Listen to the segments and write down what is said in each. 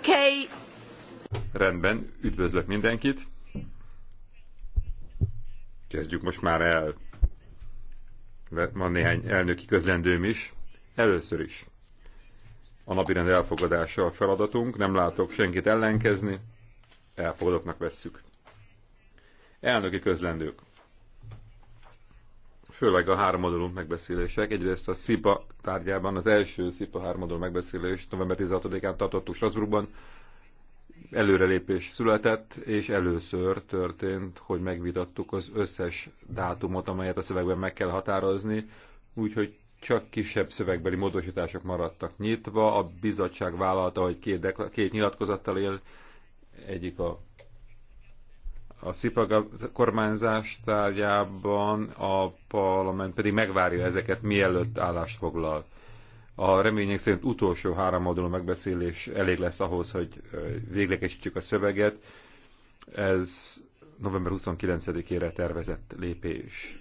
Okay. Rendben, üdvözlök mindenkit. Kezdjük most már el. Van néhány elnöki közlendőm is. Először is. A napirend elfogadása a feladatunk, nem látok senkit ellenkezni. Elfogadottnak vesszük. Elnöki közlendők főleg a háromadalú megbeszélések. Egyrészt a SZIPA tárgyában az első SZIPA háromadalú megbeszélés november 16-án tartottuk Strasbourgban. Előrelépés született, és először történt, hogy megvitattuk az összes dátumot, amelyet a szövegben meg kell határozni, úgyhogy csak kisebb szövegbeli módosítások maradtak nyitva. A bizottság vállalta, hogy két, két nyilatkozattal él, egyik a a CIPAG kormányzás tárgyában a parlament pedig megvárja ezeket, mielőtt állást foglal. A remények szerint utolsó három oldalú megbeszélés elég lesz ahhoz, hogy véglegesítsük a szöveget. Ez november 29-ére tervezett lépés.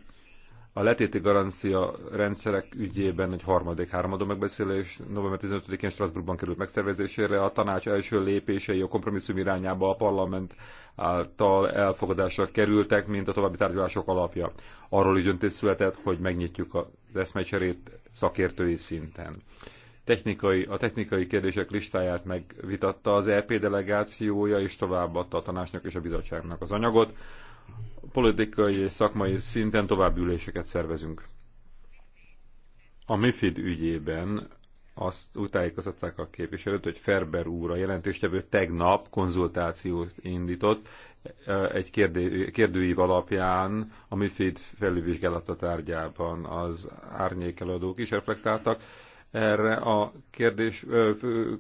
A letéti garancia rendszerek ügyében egy harmadik háromadó megbeszélés november 15-én Strasbourgban került megszervezésére. A tanács első lépései a kompromisszum irányába a parlament által elfogadásra kerültek, mint a további tárgyalások alapja. Arról is döntés született, hogy megnyitjuk az eszmecserét szakértői szinten. Technikai, a technikai kérdések listáját megvitatta az EP delegációja, és továbbadta a tanácsnak és a bizottságnak az anyagot. Politikai és szakmai szinten további üléseket szervezünk. A MIFID ügyében azt utájékozották a képviselőt, hogy Ferber úr a jelentéstevő tegnap konzultációt indított e, egy kérdő, kérdőív alapján a MIFID felülvizsgálata tárgyában az árnyékeladók is reflektáltak. Erre a kérdés,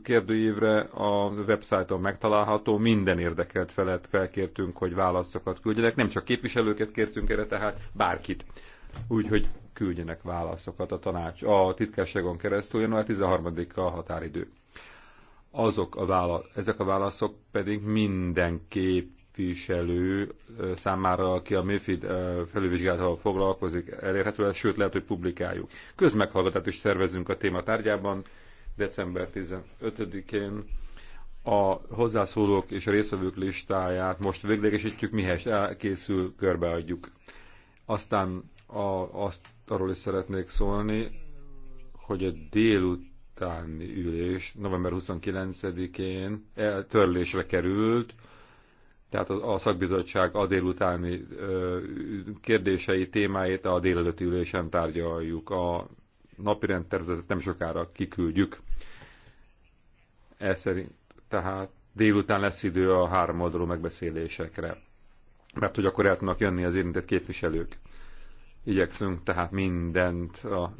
kérdőívre a websájton megtalálható, minden érdekelt felett felkértünk, hogy válaszokat küldjenek, nem csak képviselőket kértünk erre, tehát bárkit. Úgyhogy küldjenek válaszokat a tanács, a titkárságon keresztül, január 13-a a határidő. Azok a vála, ezek a válaszok pedig minden képviselő számára, aki a MIFID felülvizsgálatával foglalkozik, elérhető lesz, sőt lehet, hogy publikáljuk. Közmeghallgatást is tervezünk a téma tárgyában, december 15-én a hozzászólók és a részvevők listáját most véglegesítjük, mihez elkészül, körbeadjuk. Aztán a, azt arról is szeretnék szólni, hogy a délutáni ülés november 29-én törlésre került, tehát a szakbizottság a délutáni kérdései, témáit a délelőtti ülésen tárgyaljuk. A napi rendtervezetet nem sokára kiküldjük. Ez szerint tehát délután lesz idő a három oldalú megbeszélésekre, mert hogy akkor el tudnak jönni az érintett képviselők. Igyekszünk tehát mindent a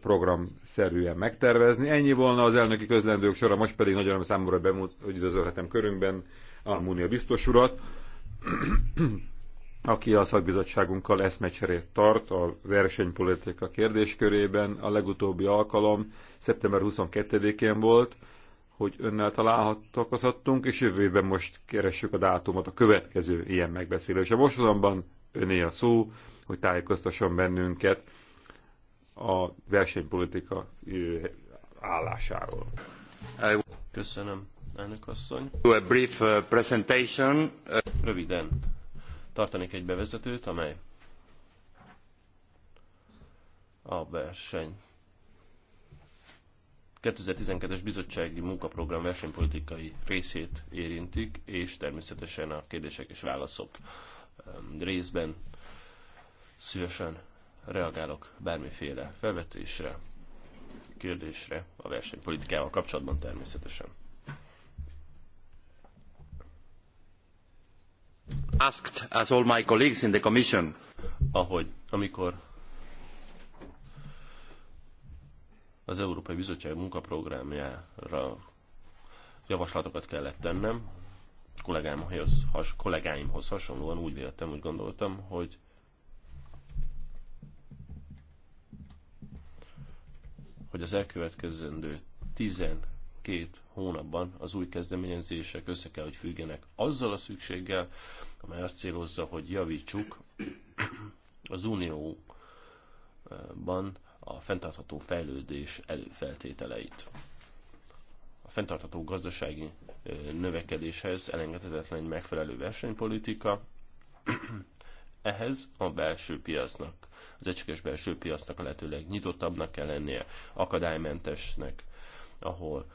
program szerűen megtervezni. Ennyi volna az elnöki közlendők sora, most pedig nagyon számomra bemut, hogy üdvözölhetem körünkben Múnia biztos urat, aki a szakbizottságunkkal eszmecserét tart a versenypolitika kérdéskörében. A legutóbbi alkalom szeptember 22-én volt, hogy önnel találhatókozhattunk, és jövőben most keressük a dátumot a következő ilyen megbeszélésre. Most azonban öné a szó, hogy tájékoztasson bennünket a versenypolitika állásáról. Köszönöm, elnök asszony. A brief presentation. Röviden tartanék egy bevezetőt, amely a verseny 2012-es bizottsági munkaprogram versenypolitikai részét érintik, és természetesen a kérdések és válaszok részben Szívesen reagálok bármiféle felvetésre, kérdésre a versenypolitikával kapcsolatban természetesen. Asked, as all my colleagues in the commission. Ahogy, amikor az Európai Bizottság munkaprogramjára javaslatokat kellett tennem, has, kollégáimhoz hasonlóan úgy véltem, úgy gondoltam, hogy hogy az elkövetkezendő 12 hónapban az új kezdeményezések össze kell, hogy függenek azzal a szükséggel, amely azt célozza, hogy javítsuk az unióban a fenntartható fejlődés előfeltételeit. A fenntartható gazdasági növekedéshez elengedhetetlen egy megfelelő versenypolitika, ehhez a belső piacnak, az egységes belső piacnak a lehetőleg nyitottabbnak kell lennie, akadálymentesnek, ahol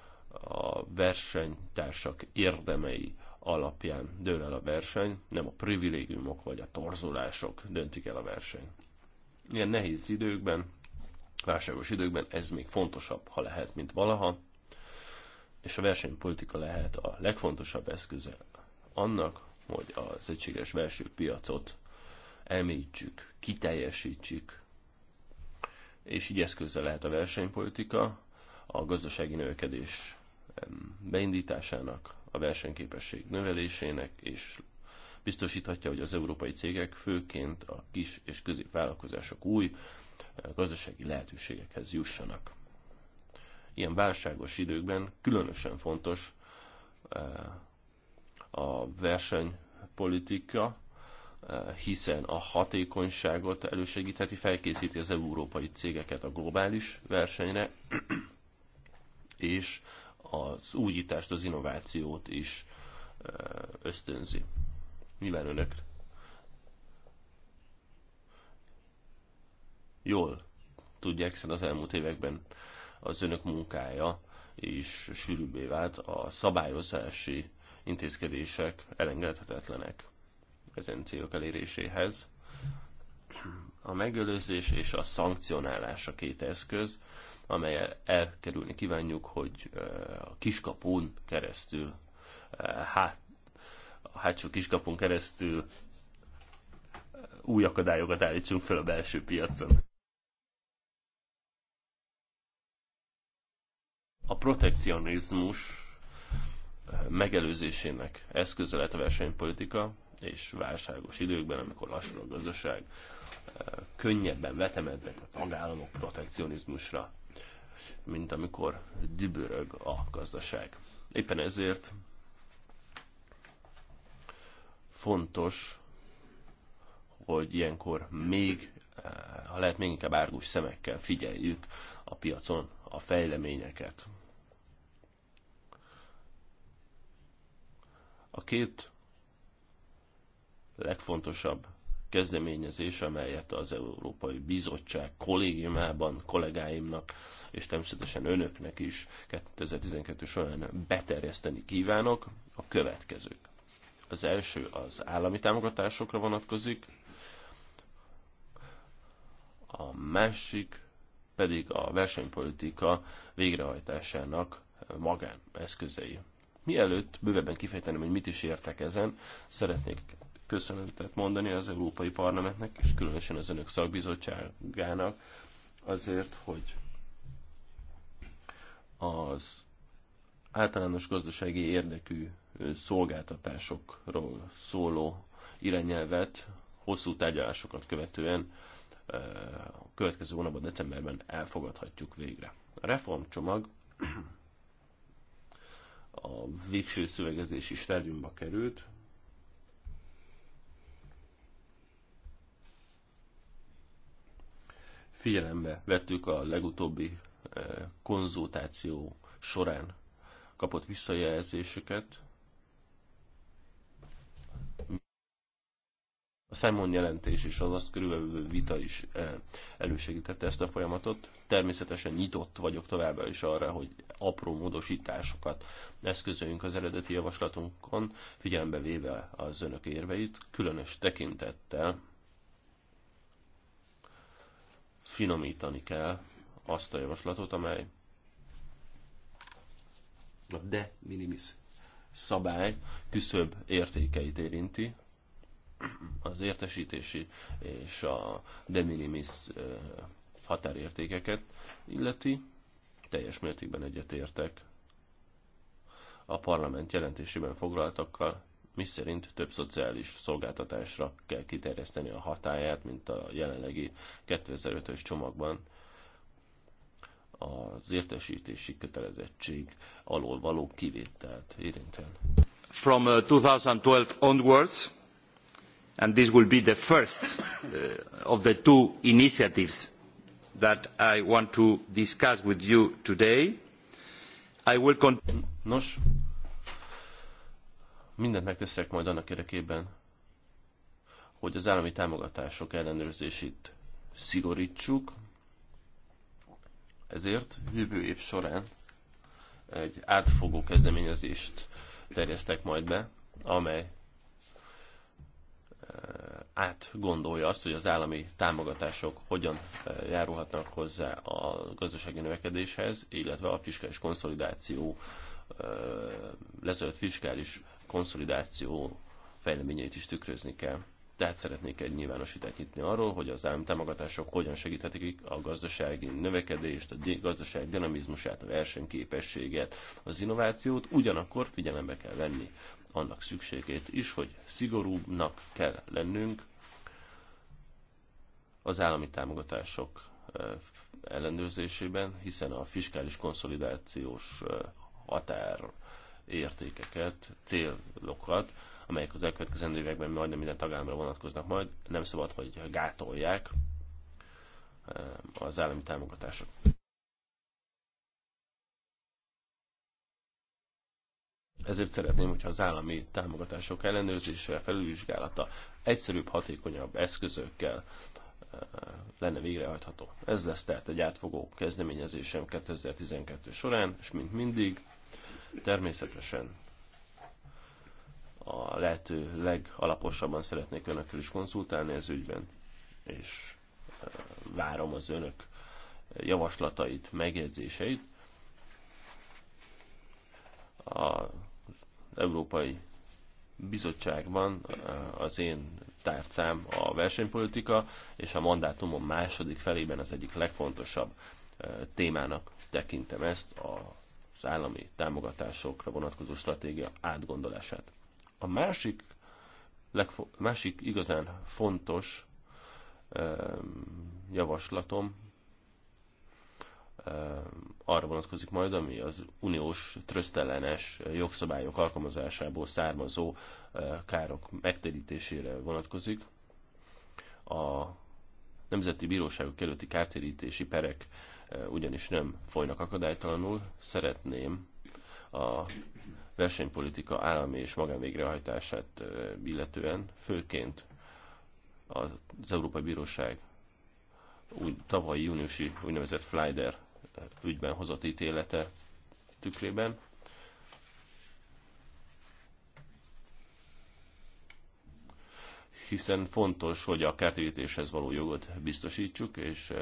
a versenytársak érdemei alapján dől el a verseny, nem a privilégiumok vagy a torzulások döntik el a verseny. Ilyen nehéz időkben, válságos időkben ez még fontosabb, ha lehet, mint valaha, és a versenypolitika lehet a legfontosabb eszköze annak, hogy az egységes belső piacot említsük, kiteljesítsük, és így eszközzel lehet a versenypolitika, a gazdasági növekedés beindításának, a versenyképesség növelésének, és biztosíthatja, hogy az európai cégek főként a kis és középvállalkozások új eh, gazdasági lehetőségekhez jussanak. Ilyen válságos időkben különösen fontos eh, a versenypolitika, hiszen a hatékonyságot elősegítheti, felkészíti az európai cégeket a globális versenyre, és az újítást, az innovációt is ösztönzi. Mivel önök jól tudják, hiszen az elmúlt években az önök munkája is sűrűbbé vált, a szabályozási intézkedések elengedhetetlenek ezen célok eléréséhez. A megelőzés és a szankcionálás a két eszköz, amelyel elkerülni kívánjuk, hogy a kiskapun keresztül, hát, a hátsó kiskapun keresztül új akadályokat állítsunk fel a belső piacon. A protekcionizmus megelőzésének eszköze lehet a versenypolitika, és válságos időkben, amikor lassul a gazdaság, eh, könnyebben vetemednek a tagállamok protekcionizmusra, mint amikor dübörög a gazdaság. Éppen ezért fontos, hogy ilyenkor még, eh, ha lehet, még inkább árgus szemekkel figyeljük a piacon a fejleményeket. A két legfontosabb kezdeményezés, amelyet az Európai Bizottság kollégiumában kollégáimnak és természetesen önöknek is 2012 során beterjeszteni kívánok, a következők. Az első az állami támogatásokra vonatkozik, a másik pedig a versenypolitika végrehajtásának magáneszközei. Mielőtt bővebben kifejteném, hogy mit is értek ezen, szeretnék köszönetet mondani az Európai Parlamentnek, és különösen az Önök szakbizottságának azért, hogy az általános gazdasági érdekű szolgáltatásokról szóló irányelvet hosszú tárgyalásokat követően eh, a következő hónapban, decemberben elfogadhatjuk végre. A reformcsomag a végső szövegezési stádiumba került, figyelembe vettük a legutóbbi eh, konzultáció során kapott visszajelzéseket. A Simon jelentés és az azt körülbelül vita is eh, elősegítette ezt a folyamatot. Természetesen nyitott vagyok továbbá is arra, hogy apró módosításokat eszközöljünk az eredeti javaslatunkon, figyelembe véve az önök érveit, különös tekintettel finomítani kell azt a javaslatot, amely a de minimis szabály küszöbb értékeit érinti, az értesítési és a de minimis határértékeket illeti. Teljes mértékben egyetértek a parlament jelentésében foglaltakkal, miszerint több szociális szolgáltatásra kell kiterjeszteni a hatáját, mint a jelenlegi 2005-ös csomagban az értesítési kötelezettség alól való kivételt érintően. From 2012 uh, onwards, and this will be the first uh, of the two initiatives that I want to discuss with you today, I will Nos, Mindent megteszek majd annak érdekében, hogy az állami támogatások ellenőrzését szigorítsuk. Ezért jövő év során egy átfogó kezdeményezést terjesztek majd be, amely eh, átgondolja azt, hogy az állami támogatások hogyan eh, járulhatnak hozzá a gazdasági növekedéshez, illetve a fiskális konszolidáció lezölt fiskális konszolidáció fejleményeit is tükrözni kell. Tehát szeretnék egy nyilvánosítást nyitni arról, hogy az állam támogatások hogyan segíthetik a gazdasági növekedést, a gazdaság dinamizmusát, a versenyképességet, az innovációt, ugyanakkor figyelembe kell venni annak szükségét is, hogy szigorúbbnak kell lennünk az állami támogatások ellenőrzésében, hiszen a fiskális konszolidációs értékeket célokat, amelyek az elkövetkezendő években majdnem minden tagállamra vonatkoznak majd, nem szabad, hogy gátolják eh, az állami támogatások. Ezért szeretném, hogyha az állami támogatások ellenőrzése, felülvizsgálata egyszerűbb, hatékonyabb eszközökkel eh, lenne végrehajtható. Ez lesz tehát egy átfogó kezdeményezésem 2012 során, és mint mindig Természetesen a lehető legalaposabban szeretnék önökkel is konzultálni ez ügyben, és várom az önök javaslatait, megjegyzéseit. Az Európai Bizottságban az én tárcám a versenypolitika, és a mandátumom második felében az egyik legfontosabb témának tekintem ezt a az állami támogatásokra vonatkozó stratégia átgondolását. A másik, legfo- másik igazán fontos javaslatom arra vonatkozik majd, ami az uniós trösztellenes jogszabályok alkalmazásából származó károk megtérítésére vonatkozik. A nemzeti bíróságok előtti kártérítési perek ugyanis nem folynak akadálytalanul. Szeretném a versenypolitika állami és magánvégrehajtását illetően, főként az Európai Bíróság úgy tavalyi júniusi úgynevezett Flyder ügyben hozott ítélete tükrében. hiszen fontos, hogy a kártérítéshez való jogot biztosítsuk, és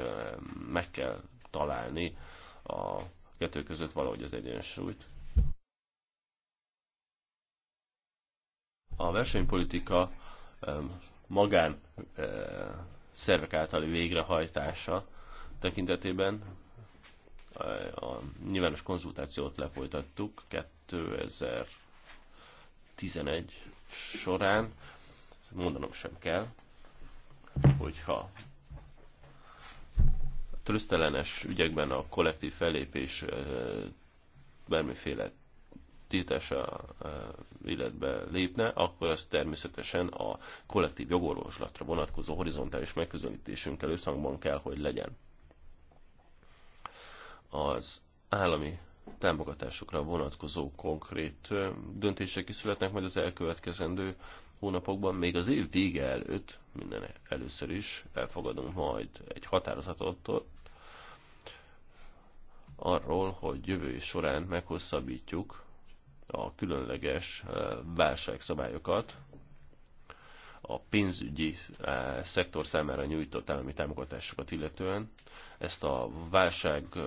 meg kell találni a kettő között valahogy az egyensúlyt. A versenypolitika magán szervek általi végrehajtása tekintetében a nyilvános konzultációt lefolytattuk 2011 során, mondanom sem kell, hogyha trösztelenes ügyekben a kollektív fellépés bármiféle tiltása illetve lépne, akkor az természetesen a kollektív jogorvoslatra vonatkozó horizontális megközelítésünkkel összhangban kell, hogy legyen. Az állami támogatásokra vonatkozó konkrét döntések is születnek majd az elkövetkezendő hónapokban, még az év vége előtt, minden először is elfogadunk majd egy határozatot arról, hogy jövő során meghosszabbítjuk a különleges eh, válságszabályokat a pénzügyi eh, szektor számára nyújtott állami támogatásokat illetően. Ezt a válság, eh,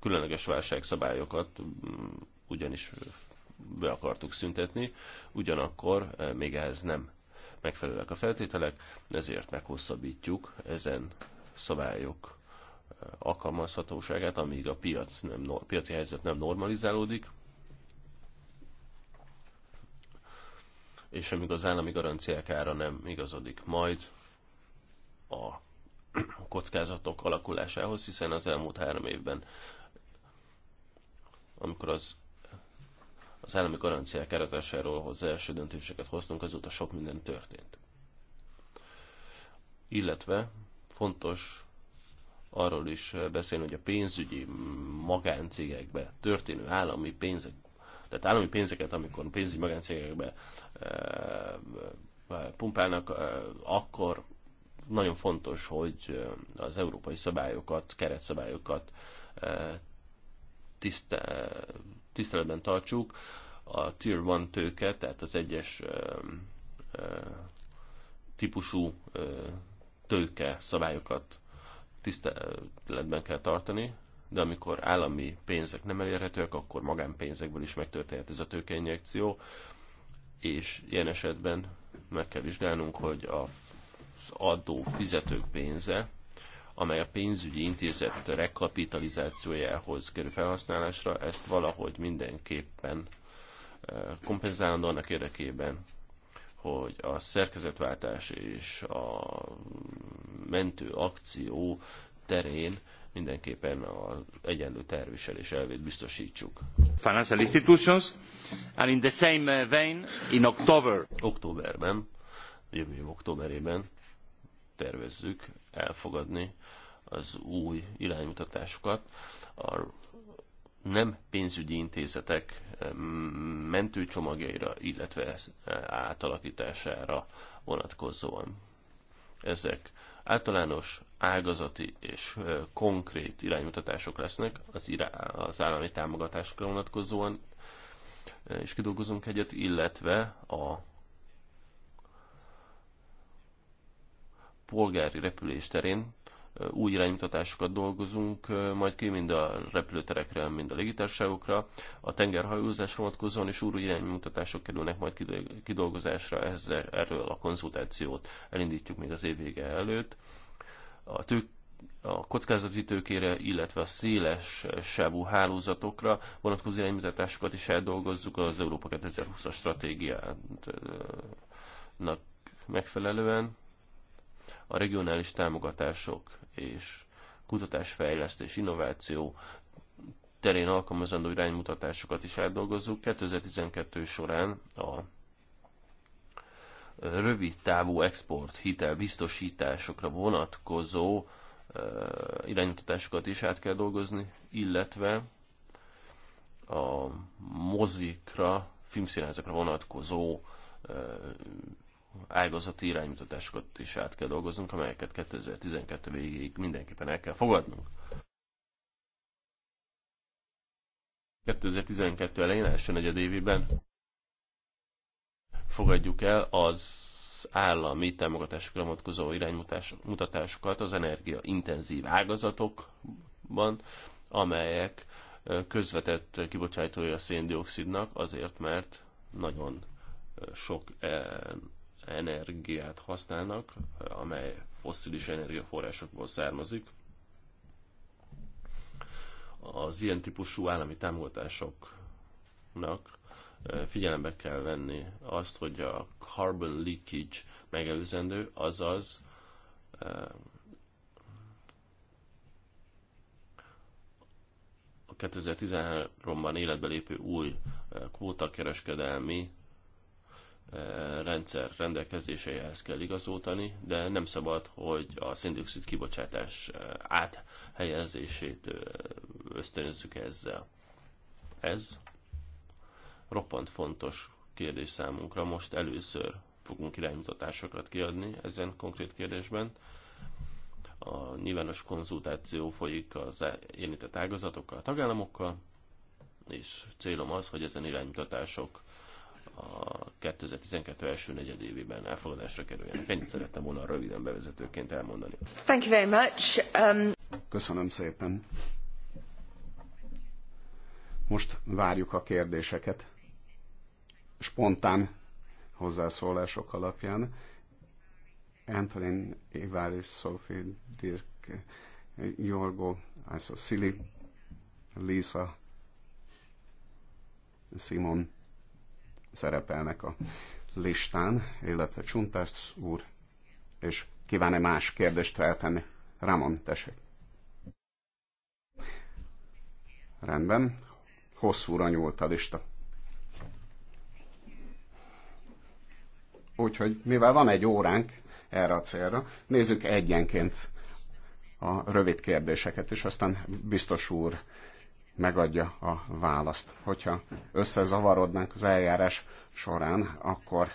különleges válságszabályokat mm, ugyanis be akartuk szüntetni, ugyanakkor még ehhez nem megfelelőek a feltételek, ezért meghosszabbítjuk ezen szabályok alkalmazhatóságát, amíg a piac nem, a piaci helyzet nem normalizálódik, és amíg az állami garanciák ára nem igazodik majd a kockázatok alakulásához, hiszen az elmúlt három évben, amikor az az állami garanciák árazásáról az első döntéseket hoztunk, azóta sok minden történt. Illetve fontos arról is beszélni, hogy a pénzügyi magáncégekbe történő állami pénzek, tehát állami pénzeket, amikor pénzügyi magáncégekbe eh, pumpálnak, eh, akkor nagyon fontos, hogy eh, az európai szabályokat, keretszabályokat tiszte, tiszteletben tartsuk. A Tier 1 tőke, tehát az egyes típusú tőke szabályokat tiszteletben kell tartani, de amikor állami pénzek nem elérhetőek, akkor magánpénzekből is megtörténhet ez a tőkeinjekció, és ilyen esetben meg kell vizsgálnunk, hogy az adó fizetők pénze, amely a pénzügyi intézet rekapitalizációjához kerül felhasználásra, ezt valahogy mindenképpen eh, kompenzálandó annak érdekében, hogy a szerkezetváltás és a mentő akció terén mindenképpen az egyenlő terviselés elvét biztosítsuk. Financial institutions, and in the same uh, vein, in October. Októberben, jövő év októberében tervezzük elfogadni az új iránymutatásokat a nem pénzügyi intézetek mentőcsomagjaira, illetve átalakítására vonatkozóan. Ezek Általános ágazati és konkrét iránymutatások lesznek az, irá- az állami támogatásokra vonatkozóan, és kidolgozunk egyet, illetve a polgári repülés terén új iránymutatásokat dolgozunk majd ki, mind a repülőterekre, mind a légitársaságokra. A tengerhajózás vonatkozóan is új iránymutatások kerülnek majd kidolgozásra, ehhez, erről a konzultációt elindítjuk még az év vége előtt. A tők a kockázati tőkére, illetve a széles sávú hálózatokra vonatkozó iránymutatásokat is eldolgozzuk az Európa 2020-as stratégiának megfelelően a regionális támogatások és kutatásfejlesztés, innováció terén alkalmazandó iránymutatásokat is átdolgozzuk. 2012 során a rövid távú export hitel biztosításokra vonatkozó iránymutatásokat is át kell dolgozni, illetve a mozikra, filmszínházakra vonatkozó ágazati iránymutatásokat is át kell dolgoznunk, amelyeket 2012 végéig mindenképpen el kell fogadnunk. 2012 elején, első negyedévében fogadjuk el az állami támogatásokra vonatkozó iránymutatásokat az energiaintenzív ágazatokban, amelyek közvetett kibocsátója a széndiokszidnak, azért mert nagyon sok energiát használnak, amely fosszilis energiaforrásokból származik. Az ilyen típusú állami támogatásoknak figyelembe kell venni azt, hogy a carbon leakage megelőzendő, azaz a 2013-ban életbe lépő új kvótakereskedelmi rendszer rendelkezéseihez kell igazoltani, de nem szabad, hogy a széndiokszid kibocsátás áthelyezését ösztönözzük ezzel. Ez roppant fontos kérdés számunkra. Most először fogunk iránymutatásokat kiadni ezen konkrét kérdésben. A nyilvános konzultáció folyik az érintett ágazatokkal, tagállamokkal, és célom az, hogy ezen iránymutatások a 2012 első negyedévében elfogadásra kerüljenek. Ennyit szerettem volna röviden bevezetőként elmondani. Thank you very much. Um... Köszönöm szépen. Most várjuk a kérdéseket. Spontán hozzászólások alapján. Antolin Ivaris, Sophie Dirk, Jorgo, Iso Szili, Lisa, Simon, szerepelnek a listán, illetve Csuntász úr, és kíván-e más kérdést feltenni? Ramon, tessék. Rendben, hosszúra nyúlt a lista. Úgyhogy, mivel van egy óránk erre a célra, nézzük egyenként a rövid kérdéseket, és aztán biztos úr megadja a választ. Hogyha összezavarodnánk az eljárás során, akkor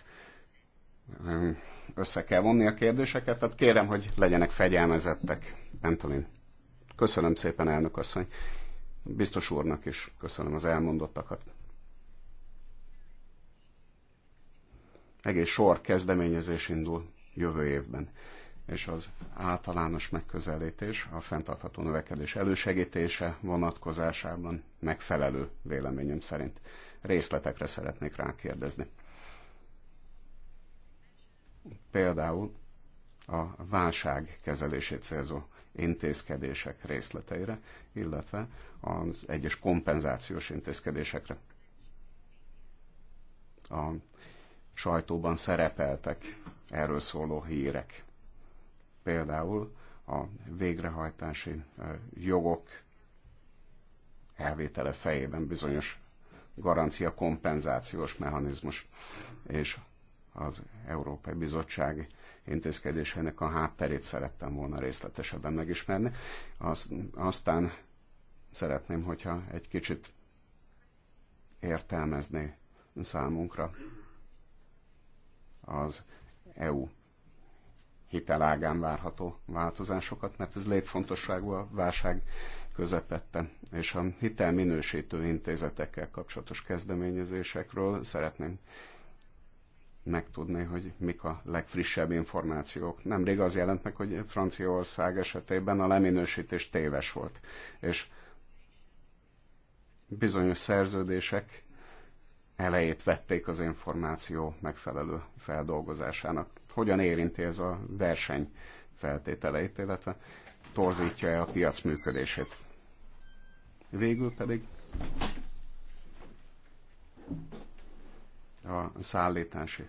össze kell vonni a kérdéseket, tehát kérem, hogy legyenek fegyelmezettek. én. Köszönöm szépen, elnök asszony. Biztos úrnak is köszönöm az elmondottakat. Egész sor kezdeményezés indul jövő évben és az általános megközelítés a fenntartható növekedés elősegítése vonatkozásában megfelelő véleményem szerint. Részletekre szeretnék rákérdezni. Például a válság kezelését célzó intézkedések részleteire, illetve az egyes kompenzációs intézkedésekre. A sajtóban szerepeltek erről szóló hírek például a végrehajtási jogok elvétele fejében bizonyos garancia kompenzációs mechanizmus, és az Európai Bizottság intézkedésének a hátterét szerettem volna részletesebben megismerni. Aztán szeretném, hogyha egy kicsit értelmezni számunkra az EU hitelágán várható változásokat, mert ez létfontosságú a válság közepette. És a hitelminősítő intézetekkel kapcsolatos kezdeményezésekről szeretném megtudni, hogy mik a legfrissebb információk. Nemrég az jelent meg, hogy Franciaország esetében a leminősítés téves volt, és bizonyos szerződések elejét vették az információ megfelelő feldolgozásának. Hogyan érinti ez a verseny feltételeit, illetve torzítja-e a piac működését? Végül pedig a szállítási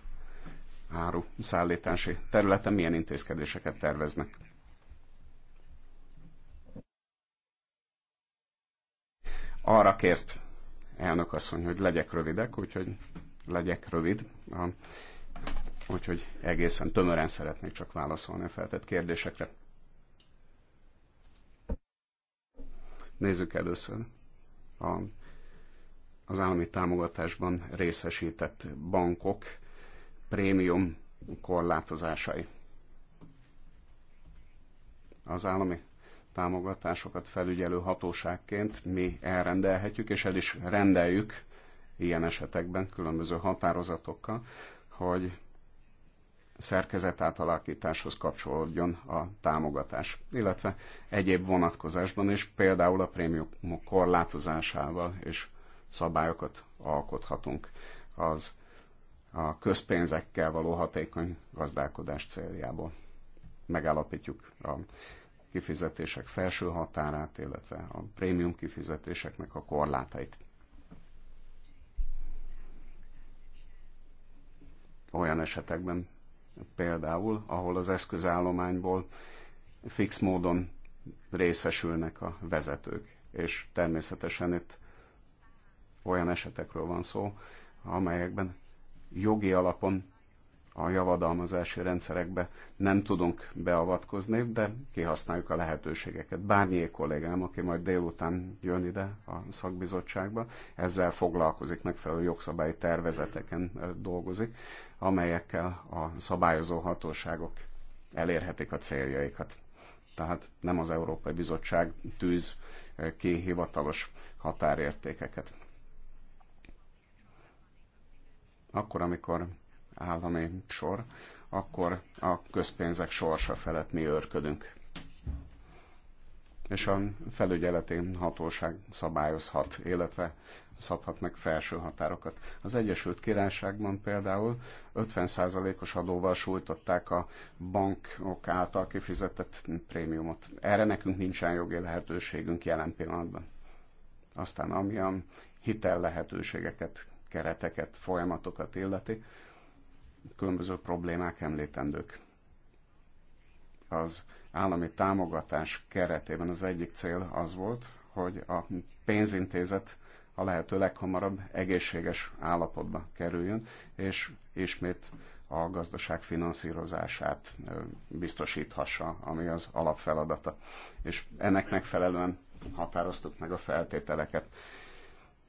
áru szállítási területen milyen intézkedéseket terveznek. Arra kért elnök asszony, hogy legyek rövidek, úgyhogy legyek rövid. A, úgyhogy egészen tömören szeretnék csak válaszolni a feltett kérdésekre. Nézzük először a, az állami támogatásban részesített bankok prémium korlátozásai. Az állami támogatásokat felügyelő hatóságként mi elrendelhetjük, és el is rendeljük ilyen esetekben különböző határozatokkal, hogy szerkezet átalakításhoz kapcsolódjon a támogatás, illetve egyéb vonatkozásban is, például a prémiumok korlátozásával és szabályokat alkothatunk az a közpénzekkel való hatékony gazdálkodás céljából. Megállapítjuk a kifizetések felső határát, illetve a prémium kifizetéseknek a korlátait. Olyan esetekben például, ahol az eszközállományból fix módon részesülnek a vezetők, és természetesen itt olyan esetekről van szó, amelyekben jogi alapon a javadalmazási rendszerekbe nem tudunk beavatkozni, de kihasználjuk a lehetőségeket. Bárnyi kollégám, aki majd délután jön ide a szakbizottságba, ezzel foglalkozik, megfelelő jogszabályi tervezeteken dolgozik, amelyekkel a szabályozó hatóságok elérhetik a céljaikat. Tehát nem az Európai Bizottság tűz ki hivatalos határértékeket. Akkor, amikor állami sor, akkor a közpénzek sorsa felett mi őrködünk. És a felügyeleti hatóság szabályozhat, illetve szabhat meg felső határokat. Az Egyesült Királyságban például 50%-os adóval sújtották a bankok által kifizetett prémiumot. Erre nekünk nincsen jogi lehetőségünk jelen pillanatban. Aztán ami a hitel lehetőségeket, kereteket, folyamatokat illeti, különböző problémák említendők. Az állami támogatás keretében az egyik cél az volt, hogy a pénzintézet a lehető leghamarabb egészséges állapotba kerüljön, és ismét a gazdaság finanszírozását biztosíthassa, ami az alapfeladata. És ennek megfelelően határoztuk meg a feltételeket.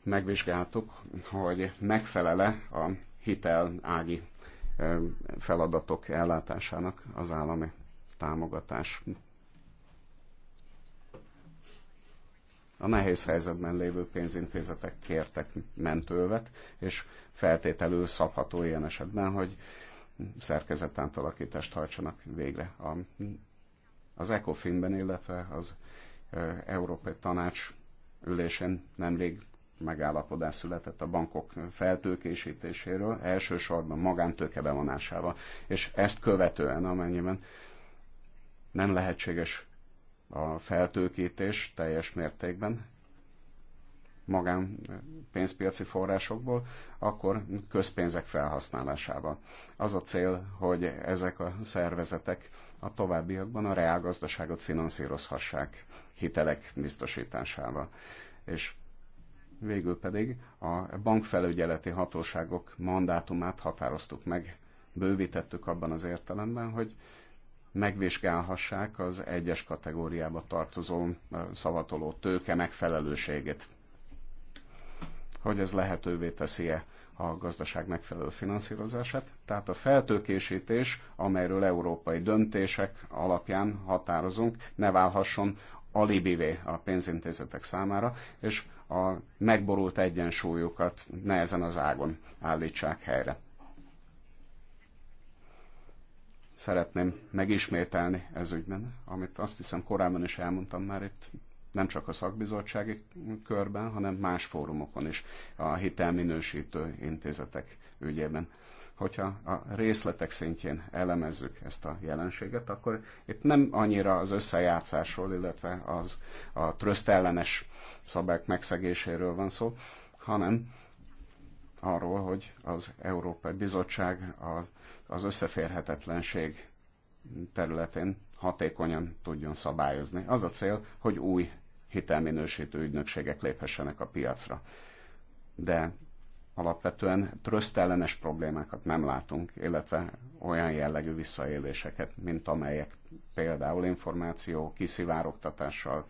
Megvizsgáltuk, hogy megfelele a hitel ági feladatok ellátásának az állami támogatás. A nehéz helyzetben lévő pénzintézetek kértek mentővet, és feltételül szabható ilyen esetben, hogy szerkezett hajtsanak végre. A, az ECOFIN-ben, illetve az Európai Tanács ülésen nemrég megállapodás született a bankok feltőkésítéséről, elsősorban magántőke bevonásával, és ezt követően, amennyiben nem lehetséges a feltőkítés teljes mértékben magán pénzpiaci forrásokból, akkor közpénzek felhasználásával. Az a cél, hogy ezek a szervezetek a továbbiakban a reálgazdaságot finanszírozhassák hitelek biztosításával. És végül pedig a bankfelügyeleti hatóságok mandátumát határoztuk meg, bővítettük abban az értelemben, hogy megvizsgálhassák az egyes kategóriába tartozó szavatoló tőke megfelelőségét. Hogy ez lehetővé teszi-e a gazdaság megfelelő finanszírozását. Tehát a feltőkésítés, amelyről európai döntések alapján határozunk, ne válhasson alibivé a pénzintézetek számára, és a megborult egyensúlyukat nehezen az ágon állítsák helyre. Szeretném megismételni ez ügyben, amit azt hiszem korábban is elmondtam már itt, nem csak a szakbizottsági körben, hanem más fórumokon is, a hitelminősítő intézetek ügyében hogyha a részletek szintjén elemezzük ezt a jelenséget, akkor itt nem annyira az összejátszásról, illetve az a trösztellenes szabályok megszegéséről van szó, hanem arról, hogy az Európai Bizottság az, az összeférhetetlenség területén hatékonyan tudjon szabályozni. Az a cél, hogy új hitelminősítő ügynökségek léphessenek a piacra. De alapvetően trösztellenes problémákat nem látunk, illetve olyan jellegű visszaéléseket, mint amelyek például információ kiszivárogtatással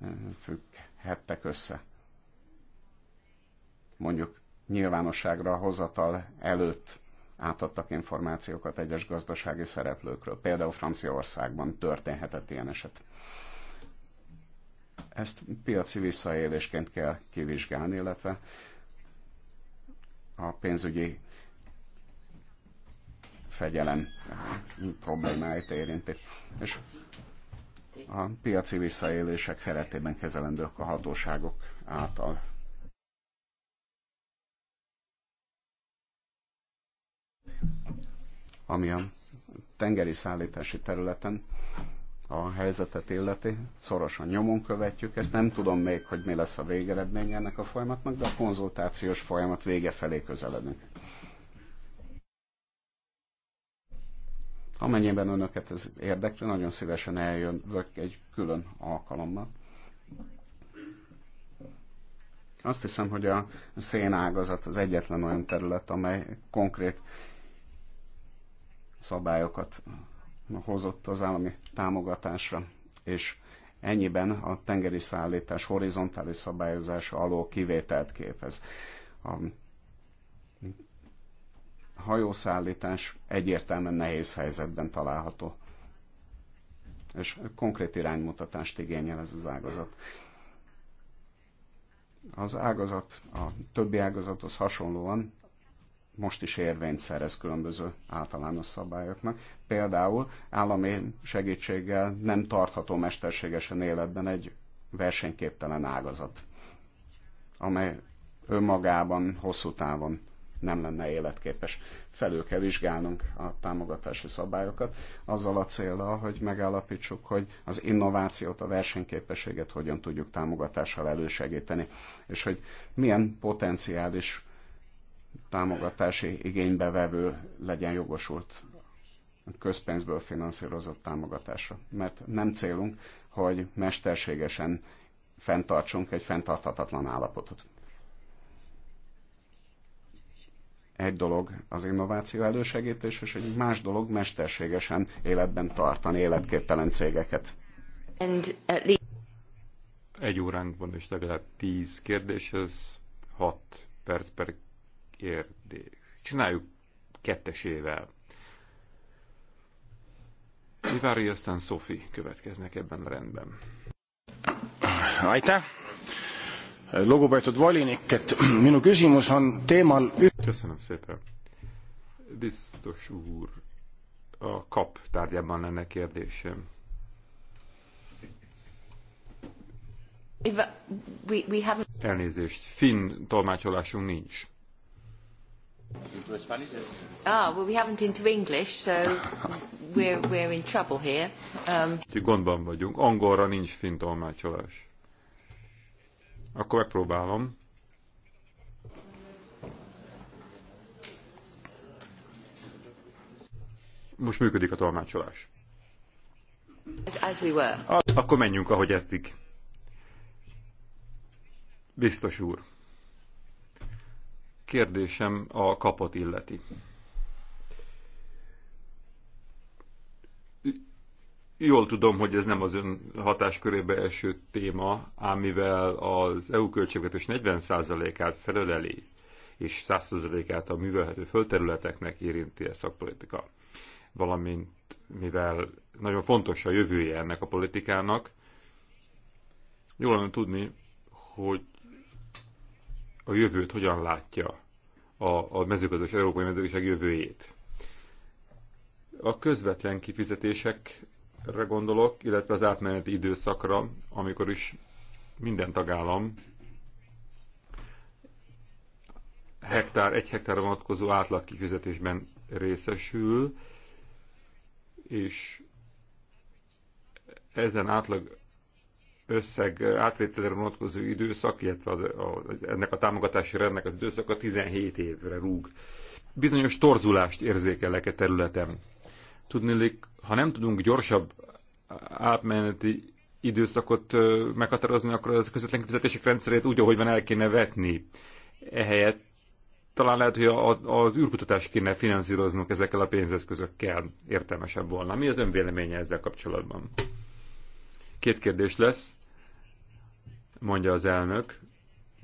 eh, függ hettek össze. Mondjuk nyilvánosságra hozatal előtt átadtak információkat egyes gazdasági szereplőkről. Például Franciaországban történhetett ilyen eset. Ezt piaci visszaélésként kell kivizsgálni, illetve a pénzügyi fegyelem problémáit érinti. És a piaci visszaélések keretében kezelendők a hatóságok által. Ami a tengeri szállítási területen a helyzetet illeti, szorosan nyomon követjük. Ezt nem tudom még, hogy mi lesz a végeredmény ennek a folyamatnak, de a konzultációs folyamat vége felé közeledünk. Amennyiben önöket ez érdekli, nagyon szívesen eljövök egy külön alkalommal. Azt hiszem, hogy a szénágazat az egyetlen olyan terület, amely konkrét szabályokat hozott az állami támogatásra, és ennyiben a tengeri szállítás horizontális szabályozása alól kivételt képez. A hajószállítás egyértelműen nehéz helyzetben található. És konkrét iránymutatást igényel ez az ágazat. Az ágazat a többi ágazathoz hasonlóan most is érvényt szerez különböző általános szabályoknak. Például állami segítséggel nem tartható mesterségesen életben egy versenyképtelen ágazat, amely önmagában hosszú távon nem lenne életképes. Felül kell vizsgálnunk a támogatási szabályokat, azzal a célral, hogy megállapítsuk, hogy az innovációt, a versenyképességet hogyan tudjuk támogatással elősegíteni, és hogy milyen potenciális támogatási vevő legyen jogosult közpénzből finanszírozott támogatásra. Mert nem célunk, hogy mesterségesen fenntartsunk egy fenntarthatatlan állapotot. Egy dolog az innováció elősegítés, és egy más dolog mesterségesen életben tartani életképtelen cégeket. And, least... Egy óránk van, és legalább tíz kérdés, ez hat perc per kérdés. Csináljuk kettesével. Ivári, aztán Sophie következnek ebben a rendben. Ajta! lugupeetud volinik, et minu küsimus on teemal köszönöm szépen. Biztos úr, a kap tárgyában lenne kérdésem. Elnézést, finn tolmácsolásunk nincs. Ah, well, we haven't into English, so we're, we're in trouble here. Um... Gondban vagyunk, angolra nincs finn tolmácsolás. Akkor megpróbálom. Most működik a tolmácsolás. Akkor menjünk, ahogy eddig. Biztos úr. Kérdésem a kapot illeti. Jól tudom, hogy ez nem az ön hatáskörébe eső téma, ám mivel az EU költségvetés 40%-át felöleli, és 100%-át a művelhető földterületeknek érinti a e szakpolitika, valamint mivel nagyon fontos a jövője ennek a politikának, jól lenne tudni, hogy a jövőt hogyan látja a, a mezőgazdaság, európai mezőgazdaság jövőjét. A közvetlen kifizetések gondolok, illetve az átmeneti időszakra, amikor is minden tagállam hektár, egy hektárra vonatkozó átlag kifizetésben részesül, és ezen átlag összeg átvételre vonatkozó időszak, illetve az, a, ennek a támogatási rendnek az időszaka 17 évre rúg. Bizonyos torzulást érzékelek a e területen. Tudnélik, ha nem tudunk gyorsabb átmeneti időszakot meghatározni, akkor az közvetlen kifizetések rendszerét úgy, ahogy van, el kéne vetni. Ehelyett talán lehet, hogy a, az űrkutatást kéne finanszíroznunk ezekkel a pénzeszközökkel. Értelmesebb volna. Mi az önvéleménye ezzel kapcsolatban? Két kérdés lesz, mondja az elnök.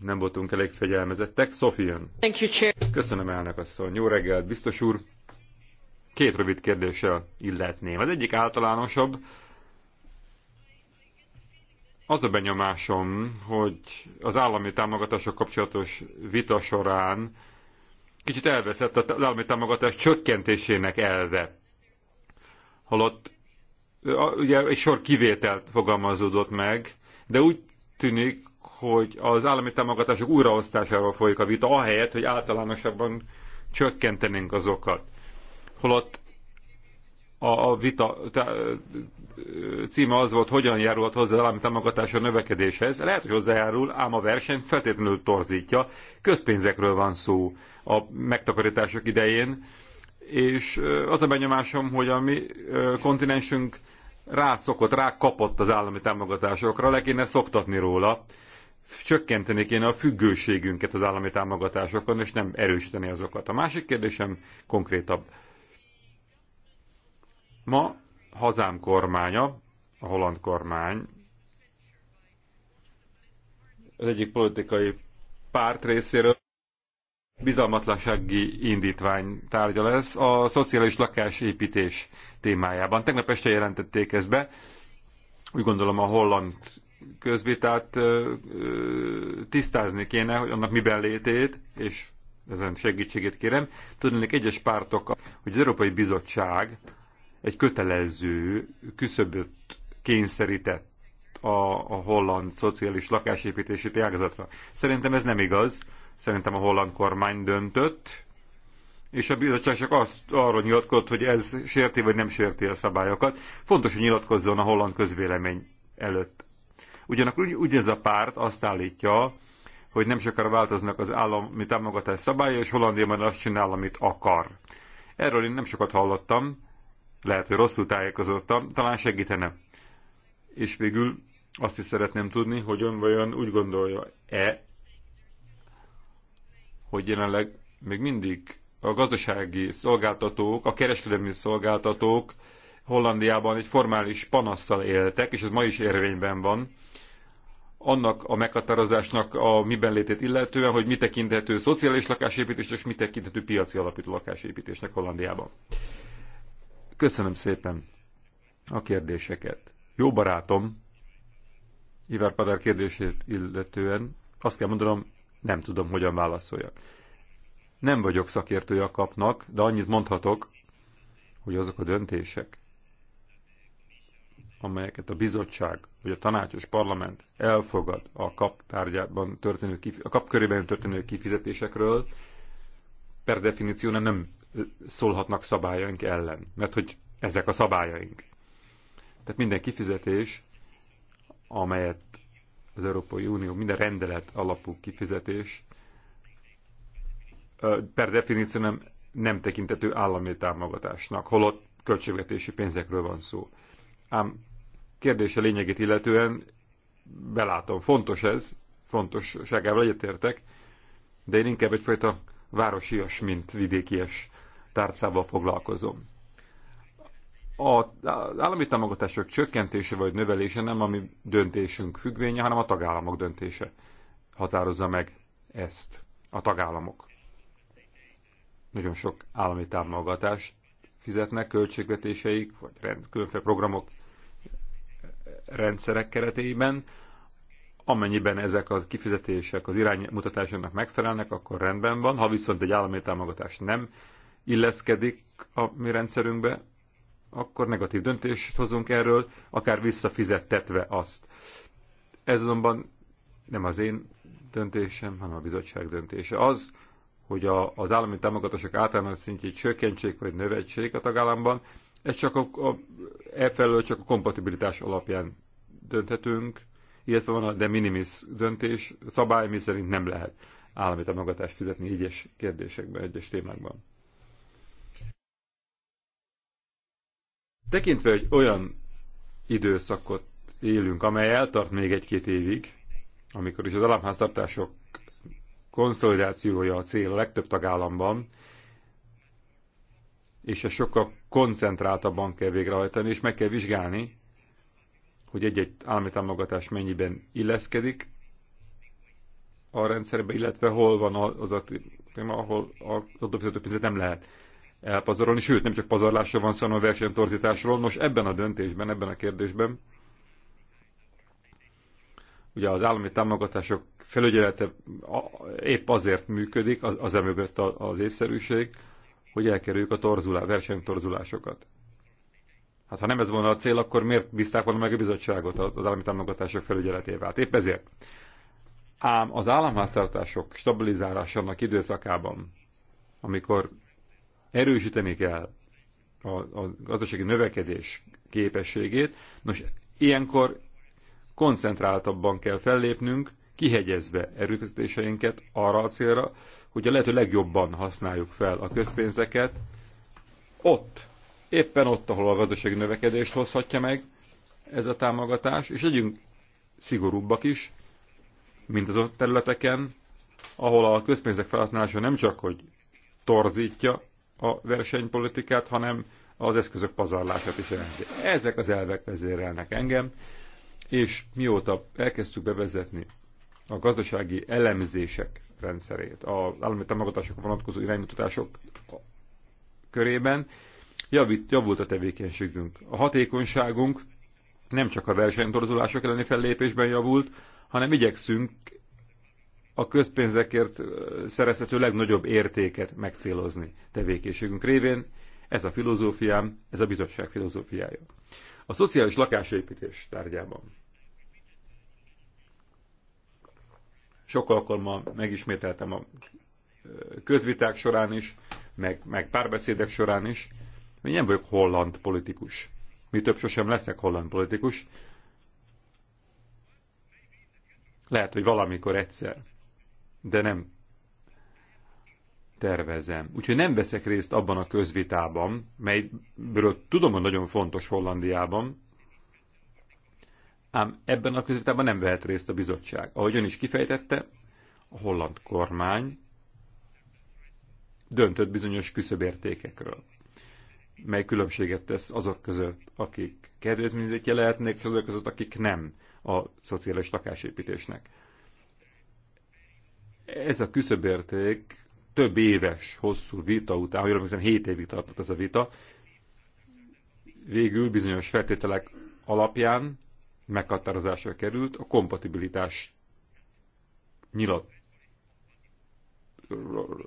Nem voltunk elég fegyelmezettek. Sophie Chair. Köszönöm, elnök asszony. Jó reggelt, biztos úr két rövid kérdéssel illetném. Az egyik általánosabb, az a benyomásom, hogy az állami támogatások kapcsolatos vita során kicsit elveszett az állami támogatás csökkentésének elve. Holott ugye egy sor kivételt fogalmazódott meg, de úgy tűnik, hogy az állami támogatások újraosztásáról folyik a vita, ahelyett, hogy általánosabban csökkentenénk azokat holott a, a vita te, címe az volt, hogyan járulhat hozzá az állami támogatás a növekedéshez. Lehet, hogy hozzájárul, ám a verseny feltétlenül torzítja. Közpénzekről van szó a megtakarítások idején, és az a benyomásom, hogy a mi kontinensünk rászokott, rákapott az állami támogatásokra, le kéne szoktatni róla, csökkenteni kéne a függőségünket az állami támogatásokon, és nem erősíteni azokat. A másik kérdésem konkrétabb Ma hazám kormánya, a holland kormány, az egyik politikai párt részéről bizalmatlansági indítvány tárgya lesz a szociális lakásépítés témájában. Tegnap este jelentették ezt be. Úgy gondolom a holland közvitát tisztázni kéne, hogy annak miben létét, és ezen segítségét kérem. Tudnék egyes pártok, hogy az Európai Bizottság egy kötelező küszöböt kényszerített a, a holland szociális lakásépítési ágazatra. Szerintem ez nem igaz. Szerintem a holland kormány döntött, és a bizottság csak azt, arról nyilatkozott, hogy ez sérti vagy nem sérti a szabályokat. Fontos, hogy nyilatkozzon a holland közvélemény előtt. Ugyanakkor úgy, úgy ez a párt azt állítja, hogy nem sokára változnak az állami támogatás szabályai, és Hollandia majd azt csinál, amit akar. Erről én nem sokat hallottam, lehet, hogy rosszul tájékozottam, talán segítene. És végül azt is szeretném tudni, hogy ön vajon úgy gondolja-e, hogy jelenleg még mindig a gazdasági szolgáltatók, a kereskedelmi szolgáltatók Hollandiában egy formális panasszal éltek, és ez ma is érvényben van, annak a meghatározásnak a miben létét illetően, hogy mi tekinthető szociális lakásépítést, és mi tekinthető piaci alapító lakásépítésnek Hollandiában. Köszönöm szépen a kérdéseket. Jó barátom, Ivar Padár kérdését illetően azt kell mondanom, nem tudom, hogyan válaszoljak. Nem vagyok szakértője a kapnak, de annyit mondhatok, hogy azok a döntések, amelyeket a bizottság vagy a tanácsos parlament elfogad a kap tárgyában történő, a kap körében történő kifizetésekről, per definíció nem szólhatnak szabályaink ellen, mert hogy ezek a szabályaink. Tehát minden kifizetés, amelyet az Európai Unió, minden rendelet alapú kifizetés per definíció nem, nem tekintető állami támogatásnak, holott költségvetési pénzekről van szó. Ám kérdése lényegét illetően belátom, fontos ez, fontosságával egyetértek, de én inkább egyfajta városias, mint vidékies tárcával foglalkozom. A állami támogatások csökkentése vagy növelése nem a mi döntésünk függvénye, hanem a tagállamok döntése határozza meg ezt. A tagállamok. Nagyon sok állami támogatást fizetnek költségvetéseik, vagy rend, különféle programok rendszerek keretében. Amennyiben ezek a kifizetések az iránymutatásának megfelelnek, akkor rendben van. Ha viszont egy állami támogatás nem illeszkedik a mi rendszerünkbe, akkor negatív döntést hozunk erről, akár visszafizettetve azt. Ez azonban nem az én döntésem, hanem a bizottság döntése. Az, hogy a, az állami támogatások általános szintjét csökkentsék vagy növetsék a tagállamban, ez csak a, a, e felől csak a kompatibilitás alapján dönthetünk, illetve van a de minimis döntés, szabály, miszerint nem lehet állami támogatást fizetni egyes kérdésekben, egyes témákban. Tekintve, hogy olyan időszakot élünk, amely eltart még egy-két évig, amikor is az államháztartások konszolidációja a cél a legtöbb tagállamban, és ezt sokkal koncentráltabban kell végrehajtani, és meg kell vizsgálni, hogy egy-egy állami támogatás mennyiben illeszkedik a rendszerbe, illetve hol van az a téma, ahol az adófizető pénzét nem lehet elpazarolni, sőt, nem csak pazarlásról van szó, hanem a versenytorzításról. Nos, ebben a döntésben, ebben a kérdésben ugye az állami támogatások felügyelete épp azért működik, az, az emögött az észszerűség, hogy elkerüljük a torzulá, versenytorzulásokat. Hát ha nem ez volna a cél, akkor miért bízták volna meg a bizottságot az állami támogatások felügyeletével? Hát épp ezért. Ám az államháztartások stabilizálásának időszakában, amikor Erősíteni kell a, a gazdasági növekedés képességét. Nos, ilyenkor koncentráltabban kell fellépnünk, kihegyezve erőfeszítéseinket arra a célra, hogy a lehető legjobban használjuk fel a közpénzeket, ott, éppen ott, ahol a gazdasági növekedést hozhatja meg ez a támogatás, és legyünk szigorúbbak is, mint az ott területeken, ahol a közpénzek felhasználása nem csak, hogy torzítja a versenypolitikát, hanem az eszközök pazarlását is jelenti. Ezek az elvek vezérelnek engem, és mióta elkezdtük bevezetni a gazdasági elemzések rendszerét, az állami támogatások vonatkozó iránymutatások körében, javít, javult a tevékenységünk. A hatékonyságunk nem csak a versenytorzulások elleni fellépésben javult, hanem igyekszünk a közpénzekért szerezhető legnagyobb értéket megcélozni tevékenységünk révén. Ez a filozófiám, ez a bizottság filozófiája. A szociális lakásépítés tárgyában. Sok alkalommal megismételtem a közviták során is, meg, meg párbeszédek során is, hogy nem vagyok holland politikus. Mi több sosem leszek holland politikus. Lehet, hogy valamikor egyszer de nem tervezem. Úgyhogy nem veszek részt abban a közvitában, melyről tudom, hogy nagyon fontos Hollandiában, ám ebben a közvitában nem vehet részt a bizottság. Ahogy ön is kifejtette, a holland kormány döntött bizonyos küszöbértékekről, mely különbséget tesz azok között, akik kedvezményzetje lehetnek, és azok között, akik nem a szociális lakásépítésnek. Ez a küszöbérték több éves, hosszú vita után, ahogy jól 7 évig tartott ez a vita, végül bizonyos feltételek alapján meghatározásra került a kompatibilitás nyilat.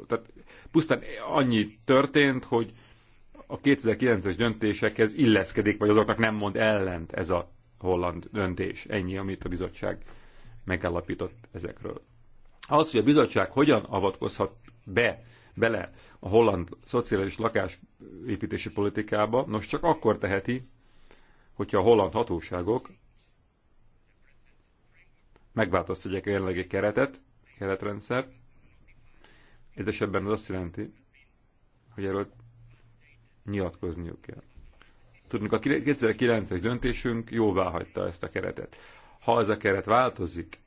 Tehát pusztán annyi történt, hogy a 2009-es döntésekhez illeszkedik, vagy azoknak nem mond ellent ez a holland döntés. Ennyi, amit a bizottság megállapított ezekről. Az, hogy a bizottság hogyan avatkozhat be, bele a holland szociális lakásépítési politikába, nos csak akkor teheti, hogyha a holland hatóságok megváltoztatják a jelenlegi keretet, keretrendszert. Ez esetben az azt jelenti, hogy erről nyilatkozniuk kell. Tudnunk, a 2009-es döntésünk jóvá hagyta ezt a keretet. Ha ez a keret változik,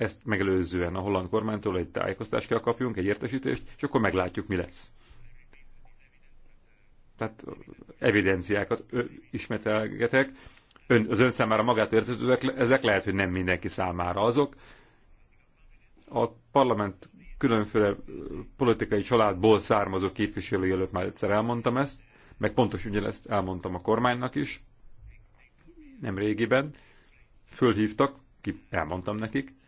ezt megelőzően a holland kormánytól egy tájékoztást kell kapjunk, egy értesítést, és akkor meglátjuk, mi lesz. Tehát evidenciákat ismételgetek. Ön, az ön számára magát értetőek, ezek lehet, hogy nem mindenki számára azok. A parlament különféle politikai családból származó képviselői előtt már egyszer elmondtam ezt, meg pontos ugyanezt elmondtam a kormánynak is, nem régiben. Fölhívtak, ki elmondtam nekik,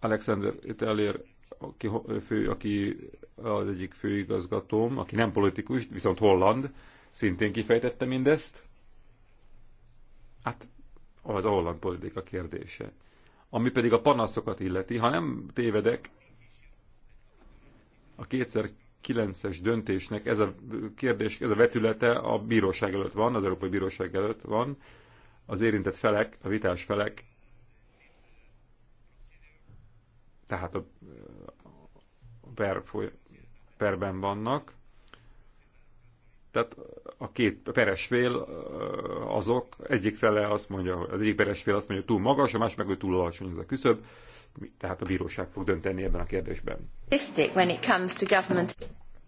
Alexander Itellér, aki, fő, aki az egyik főigazgatóm, aki nem politikus, viszont holland, szintén kifejtette mindezt. Hát az a holland politika kérdése. Ami pedig a panaszokat illeti, ha nem tévedek, a kétszer kilences es döntésnek ez a kérdés, ez a vetülete a bíróság előtt van, az Európai Bíróság előtt van. Az érintett felek, a vitás felek tehát a per, perben vannak. Tehát a két peres fél azok, egyik fele azt mondja, az egyik peres fél azt mondja, túl magas, a másik meg, hogy túl alacsony az a küszöb, tehát a bíróság fog dönteni ebben a kérdésben.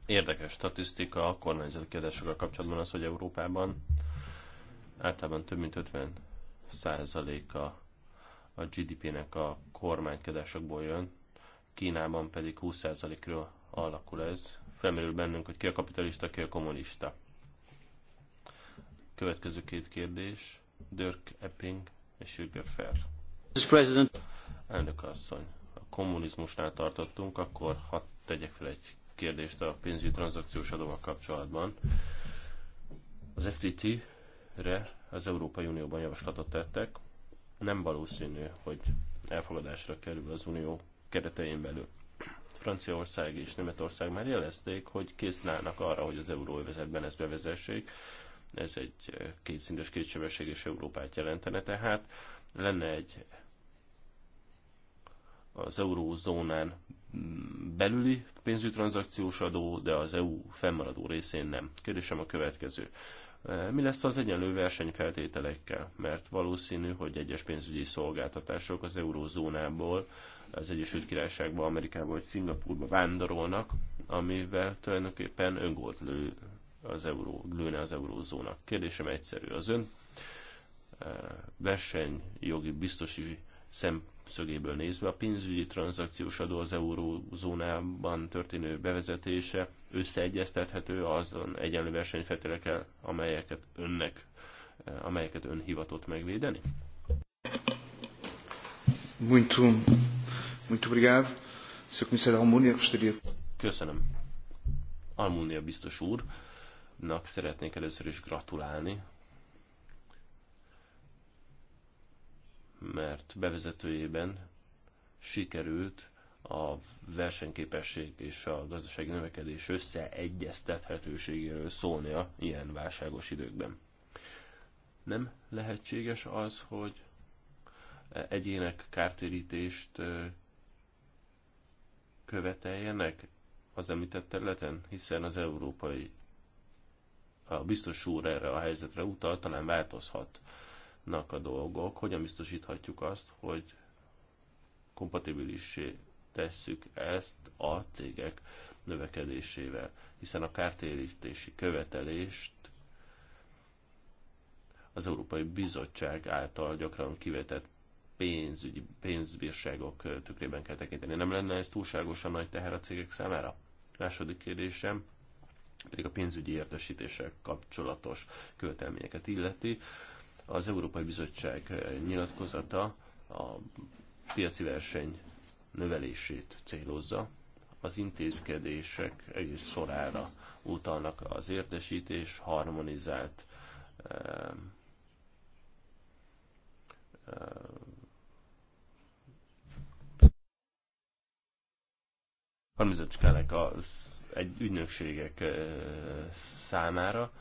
Érdekes statisztika a kormányzati kérdésekkel kapcsolatban az, hogy Európában általában több mint 50 százaléka a GDP-nek a kormánykodásokból jön, Kínában pedig 20%-ről alakul ez. Felmerül bennünk, hogy ki a kapitalista, ki a kommunista. Következő két kérdés. Dirk Epping és Jürgen Ferr. Elnök asszony, a kommunizmusnál tartottunk, akkor hadd tegyek fel egy kérdést a pénzügyi tranzakciós adóval kapcsolatban. Az FTT-re az Európai Unióban javaslatot tettek, nem valószínű, hogy elfogadásra kerül az unió keretein belül. Franciaország és Németország már jelezték, hogy készen állnak arra, hogy az euróövezetben ezt bevezessék. Ez egy kétszintes, kétsebességes Európát jelentene, tehát lenne egy az eurózónán belüli pénzügyi tranzakciós adó, de az EU fennmaradó részén nem. Kérdésem a következő. Eh, mi lesz az egyenlő versenyfeltételekkel? Mert valószínű, hogy egyes pénzügyi szolgáltatások az eurózónából, az Egyesült Királyságba, Amerikába vagy Szingapurba vándorolnak, amivel tulajdonképpen öngolt lő az euró, lőne az eurózónak. Kérdésem egyszerű az ön eh, versenyjogi biztosi szempontból szögéből nézve a pénzügyi tranzakciós adó az eurózónában történő bevezetése összeegyeztethető azon egyenlő versenyfeltételekkel, amelyeket önnek, eh, amelyeket ön hivatott megvédeni? Muito, muito obrigado. Sr. Comissário Almunia, gostaria... Köszönöm. Almunia biztos úrnak szeretnék először is gratulálni mert bevezetőjében sikerült a versenyképesség és a gazdasági növekedés összeegyeztethetőségéről szólnia ilyen válságos időkben. Nem lehetséges az, hogy egyének kártérítést követeljenek az említett területen, hiszen az európai a biztos úr erre a helyzetre utal, talán változhat a dolgok, hogyan biztosíthatjuk azt, hogy kompatibilissé tesszük ezt a cégek növekedésével, hiszen a kártérítési követelést az Európai Bizottság által gyakran kivetett pénzügyi, pénzbírságok tükrében kell tekinteni. Nem lenne ez túlságosan nagy teher a cégek számára? Második kérdésem pedig a pénzügyi értesítések kapcsolatos követelményeket illeti. Az Európai Bizottság nyilatkozata a piaci verseny növelését célozza. Az intézkedések egész sorára utalnak az értesítés, harmonizált eh, eh, harmonizált skálák az egy ügynökségek eh, számára,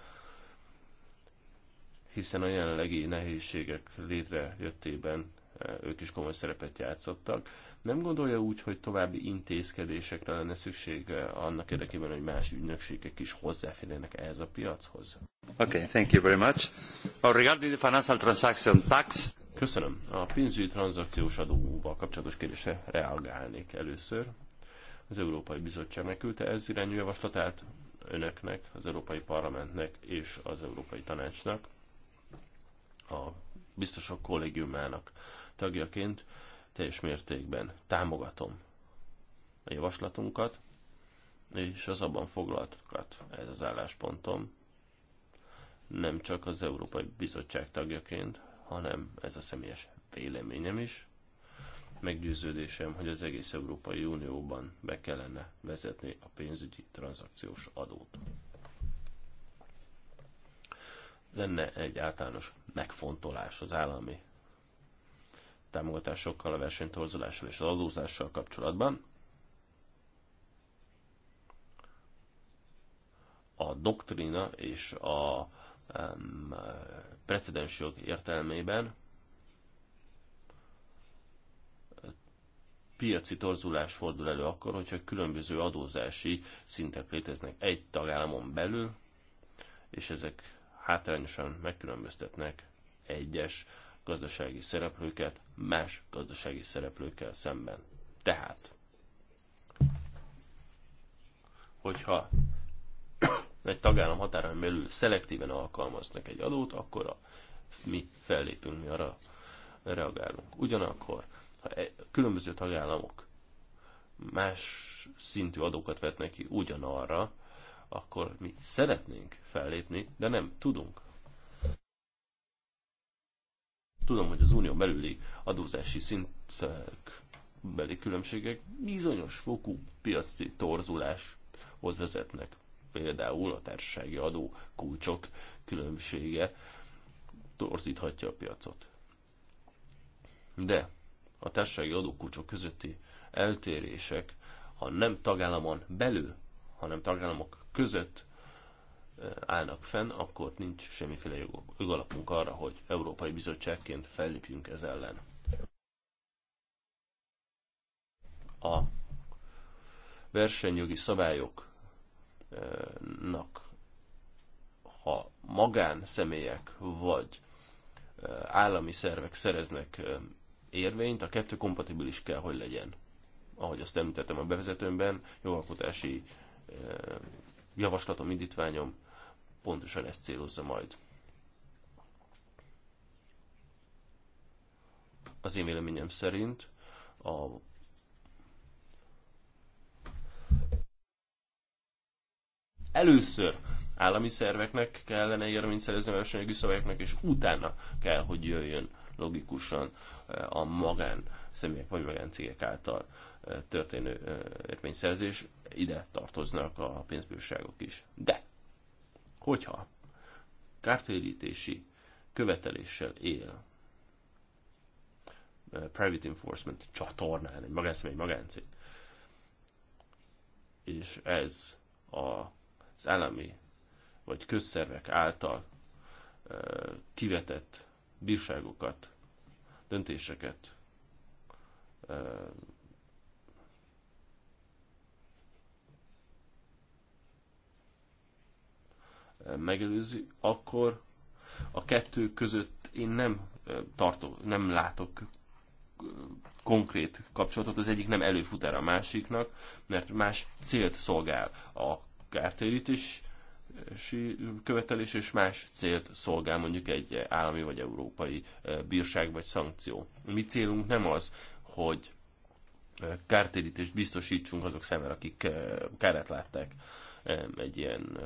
hiszen a jelenlegi nehézségek létrejöttében eh, ők is komoly szerepet játszottak. Nem gondolja úgy, hogy további intézkedésekre lenne szükség eh, annak érdekében, hogy más ügynökségek is hozzáférjenek ehhez a piachoz? Okay, thank you very much. Well, regarding the financial transaction tax... Köszönöm. A pénzügyi tranzakciós adóval kapcsolatos kérdése reagálnék először. Az Európai Bizottság megküldte ez irányú javaslatát önöknek, az Európai Parlamentnek és az Európai Tanácsnak a biztosok kollégiumának tagjaként teljes mértékben támogatom a javaslatunkat, és az abban foglaltokat, ez az álláspontom, nem csak az Európai Bizottság tagjaként, hanem ez a személyes véleményem is. Meggyőződésem, hogy az egész Európai Unióban be kellene vezetni a pénzügyi tranzakciós adót lenne egy általános megfontolás az állami támogatásokkal, a versenytorzulással és az adózással kapcsolatban. A doktrina és a um, precedens jog értelmében piaci torzulás fordul elő akkor, hogyha különböző adózási szintek léteznek egy tagállamon belül, és ezek hátrányosan megkülönböztetnek egyes gazdasági szereplőket más gazdasági szereplőkkel szemben. Tehát, hogyha egy tagállam határán belül szelektíven alkalmaznak egy adót, akkor a, mi fellépünk, mi arra reagálunk. Ugyanakkor, ha e- különböző tagállamok más szintű adókat vetnek ki ugyanarra akkor mi szeretnénk fellépni, de nem tudunk. Tudom, hogy az unió belüli adózási szintek beli különbségek bizonyos fokú piaci torzuláshoz vezetnek. Például a társasági adó kulcsok különbsége torzíthatja a piacot. De a társasági adókulcsok közötti eltérések, ha nem tagállamon belül, hanem tagállamok között eh, állnak fenn, akkor nincs semmiféle jogalapunk arra, hogy Európai Bizottságként fellépjünk ez ellen. A versenyjogi szabályoknak, eh, ha magánszemélyek vagy eh, állami szervek szereznek érvényt, a kettő kompatibilis kell, hogy legyen. Ahogy azt említettem a bevezetőmben, jogalkotási javaslatom, indítványom pontosan ezt célozza majd. Az én véleményem szerint a először állami szerveknek kellene érvényt szerezni a versenyjogi szabályoknak, és utána kell, hogy jöjjön logikusan eh, a magán személyek vagy magán cégek által történő érvényszerzés, ide tartoznak a pénzbírságok is. De, hogyha kártérítési követeléssel él private enforcement csatornán, egy magánszemély magáncég, és ez a, az állami vagy közszervek által kivetett bírságokat, döntéseket megelőzi, akkor a kettő között én nem tartok, nem látok konkrét kapcsolatot, az egyik nem előfut erre a másiknak, mert más célt szolgál a kártérítés, követelés és más célt szolgál mondjuk egy állami vagy európai bírság vagy szankció. mi célunk nem az, hogy kártérítést biztosítsunk azok szemben, akik kárát látták egy ilyen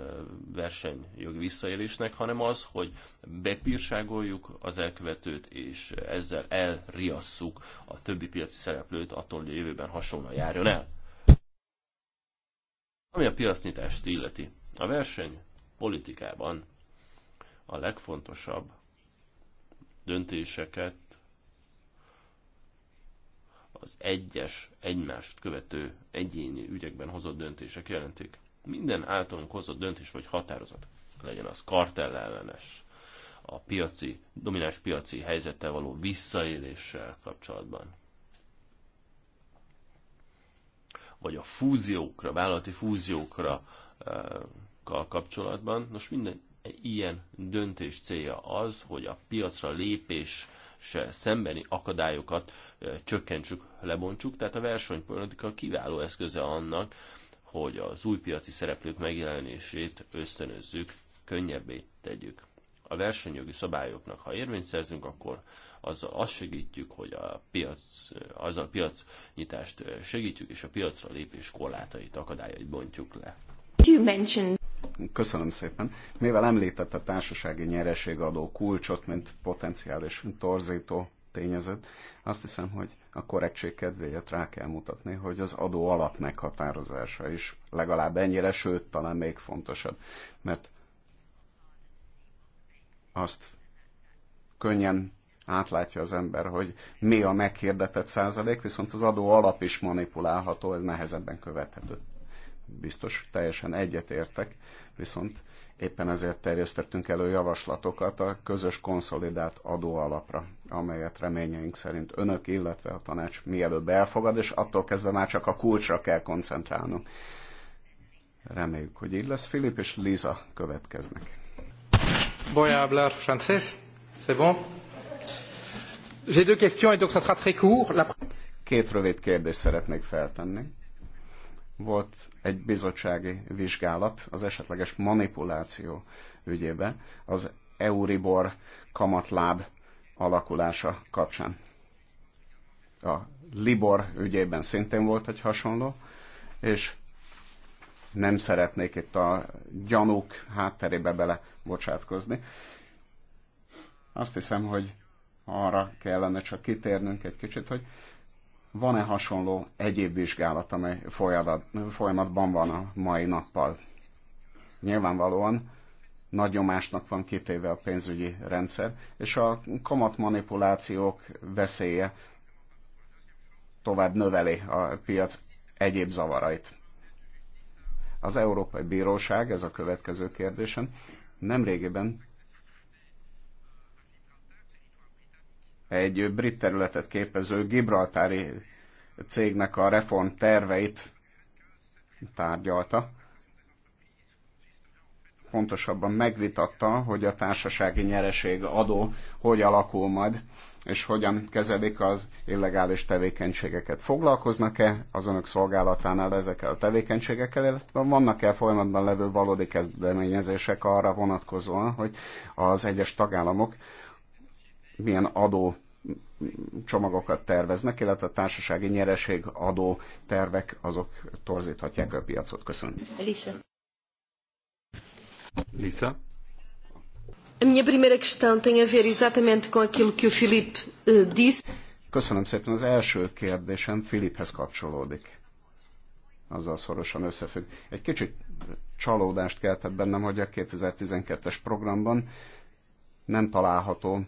versenyjogi visszaélésnek, hanem az, hogy bepírságoljuk az elkövetőt, és ezzel elriasszuk a többi piaci szereplőt attól, hogy a jövőben hasonlóan járjon el. Ami a piacnyitást illeti, a verseny politikában a legfontosabb döntéseket az egyes, egymást követő egyéni ügyekben hozott döntések jelentik. Minden általunk hozott döntés vagy határozat, legyen az kartellellenes, a piaci, domináns piaci helyzettel való visszaéléssel kapcsolatban, vagy a fúziókra, vállalati fúziókra eh, kapcsolatban. Most minden ilyen döntés célja az, hogy a piacra lépés se szembeni akadályokat eh, csökkentsük, lebontsuk, tehát a versenypolitika kiváló eszköze annak, hogy az új piaci szereplők megjelenését ösztönözzük, könnyebbé tegyük. A versenyjogi szabályoknak, ha érvényt szerzünk, akkor az azt segítjük, hogy a piac, azzal a piac nyitást segítjük, és a piacra lépés korlátait, akadályait bontjuk le. Köszönöm szépen. Mivel említett a társasági nyereségadó kulcsot, mint potenciális torzító tényezőt, azt hiszem, hogy a korrektség kedvéért rá kell mutatni, hogy az adó alap meghatározása is legalább ennyire, sőt, talán még fontosabb, mert azt könnyen átlátja az ember, hogy mi a meghirdetett százalék, viszont az adó alap is manipulálható, ez nehezebben követhető. Biztos teljesen egyetértek viszont éppen ezért terjesztettünk elő javaslatokat a közös konszolidált adóalapra, amelyet reményeink szerint önök, illetve a tanács mielőbb elfogad, és attól kezdve már csak a kulcsra kell koncentrálnunk. Reméljük, hogy így lesz. Filip és Liza következnek. Bonjour, hablar francés? C'est bon? J'ai deux questions et donc ça sera très court. La... Két rövid kérdést szeretnék feltenni volt egy bizottsági vizsgálat az esetleges manipuláció ügyében az Euribor kamatláb alakulása kapcsán. A Libor ügyében szintén volt egy hasonló, és nem szeretnék itt a gyanúk hátterébe bele bocsátkozni. Azt hiszem, hogy arra kellene csak kitérnünk egy kicsit, hogy van-e hasonló egyéb vizsgálat, amely folyamatban van a mai nappal? Nyilvánvalóan nagy nyomásnak van kitéve a pénzügyi rendszer, és a kamat manipulációk veszélye tovább növeli a piac egyéb zavarait. Az Európai Bíróság, ez a következő kérdésen, nemrégiben egy brit területet képező gibraltári cégnek a reform terveit tárgyalta. Pontosabban megvitatta, hogy a társasági nyereség adó hogy alakul majd, és hogyan kezelik az illegális tevékenységeket. Foglalkoznak-e az önök szolgálatánál ezekkel a tevékenységekkel, illetve vannak-e folyamatban levő valódi kezdeményezések arra vonatkozóan, hogy az egyes tagállamok milyen adó csomagokat terveznek, illetve a társasági nyereség adó tervek, azok torzíthatják a piacot. Köszönöm. Lisa. Lisa. A minha primeira questão tem a ver exatamente com aquilo que o Filipe eh, disse. Köszönöm szépen. Az első kérdésem Filiphez kapcsolódik. Azzal szorosan összefügg. Egy kicsit csalódást keltett bennem, hogy a 2012-es programban nem található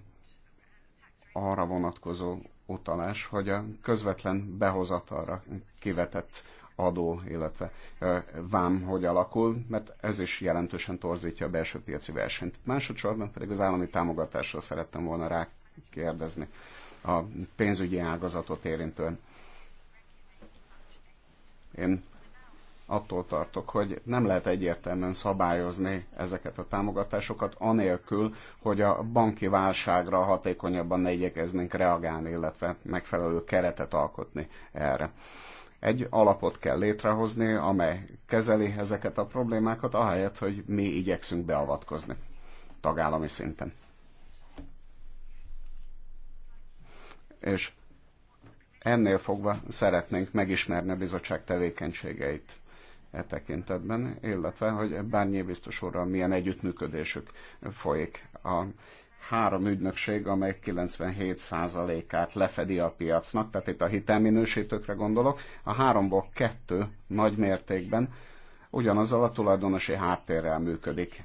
arra vonatkozó utalás, hogy a közvetlen behozatalra kivetett adó, illetve vám hogy alakul, mert ez is jelentősen torzítja a belső piaci versenyt. Másodszorban pedig az állami támogatásra szerettem volna rá kérdezni a pénzügyi ágazatot érintően. Én attól tartok, hogy nem lehet egyértelműen szabályozni ezeket a támogatásokat, anélkül, hogy a banki válságra hatékonyabban ne igyekeznénk reagálni, illetve megfelelő keretet alkotni erre. Egy alapot kell létrehozni, amely kezeli ezeket a problémákat, ahelyett, hogy mi igyekszünk beavatkozni tagállami szinten. És ennél fogva szeretnénk megismerni a bizottság tevékenységeit e tekintetben, illetve hogy Bárnyé biztos úrral milyen együttműködésük folyik. A három ügynökség, amely 97%-át lefedi a piacnak, tehát itt a hitelminősítőkre gondolok, a háromból kettő nagy mértékben ugyanazzal a tulajdonosi háttérrel működik.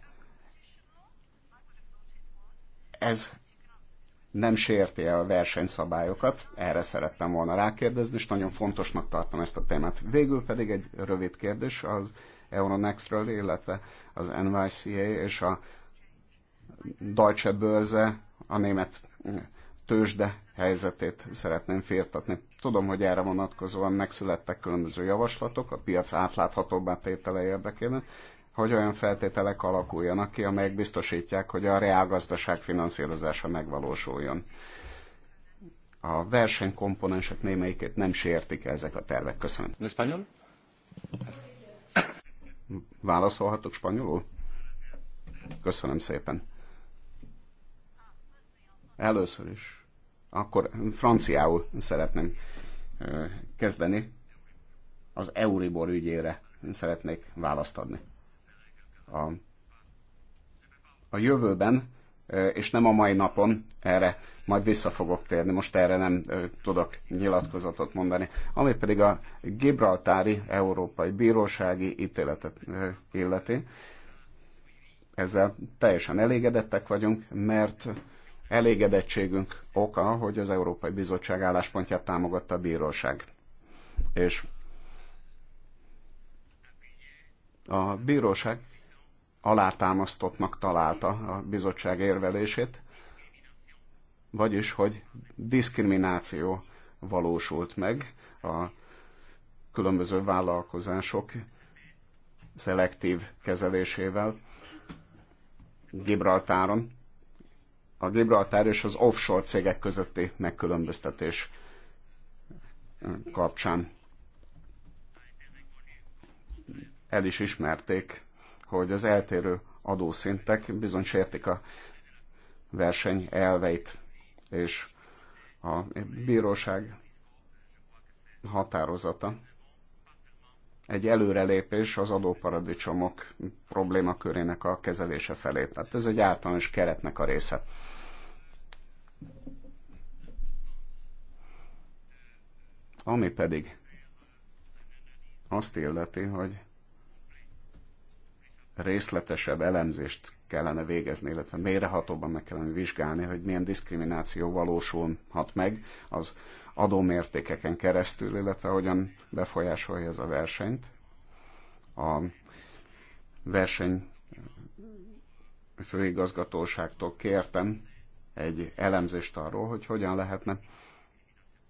Ez nem sérti a versenyszabályokat, erre szerettem volna rákérdezni, és nagyon fontosnak tartom ezt a témát. Végül pedig egy rövid kérdés az Euronext-ről, illetve az NYCA és a Deutsche Börse, a német tőzsde helyzetét szeretném firtatni. Tudom, hogy erre vonatkozóan megszülettek különböző javaslatok a piac átláthatóbbá tétele érdekében, hogy olyan feltételek alakuljanak ki, amelyek biztosítják, hogy a reálgazdaság finanszírozása megvalósuljon. A versenykomponensek némelyikét nem sértik ezek a tervek. Köszönöm. Spanyol? Válaszolhatok spanyolul? Köszönöm szépen. Először is. Akkor franciául szeretném kezdeni. Az Euribor ügyére szeretnék választ adni a, a jövőben, és nem a mai napon, erre majd vissza fogok térni, most erre nem tudok nyilatkozatot mondani. Ami pedig a Gibraltári Európai Bírósági ítéletet illeti, ezzel teljesen elégedettek vagyunk, mert elégedettségünk oka, hogy az Európai Bizottság álláspontját támogatta a bíróság. És a bíróság alátámasztottnak találta a bizottság érvelését, vagyis, hogy diszkrimináció valósult meg a különböző vállalkozások szelektív kezelésével Gibraltáron. A Gibraltár és az offshore cégek közötti megkülönböztetés kapcsán el is ismerték hogy az eltérő adószintek bizony sértik a verseny elveit, és a bíróság határozata egy előrelépés az adóparadicsomok problémakörének a kezelése felé. Tehát ez egy általános keretnek a része. Ami pedig azt illeti, hogy részletesebb elemzést kellene végezni, illetve mélyrehatóban meg kellene vizsgálni, hogy milyen diszkrimináció valósulhat meg az adómértékeken keresztül, illetve hogyan befolyásolja ez a versenyt. A verseny főigazgatóságtól kértem egy elemzést arról, hogy hogyan lehetne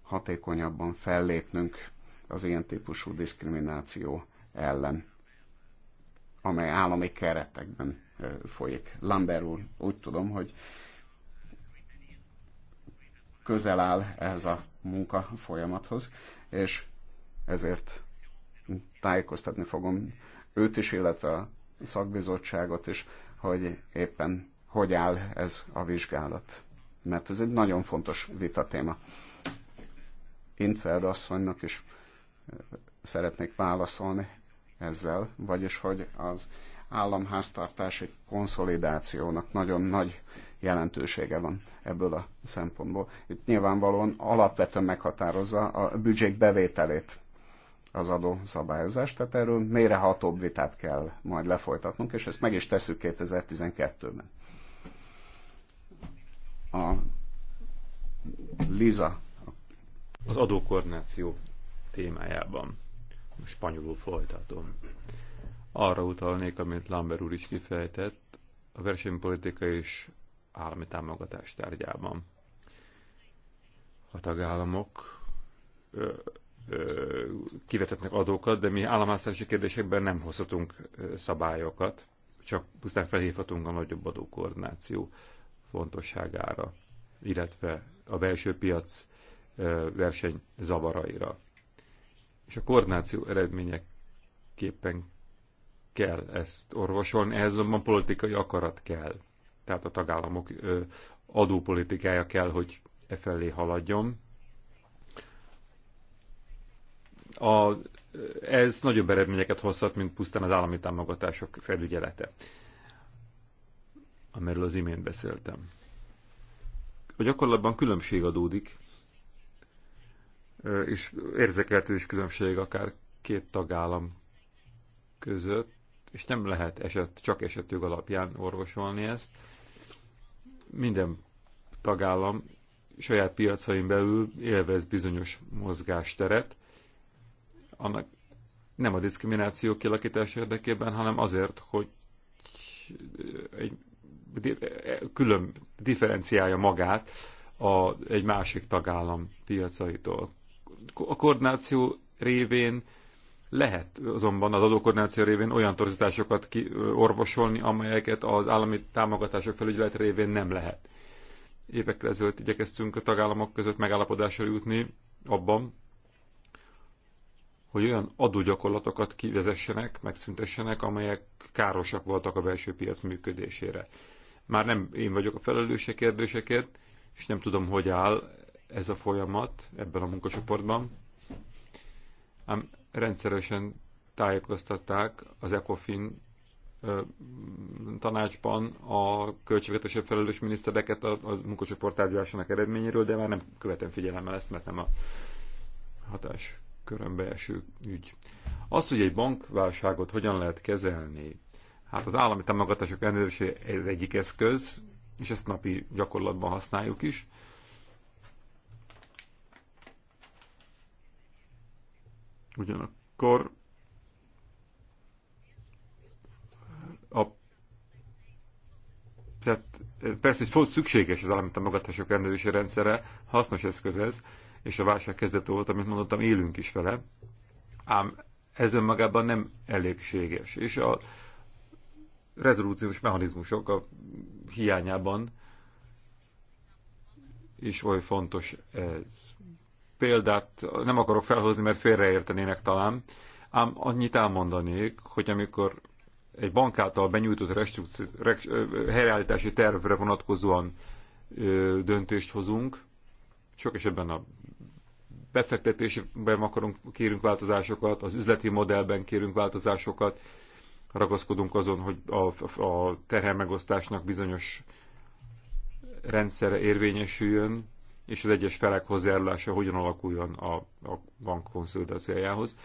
hatékonyabban fellépnünk az ilyen típusú diszkrimináció ellen amely állami keretekben folyik. Lambert úr, úgy tudom, hogy közel áll ehhez a munka folyamathoz, és ezért tájékoztatni fogom őt is, illetve a szakbizottságot is, hogy éppen hogy áll ez a vizsgálat. Mert ez egy nagyon fontos vitatéma. Intfeld asszonynak is szeretnék válaszolni ezzel, vagyis hogy az államháztartási konszolidációnak nagyon nagy jelentősége van ebből a szempontból. Itt nyilvánvalóan alapvetően meghatározza a büdzsék bevételét az adó szabályozás, tehát erről mélyrehatóbb vitát kell majd lefolytatnunk, és ezt meg is tesszük 2012-ben. A Liza. Az adókoordináció témájában spanyolul folytatom. Arra utalnék, amit Lambert úr is kifejtett, a versenypolitika és állami támogatás tárgyában. A tagállamok ö, ö, kivetetnek adókat, de mi államászási kérdésekben nem hozhatunk szabályokat, csak pusztán felhívhatunk a nagyobb adókoordináció fontosságára, illetve a belső piac verseny zavaraira és a koordináció eredményeképpen kell ezt orvosolni, ehhez azonban politikai akarat kell. Tehát a tagállamok adópolitikája kell, hogy e felé haladjon. A, ez nagyobb eredményeket hozhat, mint pusztán az állami támogatások felügyelete, amiről az imént beszéltem. A gyakorlatban különbség adódik és érzékelhető is különbség akár két tagállam között, és nem lehet eset, csak esetük alapján orvosolni ezt. Minden tagállam saját piacain belül élvez bizonyos mozgásteret, annak nem a diszkrimináció kialakítás érdekében, hanem azért, hogy egy külön differenciálja magát a, egy másik tagállam piacaitól a koordináció révén lehet azonban az adókoordináció révén olyan torzításokat ki, orvosolni, amelyeket az állami támogatások felügyelet révén nem lehet. Évekkel ezelőtt igyekeztünk a tagállamok között megállapodásra jutni abban, hogy olyan adógyakorlatokat kivezessenek, megszüntessenek, amelyek károsak voltak a belső piac működésére. Már nem én vagyok a felelőse kérdésekért, és nem tudom, hogy áll ez a folyamat ebben a munkacsoportban, ám rendszeresen tájékoztatták az ECOFIN tanácsban a költségvetésre felelős minisztereket a, a munkacsoport tárgyalásának eredményéről, de már nem követem figyelemmel ezt, mert nem a hatás körömbe eső ügy. Az, hogy egy bankválságot hogyan lehet kezelni, hát az állami támogatások ellenőrzése ez egyik eszköz, és ezt napi gyakorlatban használjuk is. Ugyanakkor a tehát persze, hogy szükséges az állami magatások rendelési rendszere, hasznos eszköz ez, és a válság kezdet volt, amit mondottam, élünk is vele, ám ez önmagában nem elégséges. És a rezolúciós mechanizmusok a hiányában is oly fontos ez példát nem akarok felhozni, mert félreértenének talán, ám annyit elmondanék, hogy amikor egy bank által benyújtott helyreállítási tervre vonatkozóan ö, döntést hozunk, sok esetben a befektetésben akarunk, kérünk változásokat, az üzleti modellben kérünk változásokat, ragaszkodunk azon, hogy a, a terhelmegosztásnak bizonyos rendszere érvényesüljön, és az egyes felek hozzájárulása hogyan alakuljon a, a bank konszolidációjához.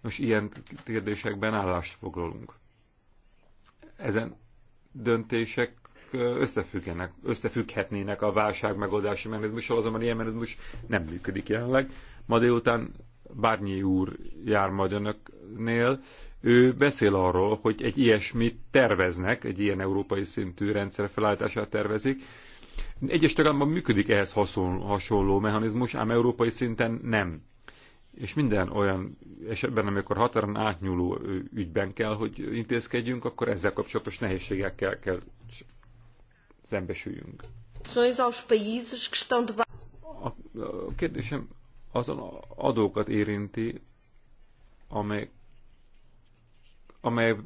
Nos, ilyen kérdésekben állást foglalunk. Ezen döntések összefüggenek, összefügghetnének a válság megoldási mechanizmussal, azonban ilyen mechanizmus nem működik jelenleg. Ma délután Bárnyi úr jár majd önöknél, ő beszél arról, hogy egy ilyesmit terveznek, egy ilyen európai szintű rendszer felállítását tervezik, egyes tagállamban működik ehhez hasonló mechanizmus, ám európai szinten nem. És minden olyan esetben, amikor határon átnyúló ügyben kell, hogy intézkedjünk, akkor ezzel kapcsolatos nehézségekkel kell szembesüljünk. A kérdésem azon adókat érinti, amelyek amely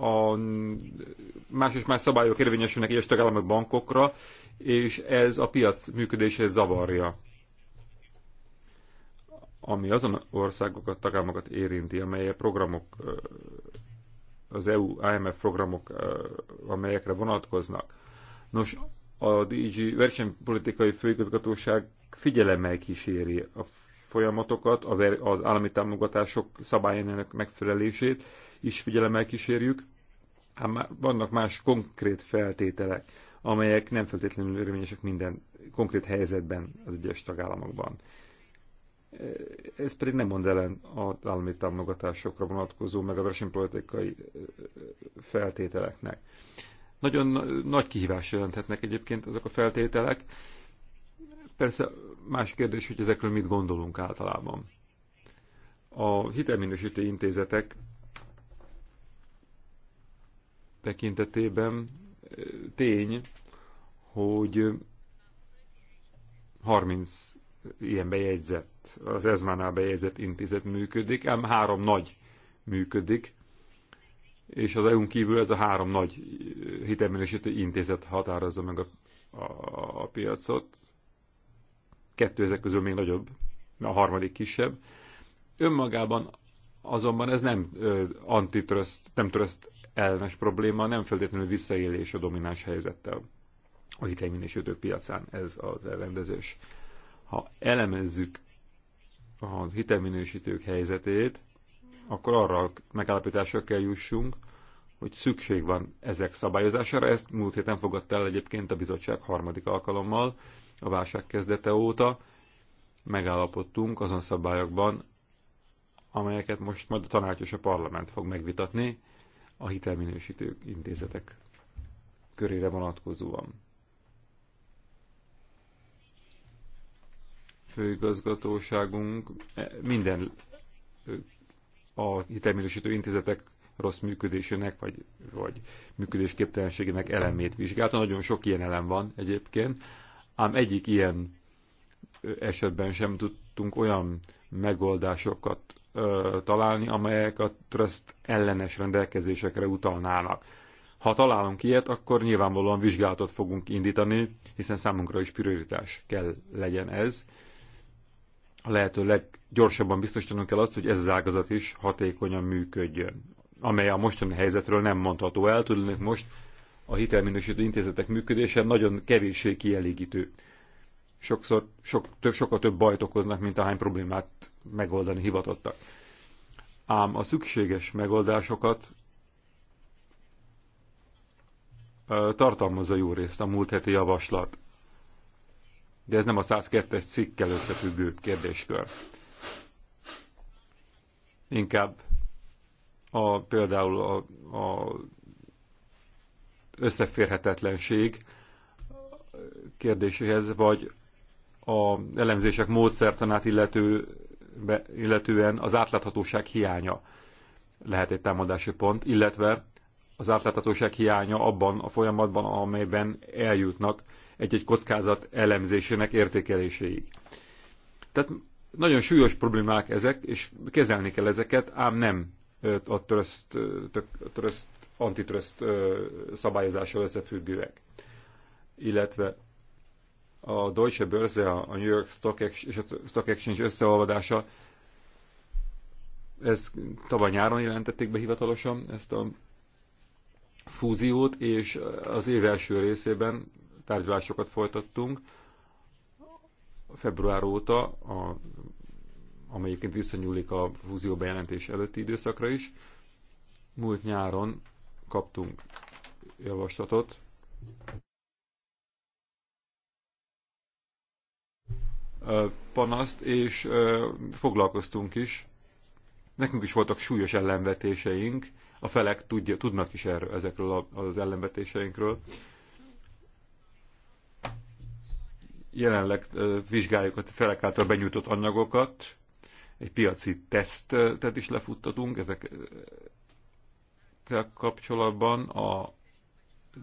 a más és más szabályok érvényesülnek egyes tagállamok bankokra, és ez a piac működését zavarja ami azon országokat, tagállamokat érinti, amelyek programok, eh, az EU IMF programok, eh, amelyekre vonatkoznak. Nos, a DG versenypolitikai főigazgatóság figyelemmel kíséri a folyamatokat, az állami támogatások szabályának megfelelését, is figyelemmel kísérjük, ám vannak más konkrét feltételek, amelyek nem feltétlenül érvényesek minden konkrét helyzetben az egyes tagállamokban. Ez pedig nem mond ellen az állami támogatásokra vonatkozó, meg a versenypolitikai feltételeknek. Nagyon nagy kihívás jelenthetnek egyébként ezek a feltételek. Persze más kérdés, hogy ezekről mit gondolunk általában. A hitelminősítő intézetek tekintetében tény, hogy 30 ilyen bejegyzett, az ezmánál bejegyzett intézet működik, ám három nagy működik, és az EU-n kívül ez a három nagy hitelminősítő intézet határozza meg a, a, a piacot. Kettő ezek közül még nagyobb, a harmadik kisebb. Önmagában azonban ez nem antitrust, nem trust ellenes probléma nem feltétlenül visszaélés a domináns helyzettel a hitelminősítők piacán ez az elrendezés. Ha elemezzük a hitelminősítők helyzetét, akkor arra a megállapításra kell jussunk, hogy szükség van ezek szabályozására. Ezt múlt héten fogadta el egyébként a bizottság harmadik alkalommal, a válság kezdete óta. Megállapodtunk azon szabályokban, amelyeket most majd a tanács és a parlament fog megvitatni, a hitelminősítő intézetek körére vonatkozóan. Főigazgatóságunk e, minden a hitelminősítő intézetek rossz működésének, vagy, vagy működésképtelenségének elemét vizsgálta. Nagyon sok ilyen elem van egyébként, ám egyik ilyen esetben sem tudtunk olyan megoldásokat ö, találni, amelyek a trust ellenes rendelkezésekre utalnának. Ha találunk ilyet, akkor nyilvánvalóan vizsgálatot fogunk indítani, hiszen számunkra is prioritás kell legyen ez. A lehető leggyorsabban biztosítanunk kell azt, hogy ez az ágazat is hatékonyan működjön, amely a mostani helyzetről nem mondható el. Tudnék most a hitelminősítő intézetek működése nagyon kevéssé kielégítő sokszor sok, több, sokkal több bajt okoznak, mint ahány problémát megoldani hivatottak. Ám a szükséges megoldásokat tartalmazza jó részt a múlt heti javaslat. De ez nem a 102-es cikkkel összefüggő kérdéskör. Inkább a, például a, a összeférhetetlenség kérdéséhez, vagy a elemzések módszertanát illető, be, illetően az átláthatóság hiánya lehet egy támadási pont, illetve az átláthatóság hiánya abban a folyamatban, amelyben eljutnak egy-egy kockázat elemzésének értékeléséig. Tehát nagyon súlyos problémák ezek, és kezelni kell ezeket, ám nem a tröszt, tröszt antitrust szabályozással összefüggőek. Illetve a Deutsche Börse, a New York Stock Exchange, és a Stock Exchange összeolvadása, ez tavaly nyáron jelentették be hivatalosan ezt a fúziót, és az év első részében tárgyalásokat folytattunk február óta, a, amelyiként visszanyúlik a fúzió bejelentés előtti időszakra is. Múlt nyáron kaptunk javaslatot panaszt, és foglalkoztunk is. Nekünk is voltak súlyos ellenvetéseink, a felek tudja, tudnak is erről, ezekről az ellenvetéseinkről. Jelenleg vizsgáljuk a felek által benyújtott anyagokat, egy piaci tesztet is lefuttatunk ezekkel kapcsolatban a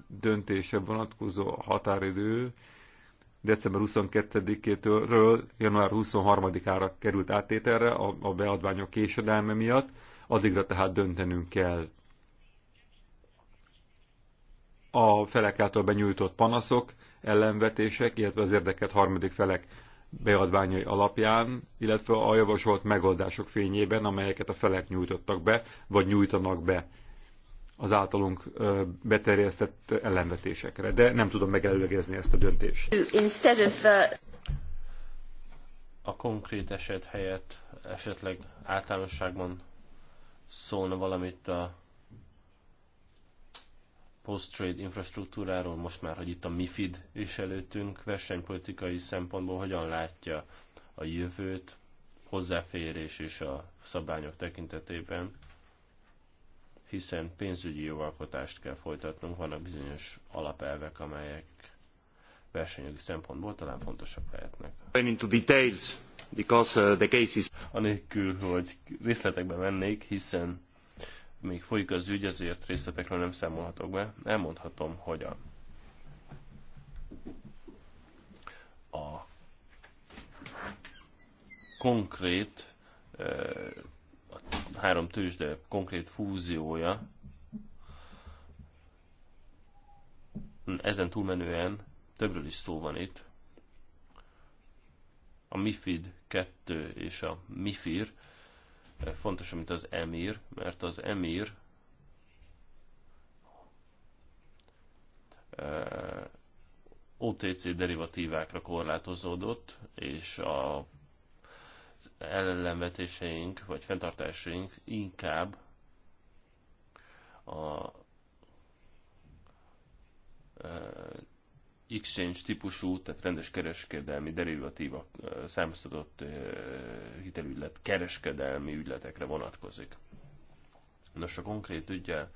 döntése vonatkozó határidő december 22-től január 23-ára került áttételre a, a beadványok késedelme miatt, addigra tehát döntenünk kell. A felek által benyújtott panaszok, ellenvetések, illetve az érdeket harmadik felek beadványai alapján, illetve a javasolt megoldások fényében, amelyeket a felek nyújtottak be, vagy nyújtanak be az általunk beterjesztett ellenvetésekre, de nem tudom megelőlegezni ezt a döntést. Uh, a konkrét eset helyett esetleg általánosságban szólna valamit a post-trade infrastruktúráról, most már, hogy itt a MIFID is előttünk, versenypolitikai szempontból hogyan látja a jövőt, hozzáférés és a szabályok tekintetében hiszen pénzügyi jogalkotást kell folytatnunk, vannak bizonyos alapelvek, amelyek versenyügyi szempontból talán fontosak lehetnek. Into details, because uh, the cases... Anélkül, hogy részletekbe mennék, hiszen még folyik az ügy, ezért részletekről nem számolhatok be. Elmondhatom, hogy a, a konkrét uh, három tőzsde konkrét fúziója ezen túlmenően többről is szó van itt. A MIFID 2 és a MIFIR fontos, mint az EMIR, mert az EMIR OTC derivatívákra korlátozódott, és a ellenvetéseink vagy fenntartásaink inkább a exchange típusú, tehát rendes kereskedelmi derivatíva számítatott hitelügylet kereskedelmi ügyletekre vonatkozik. Nos, a konkrét ügyel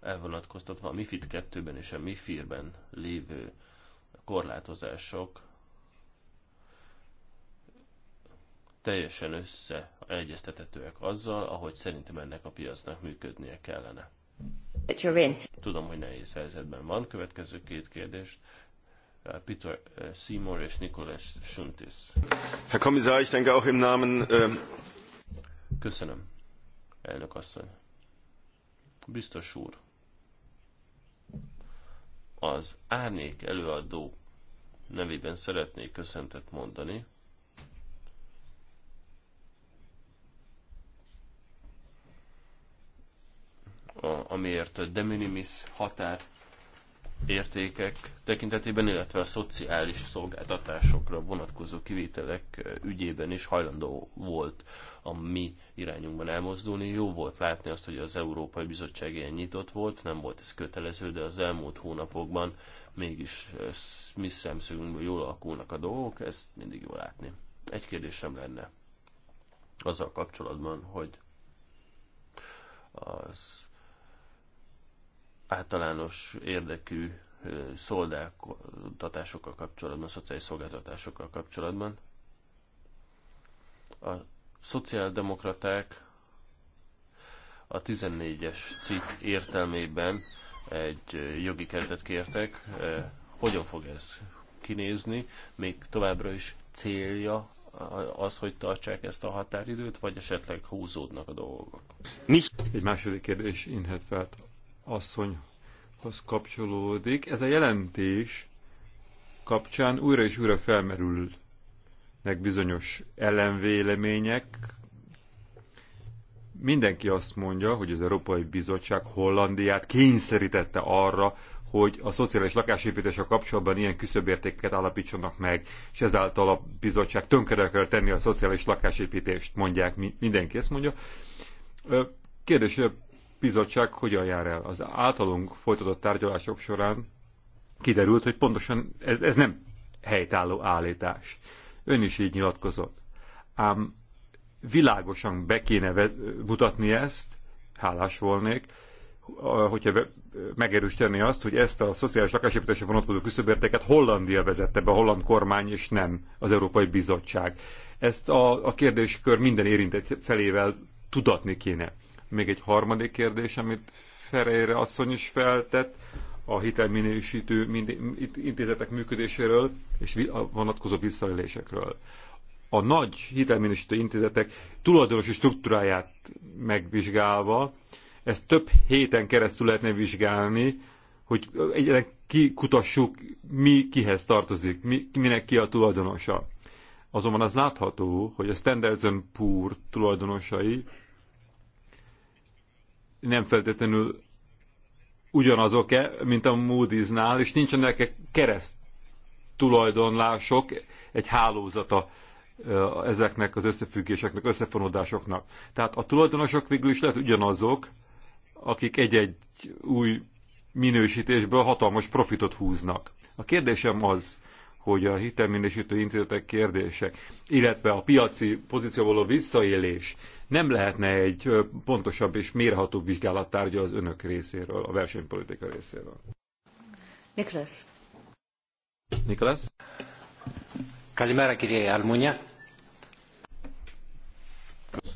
elvonatkoztatva a MIFID 2-ben és a MIFIR-ben lévő korlátozások teljesen összeegyeztethetőek azzal, ahogy szerintem ennek a piacnak működnie kellene. Tudom, hogy nehéz helyzetben van. Következő két kérdés. Peter eh, Seymour és Nikolas Suntis. Herr Kommissar, ich denke auch im Namen... Ähm, Köszönöm, elnök asszony. Biztos úr, az árnyék előadó nevében szeretnék köszöntet mondani, a, amiért a de minimis határ értékek tekintetében, illetve a szociális szolgáltatásokra vonatkozó kivételek eh, ügyében is hajlandó volt a mi irányunkban elmozdulni. Jó volt látni azt, hogy az Európai Bizottság ilyen nyitott volt, nem volt ez kötelező, de az elmúlt hónapokban mégis eh, mi szemszögünkből jól alakulnak a dolgok, ezt mindig jól látni. Egy kérdésem lenne azzal kapcsolatban, hogy az általános érdekű szolgáltatásokkal kapcsolatban, szociális szolgáltatásokkal kapcsolatban. A szociáldemokraták a 14-es cikk értelmében egy jogi keretet kértek. Hogyan fog ez kinézni? Még továbbra is célja az, hogy tartsák ezt a határidőt, vagy esetleg húzódnak a dolgok? Mi? Egy második kérdés inhet fel asszonyhoz kapcsolódik. Ez a jelentés kapcsán újra és újra felmerülnek bizonyos ellenvélemények. Mindenki azt mondja, hogy az Európai Bizottság Hollandiát kényszerítette arra, hogy a szociális lakásépítéssel kapcsolatban ilyen küszöbértékeket állapítsanak meg, és ezáltal a bizottság tönkre kell tenni a szociális lakásépítést, mondják mindenki ezt mondja. Kérdés, hogy a bizottság hogyan jár el. Az általunk folytatott tárgyalások során kiderült, hogy pontosan ez, ez nem helytálló állítás. Ön is így nyilatkozott. Ám világosan be kéne mutatni ezt, hálás volnék, hogyha megerősíteni azt, hogy ezt a szociális lakásépítésre vonatkozó küszöbértéket Hollandia vezette be, a holland kormány, és nem az Európai Bizottság. Ezt a, a kérdéskör minden érintett felével tudatni kéne. Még egy harmadik kérdés, amit Ferejre asszony is feltett, a hitelminősítő intézetek működéséről és a vonatkozó visszaélésekről. A nagy hitelminősítő intézetek tulajdonosi struktúráját megvizsgálva, ezt több héten keresztül lehetne vizsgálni, hogy egyre kikutassuk, mi kihez tartozik, mi, minek ki a tulajdonosa. Azonban az látható, hogy a Standards Poor tulajdonosai nem feltétlenül ugyanazok-e, mint a Moody's-nál, és nincsenek -e kereszt tulajdonlások, egy hálózata ezeknek az összefüggéseknek, összefonódásoknak. Tehát a tulajdonosok végül is lehet ugyanazok, akik egy-egy új minősítésből hatalmas profitot húznak. A kérdésem az, hogy a hitelminősítő intézetek kérdések, illetve a piaci pozícióból a visszaélés nem lehetne egy pontosabb és mérhatóbb vizsgálattárgya az önök részéről, a versenypolitika részéről? Nicholas. Nicholas? Kalimera kirje Almunya.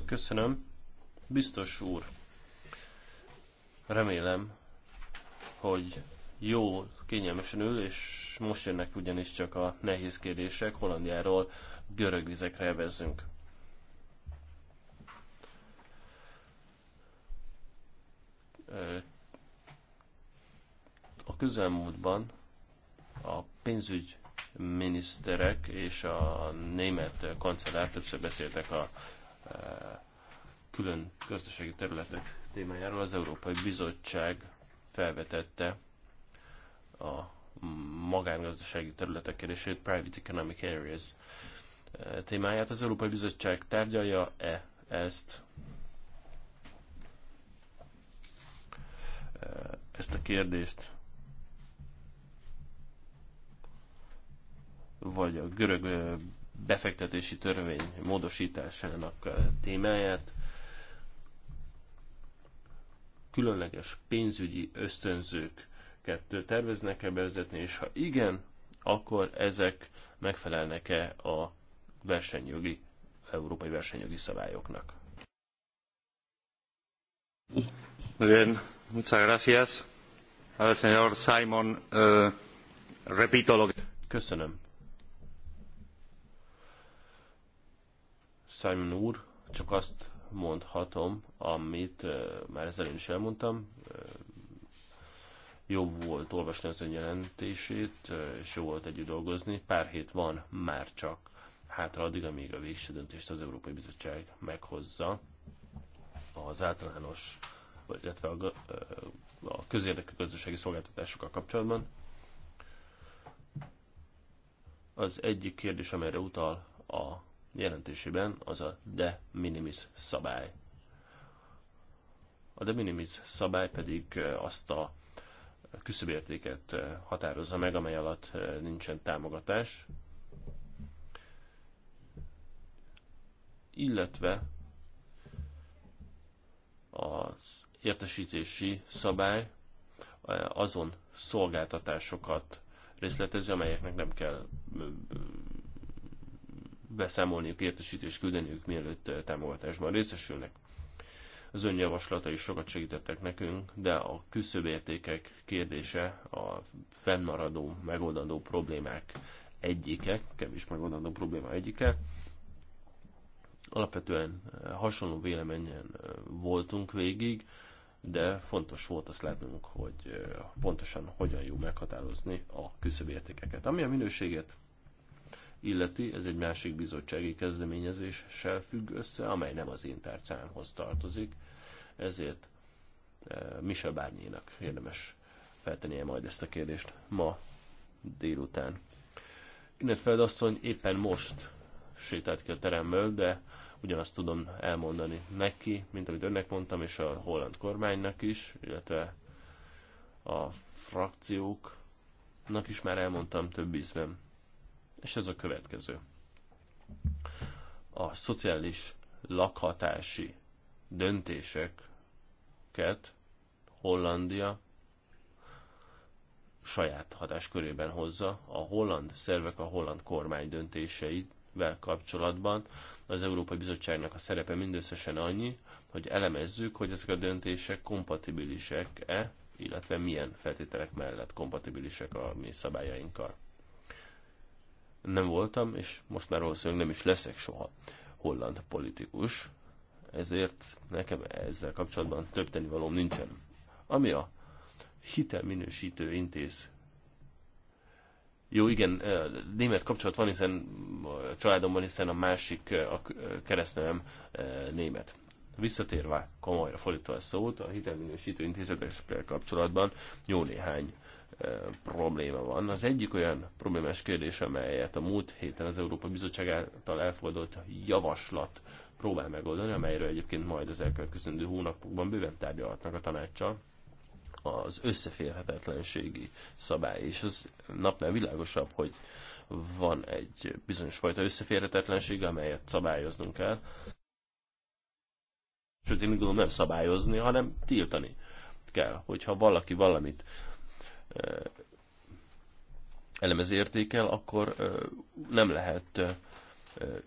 Köszönöm. Biztos úr. Remélem, hogy jó, kényelmesen ül, és most jönnek ugyanis csak a nehéz kérdések. Hollandiáról görög vizekre vezünk. A közelmúltban a pénzügy miniszterek és a német kancellár többször beszéltek a külön gazdasági területek témájáról. Az Európai Bizottság felvetette a magángazdasági területek kérdését, Private Economic Areas témáját. Az Európai Bizottság tárgyalja-e ezt Eh, ezt a kérdést, vagy a görög eh, befektetési törvény módosításának eh, témáját. Különleges pénzügyi kettő terveznek-e bevezetni, és ha igen, akkor ezek megfelelnek-e a versenyjogi, európai versenyjogi szabályoknak? Nagyon Eh, Simon, úr, csak azt mondhatom, amit eh, már már ezelőtt is elmondtam. Eh, jó volt olvasni az önjelentését, jelentését és jó volt együtt dolgozni. Pár hét van már csak hátra addig, amíg a végső döntést az Európai Bizottság meghozza az általános illetve a, a közérdekű gazdasági szolgáltatásokkal kapcsolatban. Az egyik kérdés, amelyre utal a jelentésében, az a de minimis szabály. A de minimis szabály pedig azt a küszöbértéket határozza meg, amely alatt nincsen támogatás, illetve az értesítési szabály e, azon szolgáltatásokat részletezi, amelyeknek nem kell beszámolniuk, értesítést küldeniük, mielőtt e, támogatásban részesülnek. Az önjavaslata is sokat segítettek nekünk, de a küszöbértékek kérdése a fennmaradó, megoldandó problémák egyike, kevés megoldandó probléma egyike. Alapvetően e, hasonló véleményen voltunk végig, de fontos volt azt látnunk, hogy eh, pontosan hogyan jó meghatározni a küszöbértékeket. Ami a minőséget illeti, ez egy másik bizottsági kezdeményezéssel függ össze, amely nem az én tárcámhoz tartozik, ezért eh, Michel Bárnyénak érdemes feltennie majd ezt a kérdést ma délután. Innetfeld asszony éppen most sétált ki a teremből, de ugyanazt tudom elmondani neki, mint amit önnek mondtam, és a holland kormánynak is, illetve a frakcióknak is már elmondtam több ízben. És ez a következő. A szociális lakhatási döntéseket Hollandia saját hatáskörében hozza, a holland szervek a holland kormány döntéseit vel kapcsolatban az Európai Bizottságnak a szerepe mindösszesen annyi, hogy elemezzük, hogy ezek a döntések kompatibilisek-e, illetve milyen feltételek mellett kompatibilisek a mi szabályainkkal. Nem voltam, és most már valószínűleg nem is leszek soha holland politikus, ezért nekem ezzel kapcsolatban több tennivalóm nincsen. Ami a hitelminősítő intéz jó, igen, német kapcsolat van, hiszen a családomban, hiszen a másik, a keresztnevem német. Visszatérve komolyra fordítva a szót, a hitelminősítő intézetekkel kapcsolatban jó néhány probléma van. Az egyik olyan problémás kérdés, amelyet a múlt héten az Európa Bizottság által elfogadott javaslat próbál megoldani, amelyről egyébként majd az elkövetkező hónapokban bőven tárgyalhatnak a tanácsa, az összeférhetetlenségi szabály, és az napnál világosabb, hogy van egy bizonyos fajta összeférhetetlenség, amelyet szabályoznunk kell. Sőt, én úgy gondolom nem szabályozni, hanem tiltani kell. Hogyha valaki valamit elemez értékel, akkor nem lehet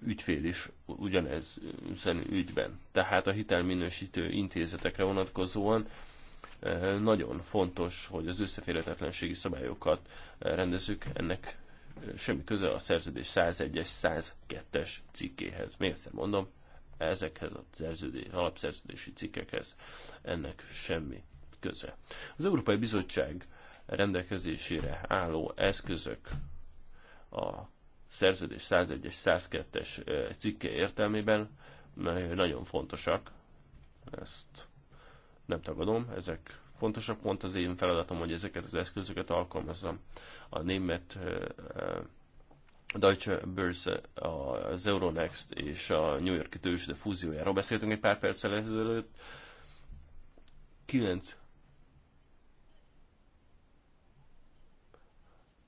ügyfél is ugyanez ügyben. Tehát a hitelminősítő intézetekre vonatkozóan nagyon fontos, hogy az összeférhetetlenségi szabályokat rendezzük, ennek semmi köze a szerződés 101-es, 102-es cikkéhez. Még egyszer mondom, ezekhez a szerződés, alapszerződési cikkekhez ennek semmi köze. Az Európai Bizottság rendelkezésére álló eszközök a szerződés 101-es, 102-es eh, cikke értelmében nagyon fontosak. Ezt nem tagadom, ezek fontosak, pont az én feladatom, hogy ezeket az eszközöket alkalmazzam. A német Deutsche Börse, az Euronext és a New Yorki tőzsde fúziójáról beszéltünk egy pár perccel ezelőtt. 9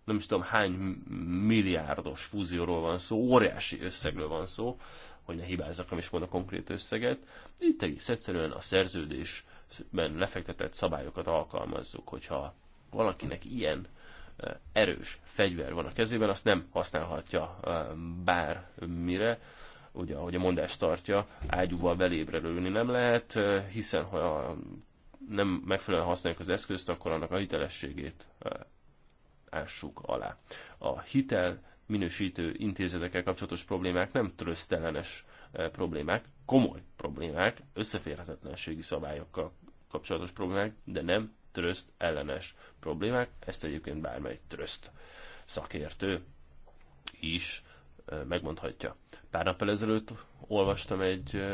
nem is tudom hány milliárdos fúzióról van szó, óriási összegről van szó, hogy ne hibázzak, nem is a konkrét összeget. Itt egész egyszerűen a szerződés ben lefektetett szabályokat alkalmazzuk. Hogyha valakinek ilyen eh, erős fegyver van a kezében, azt nem használhatja eh, bármire, ugye ahogy a mondás tartja, ágyúval belébre lőni nem lehet, eh, hiszen ha nem megfelelően használjuk az eszközt, akkor annak a hitelességét ássuk alá. A hitel minősítő intézetekkel kapcsolatos problémák nem trösztelenes problémák, komoly problémák, összeférhetetlenségi szabályokkal kapcsolatos problémák, de nem tröszt ellenes problémák. Ezt egyébként bármely tröszt szakértő is megmondhatja. Pár nappal ezelőtt olvastam egy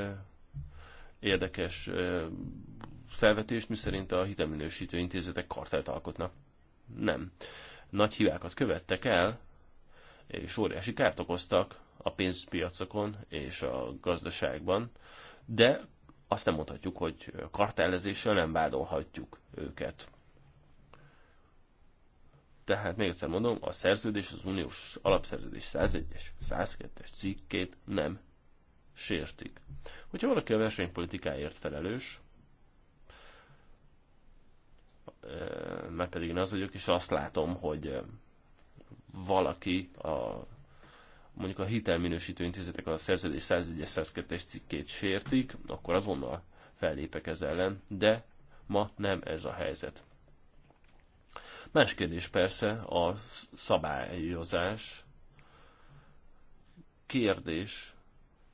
érdekes felvetést, miszerint a hitelminősítő intézetek kartelt alkotnak. Nem. Nagy hibákat követtek el, és óriási kárt okoztak a pénzpiacokon és a gazdaságban, de azt nem mondhatjuk, hogy kartellezéssel nem vádolhatjuk őket. Tehát még egyszer mondom, a szerződés, az uniós alapszerződés 101-es, 102-es cikkét nem sértik. Hogyha valaki a versenypolitikáért felelős, e, mert pedig én az vagyok, és azt látom, hogy valaki a mondjuk a hitelminősítő intézetek a szerződés 101-es 102-es cikkét sértik, akkor azonnal fellépek ez ellen, de ma nem ez a helyzet. Más kérdés persze a szabályozás kérdés,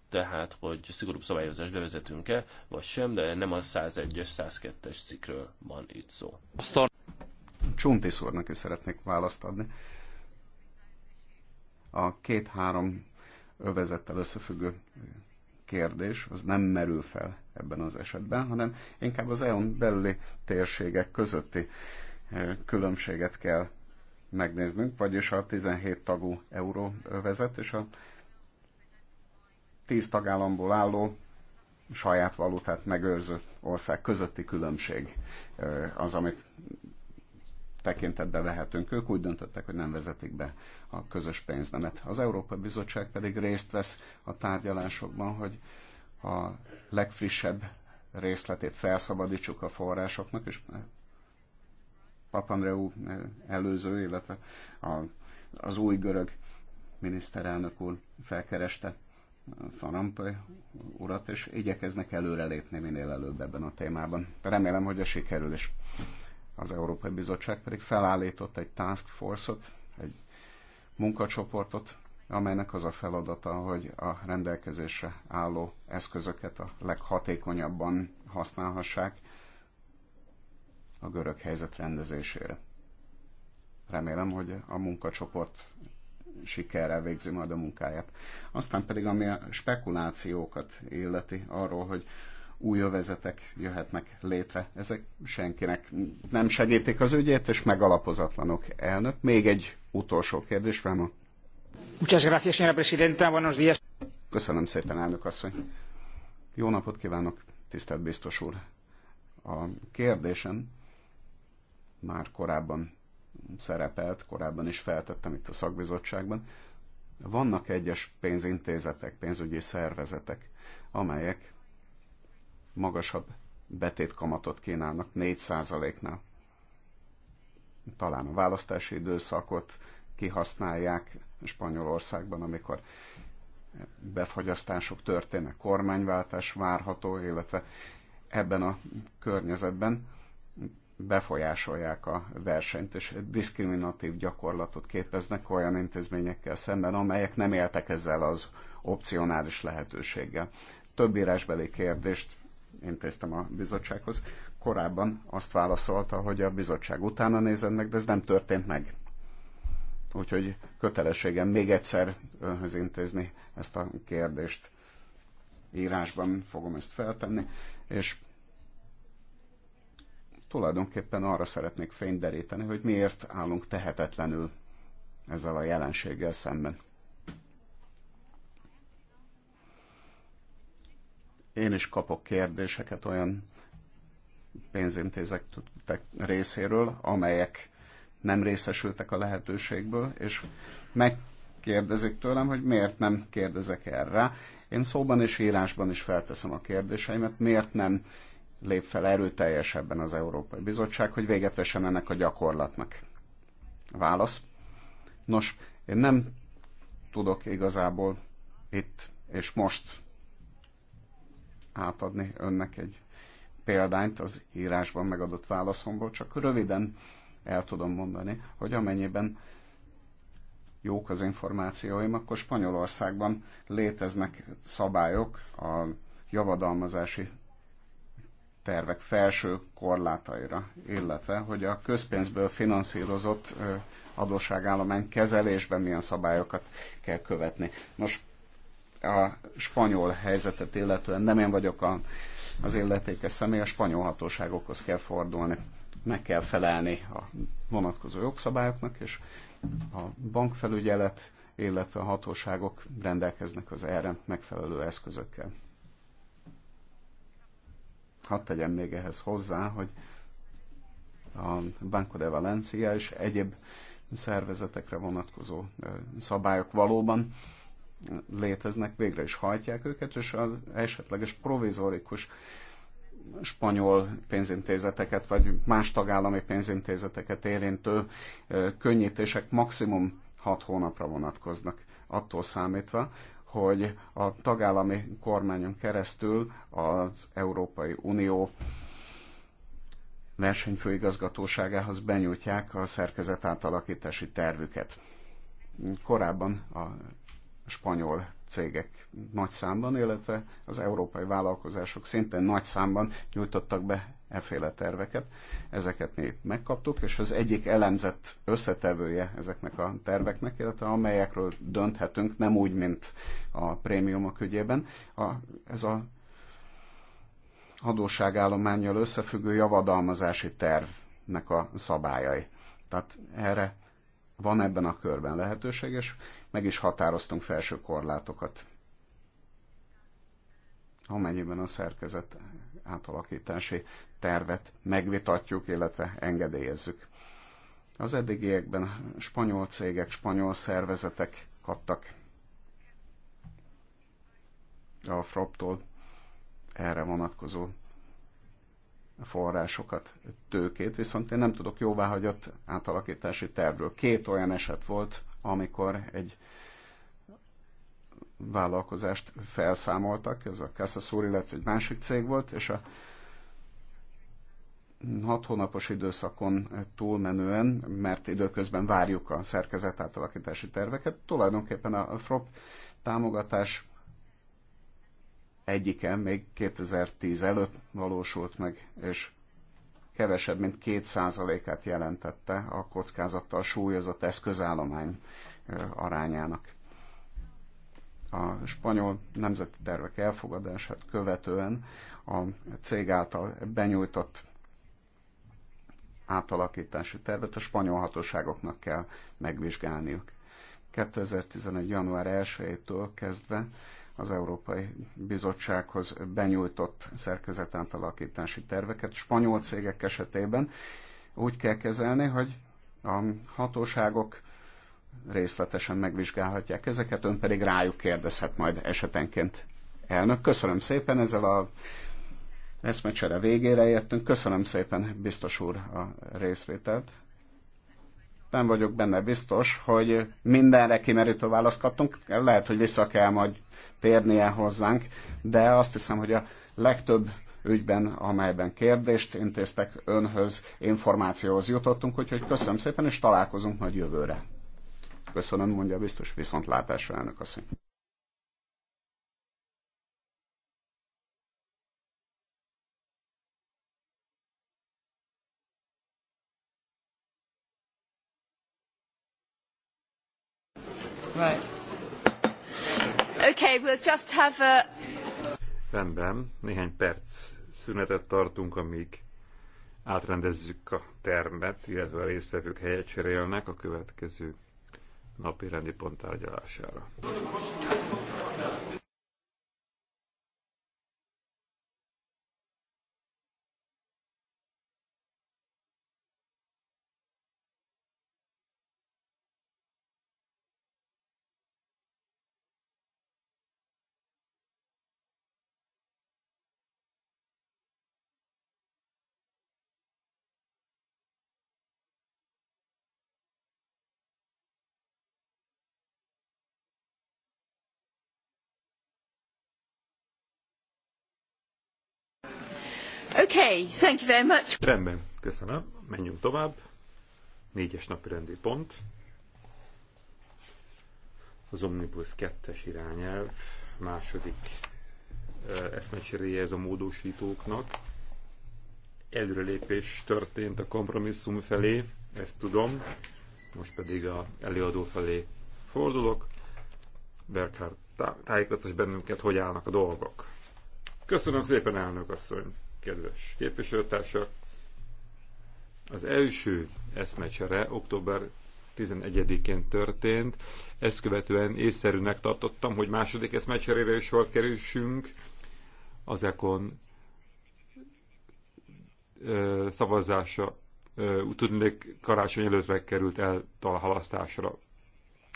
tehát, hogy szigorúbb szabályozást bevezetünk-e, vagy sem, de nem a 101-es, 102-es cikkről van itt szó. Csontészornak is szeretnék választ adni a két-három övezettel összefüggő kérdés az nem merül fel ebben az esetben, hanem inkább az EON belüli térségek közötti eh, különbséget kell megnéznünk, vagyis a 17 tagú euróvezet és a 10 tagállamból álló saját valutát megőrző ország közötti különbség eh, az, amit tekintetben lehetünk. Ők úgy döntöttek, hogy nem vezetik be a közös pénznemet. Az Európai Bizottság pedig részt vesz a tárgyalásokban, hogy a legfrissebb részletét felszabadítsuk a forrásoknak, és Papandreou előző, illetve a, az új görög miniszterelnök úr felkereste Farampe urat, és igyekeznek előrelépni minél előbb ebben a témában. Remélem, hogy a sikerül is. Az Európai Bizottság pedig felállított egy task force-ot, egy munkacsoportot, amelynek az a feladata, hogy a rendelkezésre álló eszközöket a leghatékonyabban használhassák a görög helyzet rendezésére. Remélem, hogy a munkacsoport sikerrel végzi majd a munkáját. Aztán pedig, ami a spekulációkat illeti arról, hogy új övezetek jöhetnek létre. Ezek senkinek nem segítik az ügyét, és megalapozatlanok elnök. Még egy utolsó kérdés, Ráma. Muchas gracias, señora presidenta. Buenos días. Köszönöm szépen, elnök asszony. Jó napot kívánok, tisztelt biztos úr. A kérdésem már korábban szerepelt, korábban is feltettem itt a szakbizottságban. Vannak egyes pénzintézetek, pénzügyi szervezetek, amelyek magasabb betétkamatot kínálnak 4%-nál. Talán a választási időszakot kihasználják Spanyolországban, amikor befagyasztások történnek, kormányváltás várható, illetve ebben a környezetben befolyásolják a versenyt, és diszkriminatív gyakorlatot képeznek olyan intézményekkel szemben, amelyek nem éltek ezzel az opcionális lehetőséggel. Több írásbeli kérdést intéztem a bizottsághoz. Korábban azt válaszolta, hogy a bizottság utána meg, de ez nem történt meg. Úgyhogy kötelességem még egyszer önhöz intézni ezt a kérdést. Írásban fogom ezt feltenni, és tulajdonképpen arra szeretnék fényderíteni, hogy miért állunk tehetetlenül ezzel a jelenséggel szemben. Én is kapok kérdéseket olyan pénzintézetek részéről, amelyek nem részesültek a lehetőségből, és megkérdezik tőlem, hogy miért nem kérdezek erre. Én szóban és írásban is felteszem a kérdéseimet, miért nem lép fel erőteljesebben az Európai Bizottság, hogy véget vessen ennek a gyakorlatnak. Válasz. Nos, én nem tudok igazából itt és most átadni önnek egy példányt az írásban megadott válaszomból, csak röviden el tudom mondani, hogy amennyiben jók az információim, akkor Spanyolországban léteznek szabályok a javadalmazási tervek felső korlátaira, illetve hogy a közpénzből finanszírozott adósságállomány kezelésben milyen szabályokat kell követni. Nos, a spanyol helyzetet illetően nem én vagyok a, az illetékes személy, a spanyol hatóságokhoz kell fordulni. Meg kell felelni a vonatkozó jogszabályoknak, és a bankfelügyelet, illetve a hatóságok rendelkeznek az erre megfelelő eszközökkel. Hadd tegyem még ehhez hozzá, hogy a Banco de Valencia és egyéb szervezetekre vonatkozó szabályok valóban léteznek, végre is hajtják őket, és az esetleges provizorikus spanyol pénzintézeteket, vagy más tagállami pénzintézeteket érintő könnyítések maximum 6 hónapra vonatkoznak, attól számítva, hogy a tagállami kormányon keresztül az Európai Unió versenyfőigazgatóságához benyújtják a szerkezet átalakítási tervüket. Korábban a spanyol cégek nagy számban, illetve az európai vállalkozások szintén nagy számban nyújtottak be eféle terveket. Ezeket mi megkaptuk, és az egyik elemzett összetevője ezeknek a terveknek, illetve amelyekről dönthetünk, nem úgy, mint a prémiumok ügyében, a, ez a adóságállományjal összefüggő javadalmazási tervnek a szabályai. Tehát erre van ebben a körben lehetőség, és meg is határoztunk felső korlátokat. Amennyiben a szerkezet átalakítási tervet megvitatjuk, illetve engedélyezzük. Az eddigiekben spanyol cégek, spanyol szervezetek kaptak a frop erre vonatkozó forrásokat, tőkét, viszont én nem tudok jóváhagyott átalakítási tervről. Két olyan eset volt, amikor egy vállalkozást felszámoltak, ez a Cassasur, illetve egy másik cég volt, és a hat hónapos időszakon túlmenően, mert időközben várjuk a szerkezet átalakítási terveket, tulajdonképpen a FROP támogatás egyike még 2010 előtt valósult meg, és kevesebb, mint 2%-át jelentette a kockázattal súlyozott eszközállomány arányának. A spanyol nemzeti tervek elfogadását követően a cég által benyújtott átalakítási tervet a spanyol hatóságoknak kell megvizsgálniuk. 2011. január 1-től kezdve az Európai Bizottsághoz benyújtott alakítási terveket spanyol cégek esetében úgy kell kezelni, hogy a hatóságok részletesen megvizsgálhatják ezeket, ön pedig rájuk kérdezhet majd esetenként. Elnök, köszönöm szépen, ezzel a eszmecsere végére értünk. Köszönöm szépen, biztos úr, a részvételt nem vagyok benne biztos, hogy mindenre kimerítő választ kaptunk. Lehet, hogy vissza kell majd térnie hozzánk, de azt hiszem, hogy a legtöbb ügyben, amelyben kérdést intéztek önhöz, információhoz jutottunk, úgyhogy köszönöm szépen, és találkozunk majd jövőre. Köszönöm, mondja biztos viszontlátásra elnök asszony. Right. Okay, we'll just have a... Rendben, néhány perc szünetet tartunk, amíg átrendezzük a termet, illetve a résztvevők helyet cserélnek a következő napi rendi pont tárgyalására. Okay, thank you very much. Rendben, köszönöm. Menjünk tovább. Négyes napi rendi pont. Az Omnibus 2-es irányelv második eszmecseréje ez a módosítóknak. Előrelépés történt a kompromisszum felé, ezt tudom. Most pedig a előadó felé fordulok. Berkhardt tájékoztat bennünket, hogy állnak a dolgok. Köszönöm szépen, elnök asszony! kedves képviselőtársak! Az első eszmecsere október 11-én történt, ezt követően észszerűnek tartottam, hogy második eszmecserére is volt kerülsünk, az Ekon szavazása tudnék karácsony előtt került el talhalasztásra.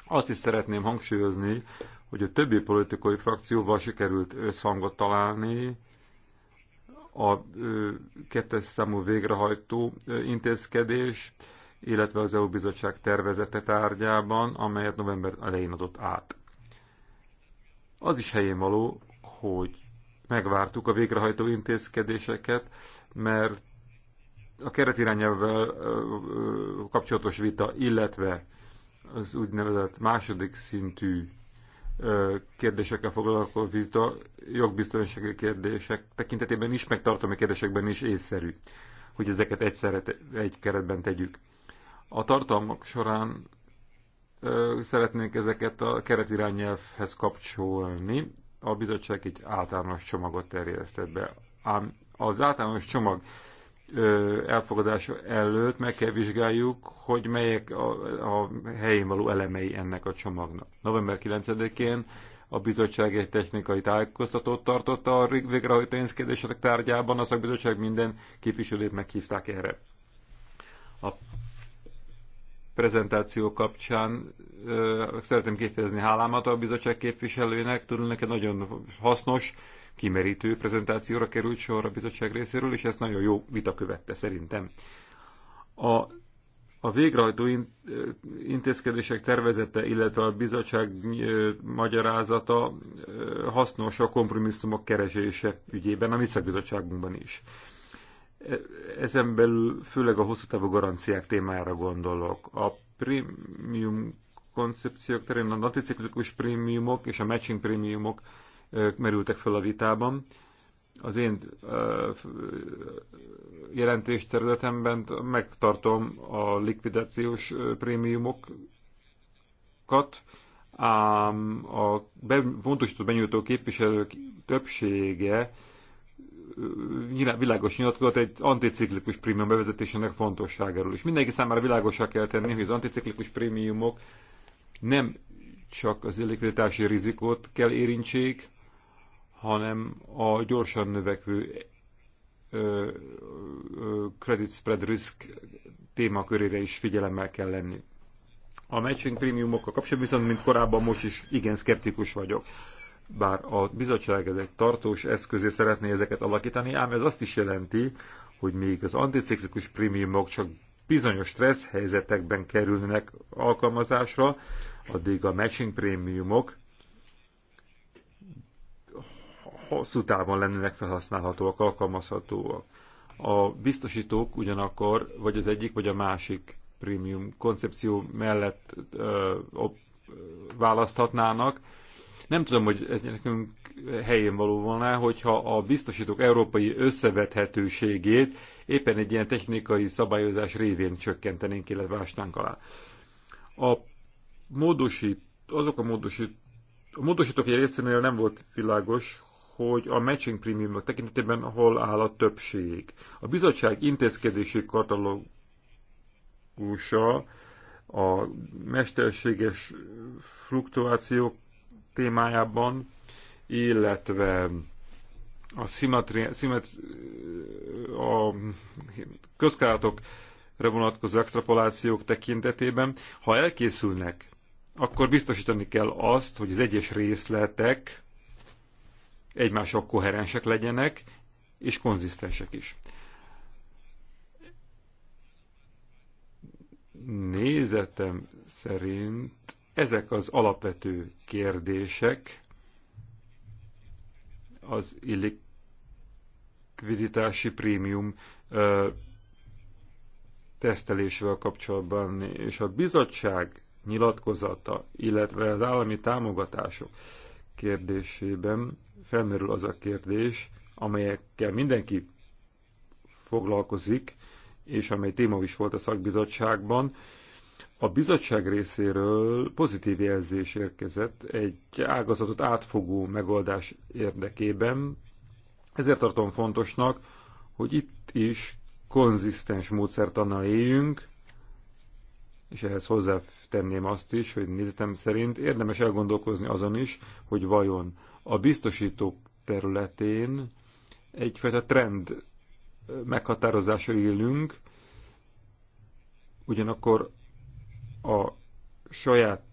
Azt is szeretném hangsúlyozni, hogy a többi politikai frakcióval sikerült összhangot találni, a kettes számú végrehajtó intézkedés, illetve az EU bizottság tervezete tárgyában, amelyet november elején adott át. Az is helyén való, hogy megvártuk a végrehajtó intézkedéseket, mert a keretirányelvvel kapcsolatos vita, illetve az úgynevezett második szintű kérdésekkel foglalkozó vita jogbiztonsági kérdések tekintetében is, meg tartalmi kérdésekben is észszerű, hogy ezeket egyszerre egy keretben tegyük. A tartalmak során ö, szeretnénk ezeket a keretirányelvhez kapcsolni. A bizottság egy általános csomagot terjesztett be. Ám az általános csomag elfogadása előtt meg kell vizsgáljuk, hogy melyek a, a helyén való elemei ennek a csomagnak. November 9-én a bizottság egy technikai tájékoztatót tartott a végrehajtó intézkedések tárgyában, a szakbizottság minden képviselőt meghívták erre. A prezentáció kapcsán ö, szeretném kifejezni hálámat a bizottság képviselőinek, tudom, neked nagyon hasznos kimerítő prezentációra került sor a bizottság részéről, és ezt nagyon jó vita követte szerintem. A, a végrehajtó intézkedések tervezete, illetve a bizottság magyarázata hasznos a kompromisszumok keresése ügyében, a mi is. E, ezen belül főleg a hosszú távú garanciák témára gondolok. A prémium koncepciók terén a anticiklikus prémiumok és a matching prémiumok merültek fel a vitában. Az én területemben megtartom a likvidációs prémiumokat, ám a pontosított benyújtó képviselők többsége világos nyilatkozat egy anticiklikus prémium bevezetésének fontosságáról. És mindenki számára világosá kell tenni, hogy az anticiklikus prémiumok nem csak az illikviditási rizikót kell érintsék, hanem a gyorsan növekvő credit spread risk témakörére is figyelemmel kell lenni. A matching prémiumokkal kapcsolatban viszont, mint korábban, most is igen szkeptikus vagyok. Bár a bizottság ez egy tartós eszközé szeretné ezeket alakítani, ám ez azt is jelenti, hogy még az anticiklikus prémiumok csak bizonyos stressz helyzetekben kerülnek alkalmazásra, addig a matching prémiumok hosszú távon lennének felhasználhatóak, alkalmazhatóak. A biztosítók ugyanakkor vagy az egyik, vagy a másik prémium koncepció mellett ö, ö, választhatnának. Nem tudom, hogy ez nekünk helyén való volna, hogyha a biztosítók európai összevethetőségét éppen egy ilyen technikai szabályozás révén csökkentenénk, illetve ástánk alá. A módosít, azok a módosít, a módosítók egy részénél nem volt világos, hogy a matching premiumok tekintetében hol áll a többség. A bizottság intézkedési katalógusa a mesterséges fluktuációk témájában, illetve a, szimetri, szimet, a közkáratokra vonatkozó extrapolációk tekintetében, ha elkészülnek, akkor biztosítani kell azt, hogy az egyes részletek egymások koherensek legyenek, és konzisztensek is. Nézetem szerint ezek az alapvető kérdések az illikviditási prémium tesztelésvel tesztelésével kapcsolatban, és a bizottság nyilatkozata, illetve az állami támogatások kérdésében felmerül az a kérdés, amelyekkel mindenki foglalkozik, és amely téma is volt a szakbizottságban. A bizottság részéről pozitív jelzés érkezett egy ágazatot átfogó megoldás érdekében. Ezért tartom fontosnak, hogy itt is konzisztens módszertannal éljünk, és ehhez hozzátenném azt is, hogy nézetem szerint érdemes elgondolkozni azon is, hogy vajon a biztosítók területén egyfajta trend meghatározásra élünk, ugyanakkor a saját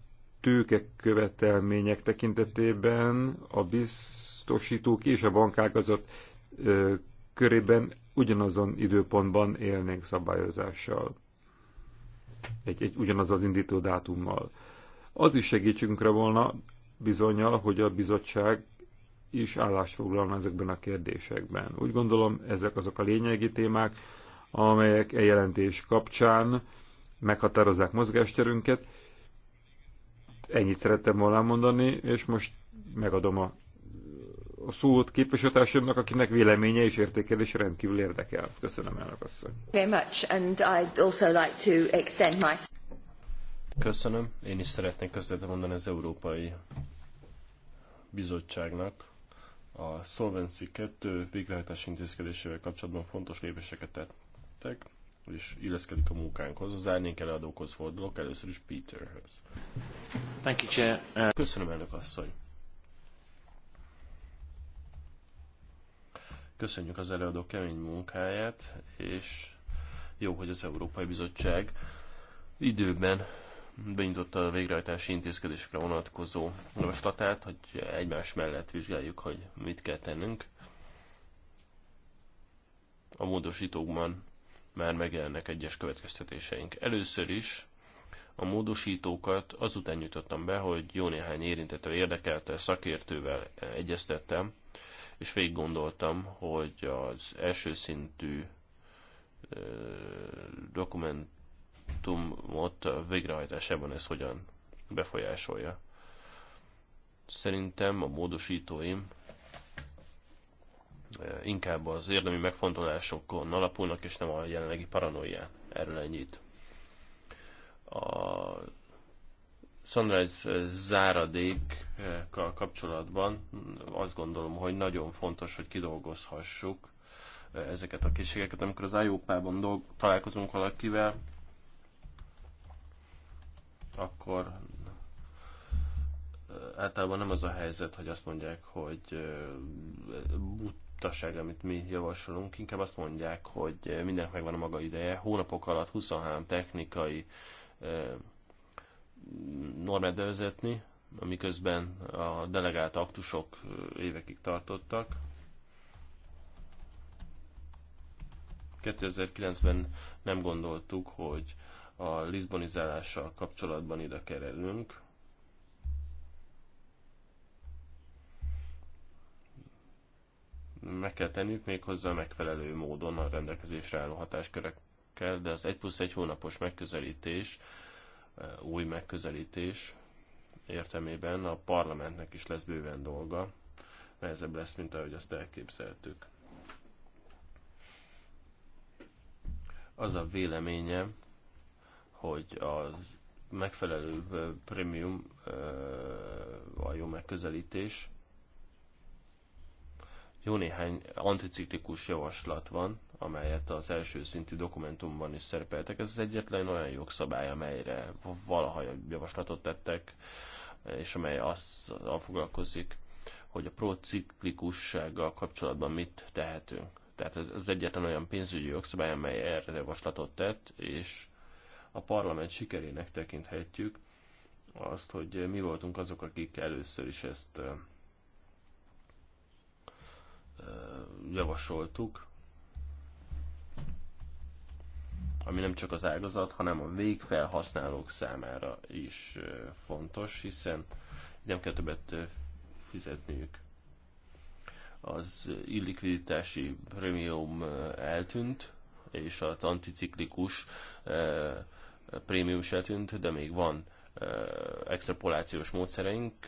tőkekövetelmények tekintetében a biztosítók és a bankágazat körében ugyanazon időpontban élnénk szabályozással egy, egy ugyanaz az indító dátummal. Az is segítségünkre volna bizonyal, hogy a bizottság is állást foglalna ezekben a kérdésekben. Úgy gondolom, ezek azok a lényegi témák, amelyek e jelentés kapcsán meghatározzák mozgásterünket. Ennyit szerettem volna mondani, és most megadom a a szót képviselőtársamnak, akinek véleménye és értékelés rendkívül érdekel. Köszönöm, elnök asszony. Köszönöm. Én is szeretnék köszönetet mondani az Európai Bizottságnak. A Solvency 2 végrehajtási intézkedésével kapcsolatban fontos lépéseket tettek, és illeszkedik a munkánkhoz. Az árnyék előadókhoz fordulok, először is Peterhez. Thank you, Chair. Uh, Köszönöm, elnök asszony. Köszönjük az előadó kemény munkáját, és jó, hogy az Európai Bizottság időben benyitotta a végrehajtási intézkedésekre vonatkozó javaslatát, hogy egymás mellett vizsgáljuk, hogy mit kell tennünk. A módosítókban már megjelennek egyes következtetéseink. Először is a módosítókat azután nyújtottam be, hogy jó néhány érintettel, érdekelte szakértővel egyeztettem, és végig gondoltam, hogy az első szintű dokumentumot a végrehajtásában ez hogyan befolyásolja. Szerintem a módosítóim inkább az érdemi megfontolásokon alapulnak, és nem a jelenlegi paranoia. Erről ennyit. A Sunrise eh, záradékkal kapcsolatban azt gondolom, hogy nagyon fontos, hogy kidolgozhassuk eh, ezeket a készségeket. Amikor az IOPA-ban találkozunk valakivel, akkor eh, általában nem az a helyzet, hogy azt mondják, hogy butaság, amit mi javasolunk, inkább azt mondják, hogy mindenek megvan a maga ideje. Hónapok alatt 23 technikai normát bevezetni, amiközben a delegált aktusok évekig tartottak. 2009-ben nem gondoltuk, hogy a Lisbonizálással kapcsolatban ide kerülünk. Meg kell tennünk még hozzá megfelelő módon a rendelkezésre álló hatáskörekkel, de az 1 plusz 1 hónapos megközelítés új megközelítés értelmében a parlamentnek is lesz bőven dolga, nehezebb lesz, mint ahogy azt elképzeltük. Az a véleményem, hogy a megfelelő premium a jó megközelítés. Jó néhány anticiklikus javaslat van, amelyet az első szintű dokumentumban is szerepeltek. Ez az egyetlen olyan jogszabály, amelyre valaha javaslatot tettek, és amely azzal foglalkozik, hogy a prociklikussággal kapcsolatban mit tehetünk. Tehát ez az egyetlen olyan pénzügyi jogszabály, amely erre javaslatot tett, és a parlament sikerének tekinthetjük azt, hogy mi voltunk azok, akik először is ezt javasoltuk. ami nem csak az ágazat, hanem a végfelhasználók számára is fontos, hiszen nem kell többet fizetniük. Az illikviditási prémium eltűnt, és a anticiklikus prémium is eltűnt, de még van extrapolációs módszereink,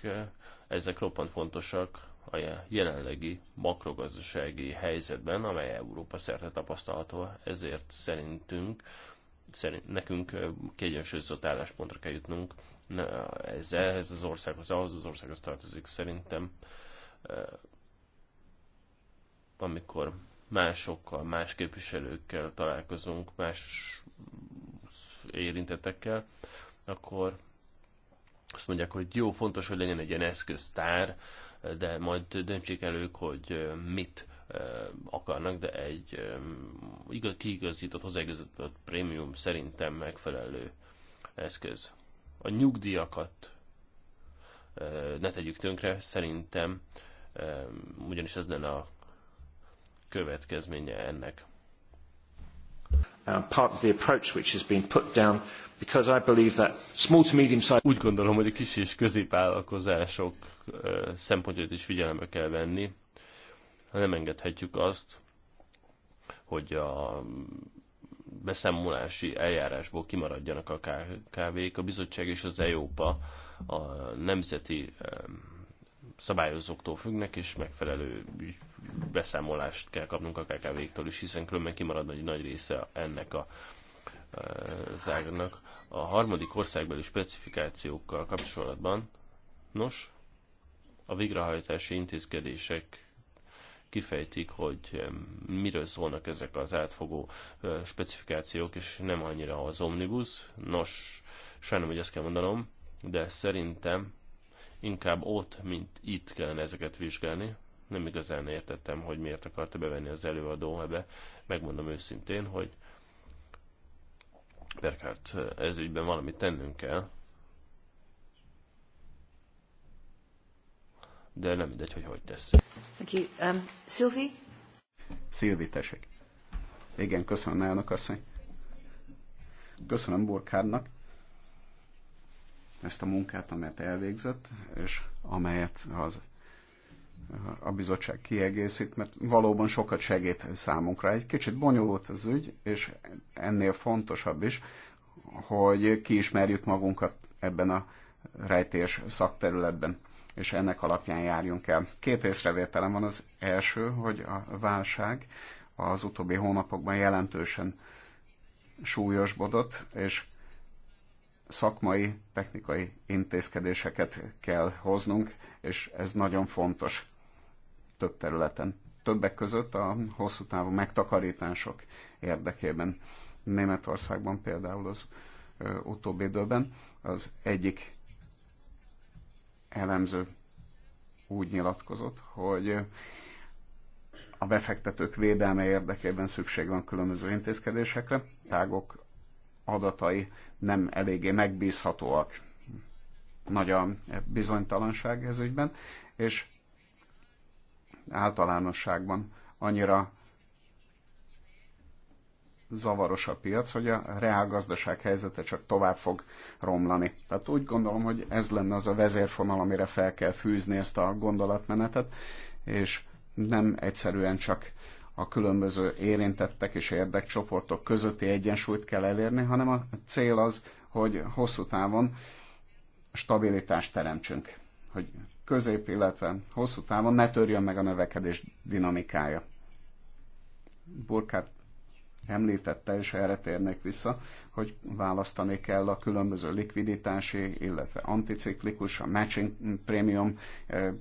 ezek roppant fontosak a jelenlegi makrogazdasági helyzetben, amely Európa szerte tapasztalható, ezért szerintünk szerint nekünk kiegyensúlyozott álláspontra kell jutnunk. Ez ehhez az országhoz, ahhoz az országhoz tartozik szerintem. Amikor másokkal, más képviselőkkel találkozunk, más érintettekkel, akkor azt mondják, hogy jó, fontos, hogy legyen egy ilyen eszköztár, de majd döntsék el ők, hogy mit akarnak, de egy igaz, kiigazított, hozzáigazított prémium szerintem megfelelő eszköz. A nyugdíjakat ne tegyük tönkre, szerintem ugyanis ez lenne a következménye ennek. Uh, part of the approach which has been put down because I believe that small to medium Úgy gondolom, hogy a kis és középvállalkozások uh, szempontjait is figyelembe kell venni. Nem engedhetjük azt, hogy a beszámolási eljárásból kimaradjanak a kávék. A bizottság és az EIOPA a nemzeti um, szabályozóktól függnek, és megfelelő beszámolást kell kapnunk a KKV-któl is, hiszen különben kimarad egy nagy része ennek a zágnak. A harmadik országbeli specifikációkkal kapcsolatban, nos, a végrehajtási intézkedések kifejtik, hogy miről szólnak ezek az átfogó specifikációk, és nem annyira az omnibus. Nos, sajnálom, hogy ezt kell mondanom, de szerintem inkább ott, mint itt kellene ezeket vizsgálni. Nem igazán értettem, hogy miért akarta bevenni az előadó ebbe. Megmondom őszintén, hogy Berkárt ez ügyben valamit tennünk kell. De nem mindegy, hogy hogy tesz. Oké, okay. um, Szilvi? Szilvi, tessék. Igen, köszönöm, elnök asszony. Köszönöm Burkárnak ezt a munkát, amelyet elvégzett, és amelyet az a bizottság kiegészít, mert valóban sokat segít számunkra. Egy kicsit bonyolult az ügy, és ennél fontosabb is, hogy kiismerjük magunkat ebben a rejtés szakterületben, és ennek alapján járjunk el. Két észrevételem van. Az első, hogy a válság az utóbbi hónapokban jelentősen súlyosbodott, és szakmai, technikai intézkedéseket kell hoznunk, és ez nagyon fontos több területen. Többek között a hosszú távú megtakarítások érdekében. Németországban például az utóbbi időben az egyik elemző úgy nyilatkozott, hogy a befektetők védelme érdekében szükség van különböző intézkedésekre. Tágok adatai nem eléggé megbízhatóak. Nagy a bizonytalanság ez ügyben, és általánosságban annyira zavaros a piac, hogy a reálgazdaság helyzete csak tovább fog romlani. Tehát úgy gondolom, hogy ez lenne az a vezérfonal, amire fel kell fűzni ezt a gondolatmenetet, és nem egyszerűen csak a különböző érintettek és érdekcsoportok közötti egyensúlyt kell elérni, hanem a cél az, hogy hosszú távon stabilitást teremtsünk, hogy közép, illetve hosszú távon ne törjön meg a növekedés dinamikája. Burkát említette, és erre térnék vissza, hogy választani kell a különböző likviditási, illetve anticiklikus, a matching premium eh,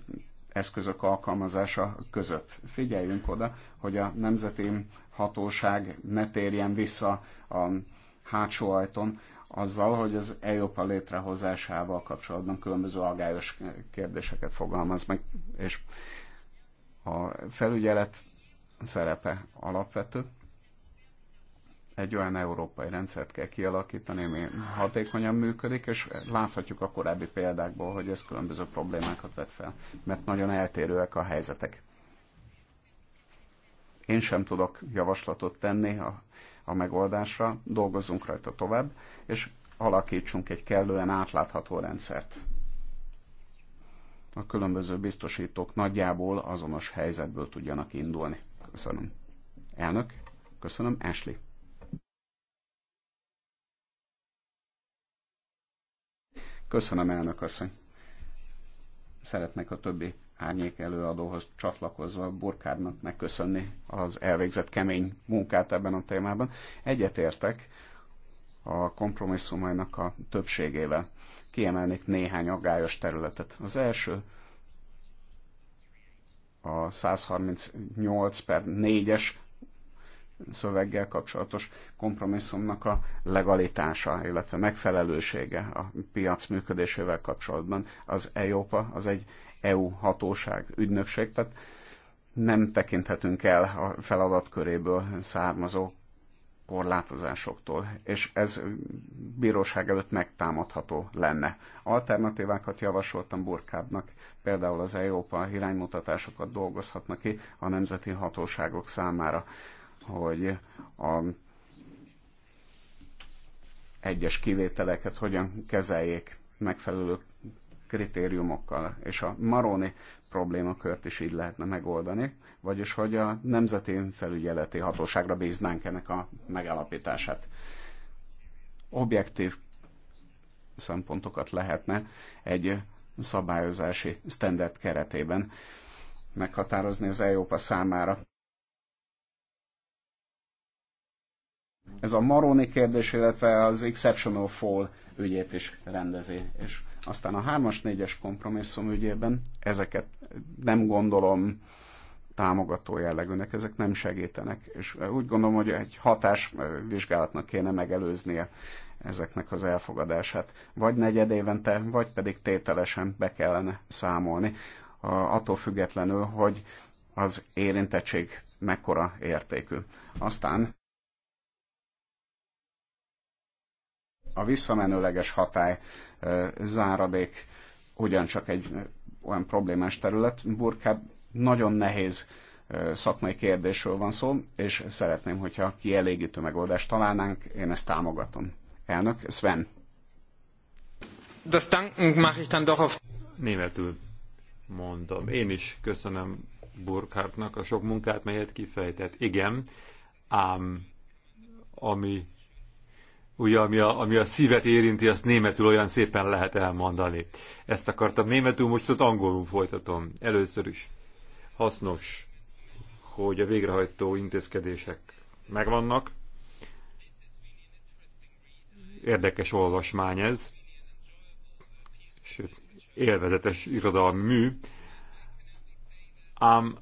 eszközök alkalmazása között. Figyeljünk oda, hogy a nemzeti hatóság ne térjen vissza a hátsó ajtón azzal, hogy az európa létrehozásával kapcsolatban különböző aggályos kérdéseket fogalmaz meg, és a felügyelet szerepe alapvető. Egy olyan európai rendszert kell kialakítani, ami hatékonyan működik, és láthatjuk a korábbi példákból, hogy ez különböző problémákat vet fel, mert nagyon eltérőek a helyzetek. Én sem tudok javaslatot tenni a a megoldásra, dolgozzunk rajta tovább, és alakítsunk egy kellően átlátható rendszert. A különböző biztosítók nagyjából azonos helyzetből tudjanak indulni. Köszönöm. Elnök, köszönöm, Ashley. Köszönöm, elnök asszony. Szeretnék a többi árnyék előadóhoz csatlakozva Burkárnak megköszönni az elvégzett kemény munkát ebben a témában. Egyetértek a kompromisszumainak a többségével. Kiemelnék néhány aggályos területet. Az első a 138 per 4-es szöveggel kapcsolatos kompromisszumnak a legalitása, illetve megfelelősége a piac működésével kapcsolatban. Az EIOPA az egy EU hatóság, ügynökség, tehát nem tekinthetünk el a feladatköréből származó korlátozásoktól, és ez bíróság előtt megtámadható lenne. Alternatívákat javasoltam Burkádnak, például az Európa iránymutatásokat dolgozhatnak ki a nemzeti hatóságok számára, hogy a egyes kivételeket hogyan kezeljék megfelelő kritériumokkal, és a Maroni problémakört is így lehetne megoldani, vagyis hogy a Nemzeti Felügyeleti Hatóságra bíznánk ennek a megalapítását Objektív szempontokat lehetne egy szabályozási standard keretében meghatározni az Európa számára. Ez a Maroni kérdés, illetve az Exceptional Fall ügyét is rendezi, és aztán a 3-as, 4-es kompromisszum ügyében ezeket nem gondolom támogató jellegűnek, ezek nem segítenek. És úgy gondolom, hogy egy hatásvizsgálatnak kéne megelőznie ezeknek az elfogadását. Vagy negyed évente, vagy pedig tételesen be kellene számolni. Attól függetlenül, hogy az érintettség mekkora értékű. Aztán a visszamenőleges hatály záradék ugyancsak egy olyan problémás terület. Burkább nagyon nehéz szakmai kérdésről van szó, és szeretném, hogyha kielégítő megoldást találnánk, én ezt támogatom. Elnök, Sven. Das Danken mache ich dann doch auf... Németül mondom. Én is köszönöm Burkhardtnak a sok munkát, melyet kifejtett. Igen, ám ami ugye, ami a, ami a szívet érinti, azt németül olyan szépen lehet elmondani. Ezt akartam németül, most szóval angolul folytatom. Először is hasznos, hogy a végrehajtó intézkedések megvannak. Érdekes olvasmány ez, sőt, élvezetes irodalmi mű, ám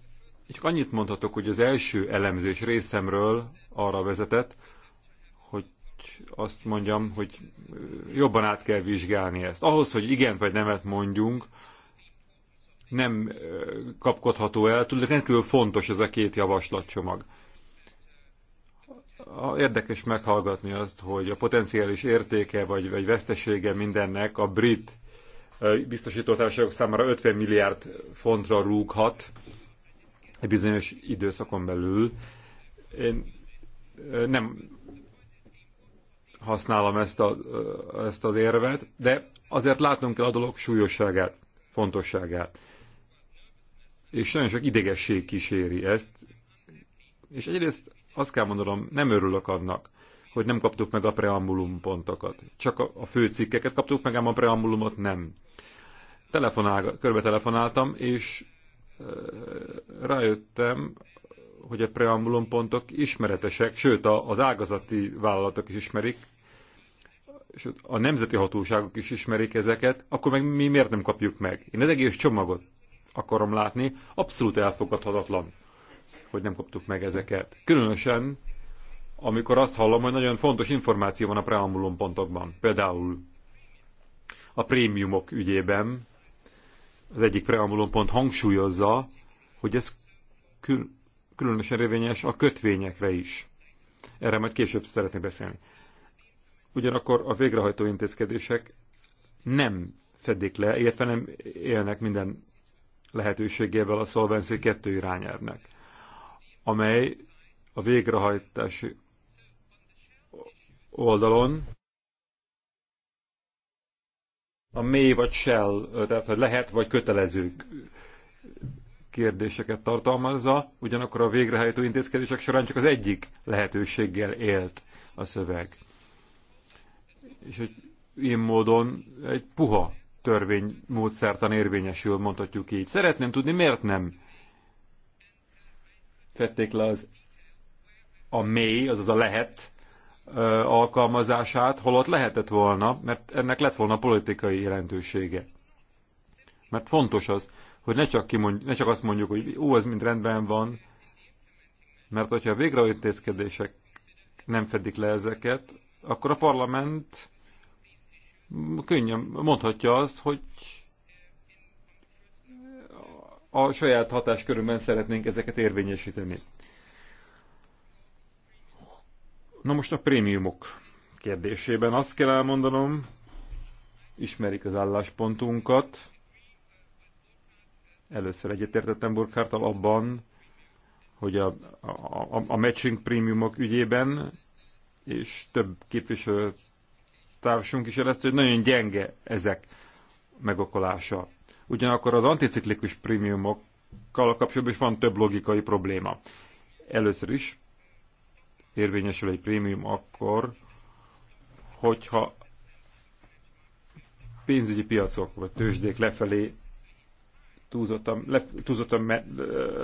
csak annyit mondhatok, hogy az első elemzés részemről arra vezetett, azt mondjam, hogy jobban át kell vizsgálni ezt. Ahhoz, hogy igen vagy nemet mondjunk, nem kapkodható el, tudod, rendkívül fontos ez a két javaslatcsomag. Érdekes meghallgatni azt, hogy a potenciális értéke vagy, vagy vesztesége mindennek a brit biztosítótársaságok számára 50 milliárd fontra rúghat egy bizonyos időszakon belül. Én nem használom ezt, a, ezt az érvet, de azért látnunk kell a dolog súlyosságát, fontosságát. És nagyon sok idegesség kíséri ezt. És egyrészt azt kell mondanom, nem örülök annak, hogy nem kaptuk meg a preambulum pontokat. Csak a, a cikkeket kaptuk meg, ám a preambulumot nem. Telefonál, körbe telefonáltam, és rájöttem, hogy a preambulum pontok ismeretesek, sőt az ágazati vállalatok is ismerik, és a nemzeti hatóságok is ismerik ezeket, akkor meg mi miért nem kapjuk meg? Én az egész csomagot akarom látni, abszolút elfogadhatatlan, hogy nem kaptuk meg ezeket. Különösen, amikor azt hallom, hogy nagyon fontos információ van a preambulum pontokban. Például a prémiumok ügyében az egyik preambulum pont hangsúlyozza, hogy ez kül- különösen érvényes a kötvényekre is. Erre majd később szeretnék beszélni. Ugyanakkor a végrehajtó intézkedések nem fedik le, illetve nem élnek minden lehetőségével a Solvency 2 irányelvnek, amely a végrehajtási oldalon a mély vagy shell, tehát lehet vagy kötelező kérdéseket tartalmazza, ugyanakkor a végrehajtó intézkedések során csak az egyik lehetőséggel élt a szöveg. És hogy ilyen módon egy puha törvény módszertan érvényesül, mondhatjuk így. Szeretném tudni, miért nem fették le az a mély, azaz a lehet ö, alkalmazását, holott lehetett volna, mert ennek lett volna politikai jelentősége. Mert fontos az, hogy ne csak, kimond, ne csak azt mondjuk, hogy ó, ez mind rendben van, mert hogyha a végrehajtészkedések nem fedik le ezeket, akkor a parlament könnyen mondhatja azt, hogy a saját hatáskörünkben szeretnénk ezeket érvényesíteni. Na most a prémiumok kérdésében azt kell elmondanom, ismerik az álláspontunkat, Először egyetértettem Burkhardtal abban, hogy a, a, a matching prémiumok ügyében, és több képviselő társunk is jelezte, hogy nagyon gyenge ezek megokolása. Ugyanakkor az anticiklikus prémiumokkal kapcsolatban is van több logikai probléma. Először is érvényesül egy prémium akkor, hogyha pénzügyi piacok vagy tőzsdék lefelé túlzottan, le, túlzottan me,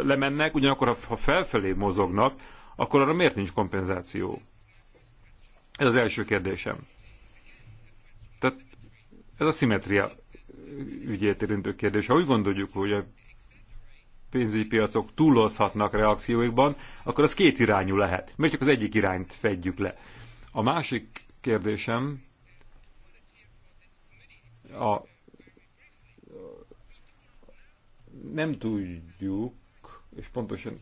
lemennek, ugyanakkor ha felfelé mozognak, akkor arra miért nincs kompenzáció? Ez az első kérdésem. Tehát ez a szimetria ügyét érintő kérdés. Ha úgy gondoljuk, hogy a pénzügyi piacok túlozhatnak reakcióikban, akkor az két irányú lehet. Miért csak az egyik irányt fedjük le? A másik kérdésem a nem tudjuk, és pontosan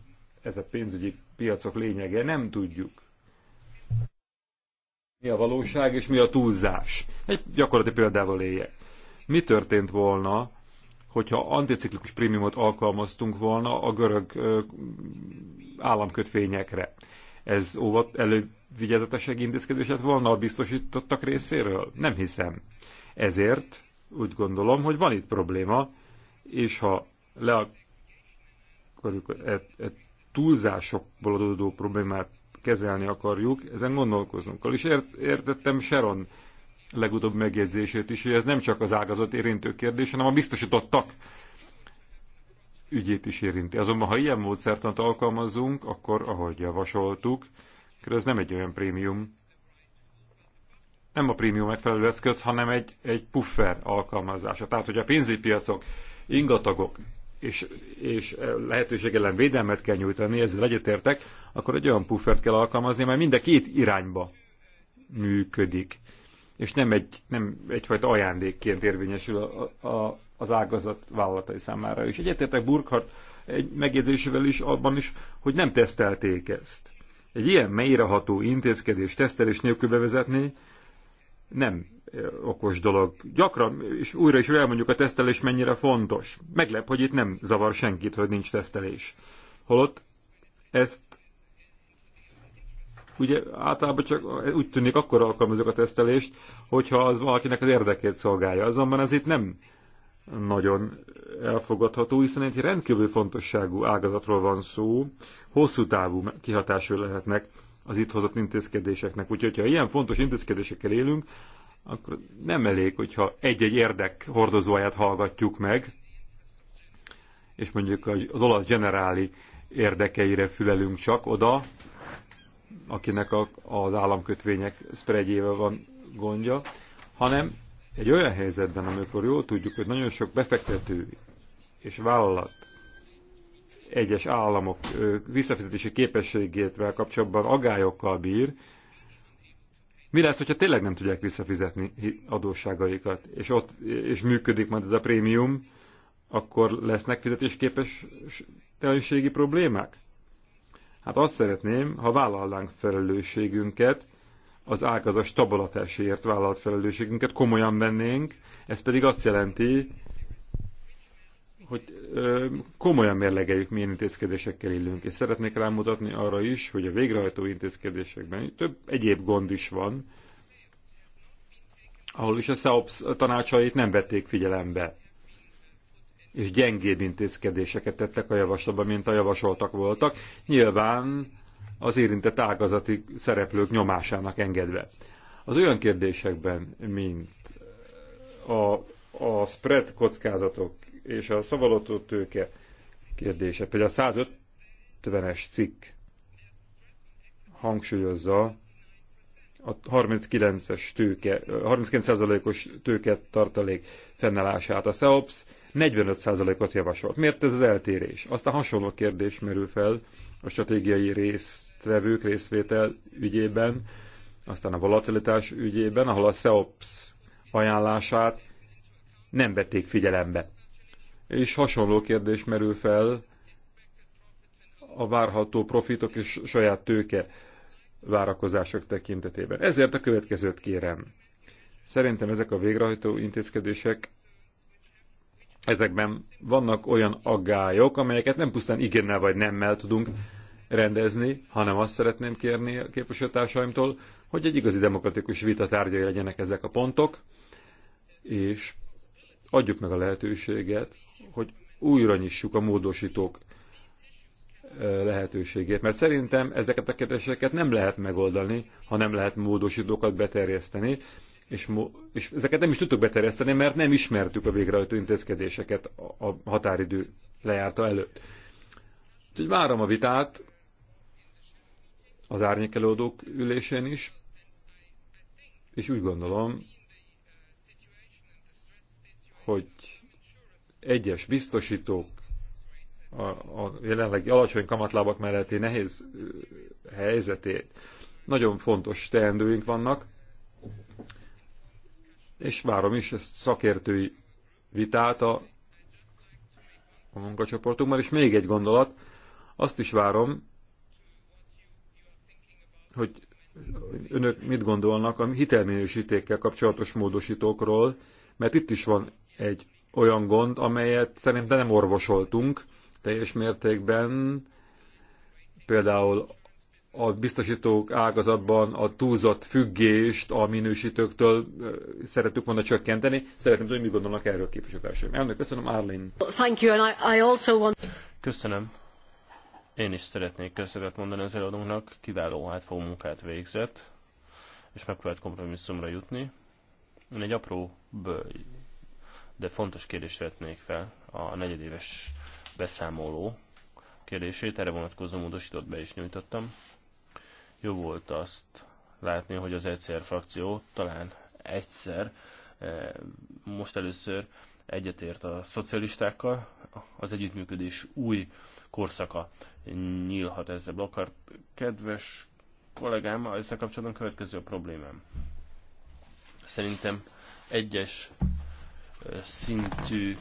ez a pénzügyi piacok lényege, nem tudjuk, mi a valóság és mi a túlzás. Egy gyakorlati példával éljek. Mi történt volna, hogyha anticiklikus prémiumot alkalmaztunk volna a görög ö, államkötvényekre? Ez óvat elővigyázatosság intézkedés lett volna a biztosítottak részéről? Nem hiszem. Ezért úgy gondolom, hogy van itt probléma, és ha le akarjuk e, e túlzásokból adódó problémát kezelni akarjuk, ezen gondolkoznunk kell. És ért, értettem Sharon legutóbb megjegyzését is, hogy ez nem csak az ágazat érintő kérdés, hanem a biztosítottak ügyét is érinti. Azonban, ha ilyen módszertant alkalmazzunk, akkor, ahogy javasoltuk, akkor ez nem egy olyan prémium, nem a prémium megfelelő eszköz, hanem egy, egy puffer alkalmazása. Tehát, hogy a pénzügypiacok, ingatagok és, és eh, lehetőség ellen védelmet kell nyújtani, ezzel egyetértek, akkor egy olyan puffert kell alkalmazni, mert mind a két irányba működik, és nem, egy, nem egyfajta ajándékként érvényesül a, a, az ágazat vállalatai számára. És egyetértek Burkhardt egy megjegyzésével is abban is, hogy nem tesztelték ezt. Egy ilyen mélyreható intézkedés tesztelés nélkül bevezetni, nem okos dolog. Gyakran, és újra is elmondjuk a tesztelés mennyire fontos. Meglep, hogy itt nem zavar senkit, hogy nincs tesztelés. Holott ezt ugye általában csak úgy tűnik, akkor alkalmazok a tesztelést, hogyha az valakinek az érdekét szolgálja. Azonban ez itt nem nagyon elfogadható, hiszen egy rendkívül fontosságú ágazatról van szó, hosszú távú kihatású lehetnek az itt hozott intézkedéseknek. Úgyhogy, ha ilyen fontos intézkedésekkel élünk, akkor nem elég, hogyha egy-egy érdek hordozóját hallgatjuk meg, és mondjuk az olasz generáli érdekeire fülelünk csak oda, akinek a, az államkötvények spreadjével van gondja, hanem egy olyan helyzetben, amikor jól tudjuk, hogy nagyon sok befektető és vállalat egyes államok visszafizetési képességétvel kapcsolatban agályokkal bír, mi lesz, hogyha tényleg nem tudják visszafizetni adósságaikat, és ott és működik majd ez a prémium, akkor lesznek fizetésképes telenségi problémák? Hát azt szeretném, ha vállalnánk felelősségünket, az ágazas tabolatásért vállalt felelősségünket komolyan vennénk, ez pedig azt jelenti, hogy ö, komolyan mérlegeljük, milyen intézkedésekkel illünk. És szeretnék rámutatni arra is, hogy a végrehajtó intézkedésekben több egyéb gond is van, ahol is a SZEOPS tanácsait nem vették figyelembe, és gyengébb intézkedéseket tettek a javaslatba, mint a javasoltak voltak, nyilván az érintett ágazati szereplők nyomásának engedve. Az olyan kérdésekben, mint a, a spread kockázatok és a szabadató tőke kérdése. Például a 150-es cikk hangsúlyozza a 39-es tőke, 39%-os tőke tartalék fennállását. A SEOPS 45%-ot javasolt. Miért ez az eltérés? a hasonló kérdés merül fel a stratégiai résztvevők részvétel ügyében, aztán a volatilitás ügyében, ahol a SEOPS ajánlását nem vették figyelembe és hasonló kérdés merül fel a várható profitok és saját tőke várakozások tekintetében. Ezért a következőt kérem. Szerintem ezek a végrehajtó intézkedések ezekben vannak olyan aggályok, amelyeket nem pusztán igennel vagy nemmel tudunk rendezni, hanem azt szeretném kérni a képviselőtársaimtól, hogy egy igazi demokratikus vita tárgyai legyenek ezek a pontok, és adjuk meg a lehetőséget hogy újra nyissuk a módosítók lehetőségét, mert szerintem ezeket a kérdéseket nem lehet megoldani, ha nem lehet módosítókat beterjeszteni, és, és ezeket nem is tudtuk beterjeszteni, mert nem ismertük a végrehajtó intézkedéseket a, a határidő lejárta előtt. Úgyhogy várom a vitát az árnyékelődők ülésén is, és úgy gondolom, hogy egyes biztosítók a, a jelenlegi alacsony kamatlábak melletti nehéz helyzetét. Nagyon fontos teendőink vannak, és várom is ezt szakértői vitát a, a munkacsoportunkban. És még egy gondolat, azt is várom, hogy önök mit gondolnak a hitelminősítékkel kapcsolatos módosítókról, mert itt is van egy olyan gond, amelyet szerintem nem orvosoltunk teljes mértékben, például a biztosítók ágazatban a túlzott függést a minősítőktől szeretük volna csökkenteni. Szeretném tudni, mit gondolnak erről a képviselőtársaim. Elnök, köszönöm, Arlene. Thank you, and I, I also want... Köszönöm. Én is szeretnék köszönet mondani az előadónknak, kiváló átfogó munkát végzett, és megpróbált kompromisszumra jutni. Én egy apró de fontos kérdést vetnék fel a negyedéves beszámoló kérdését. Erre vonatkozó módosított be is nyújtottam. Jó volt azt látni, hogy az ECR frakció talán egyszer, e, most először egyetért a szocialistákkal, az együttműködés új korszaka nyílhat ezzel blokkart. Kedves kollégám, ezzel kapcsolatban következő a problémám. Szerintem egyes szintű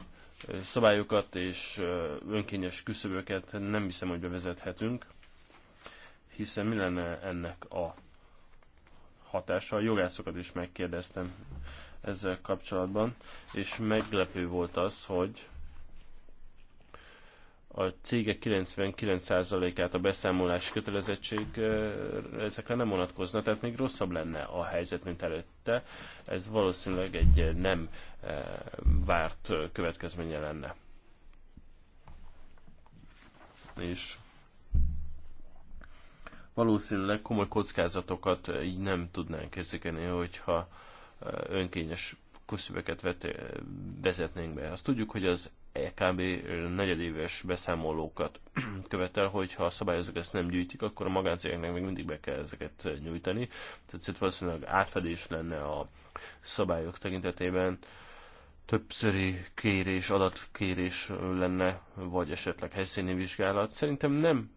szabályokat és önkényes küszöböket nem hiszem, hogy bevezethetünk, hiszen mi lenne ennek a hatása? A jogászokat is megkérdeztem ezzel kapcsolatban, és meglepő volt az, hogy a cégek 99%-át a beszámolási kötelezettség ezekre nem vonatkozna, tehát még rosszabb lenne a helyzet, mint előtte. Ez valószínűleg egy nem várt következménye lenne. És valószínűleg komoly kockázatokat így nem tudnánk érzékelni, hogyha önkényes köszöveket vezetnénk be. Azt tudjuk, hogy az EKB negyedéves beszámolókat követel, hogyha a szabályozók ezt nem gyűjtik, akkor a magáncégeknek még mindig be kell ezeket nyújtani. Tehát szóval valószínűleg átfedés lenne a szabályok tekintetében, többszöri kérés, adatkérés lenne, vagy esetleg helyszíni vizsgálat. Szerintem nem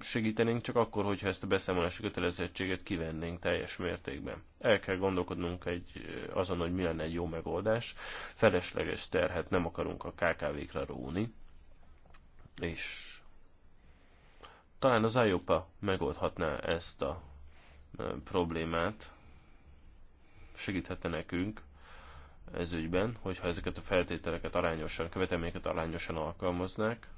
segítenénk csak akkor, hogyha ezt a beszámolási kötelezettséget kivennénk teljes mértékben. El kell gondolkodnunk egy, azon, hogy mi lenne egy jó megoldás. Felesleges terhet nem akarunk a KKV-kra róni, és talán az IOPA megoldhatná ezt a problémát, segíthetne nekünk ez ügyben, hogyha ezeket a feltételeket arányosan, követelményeket arányosan alkalmaznák,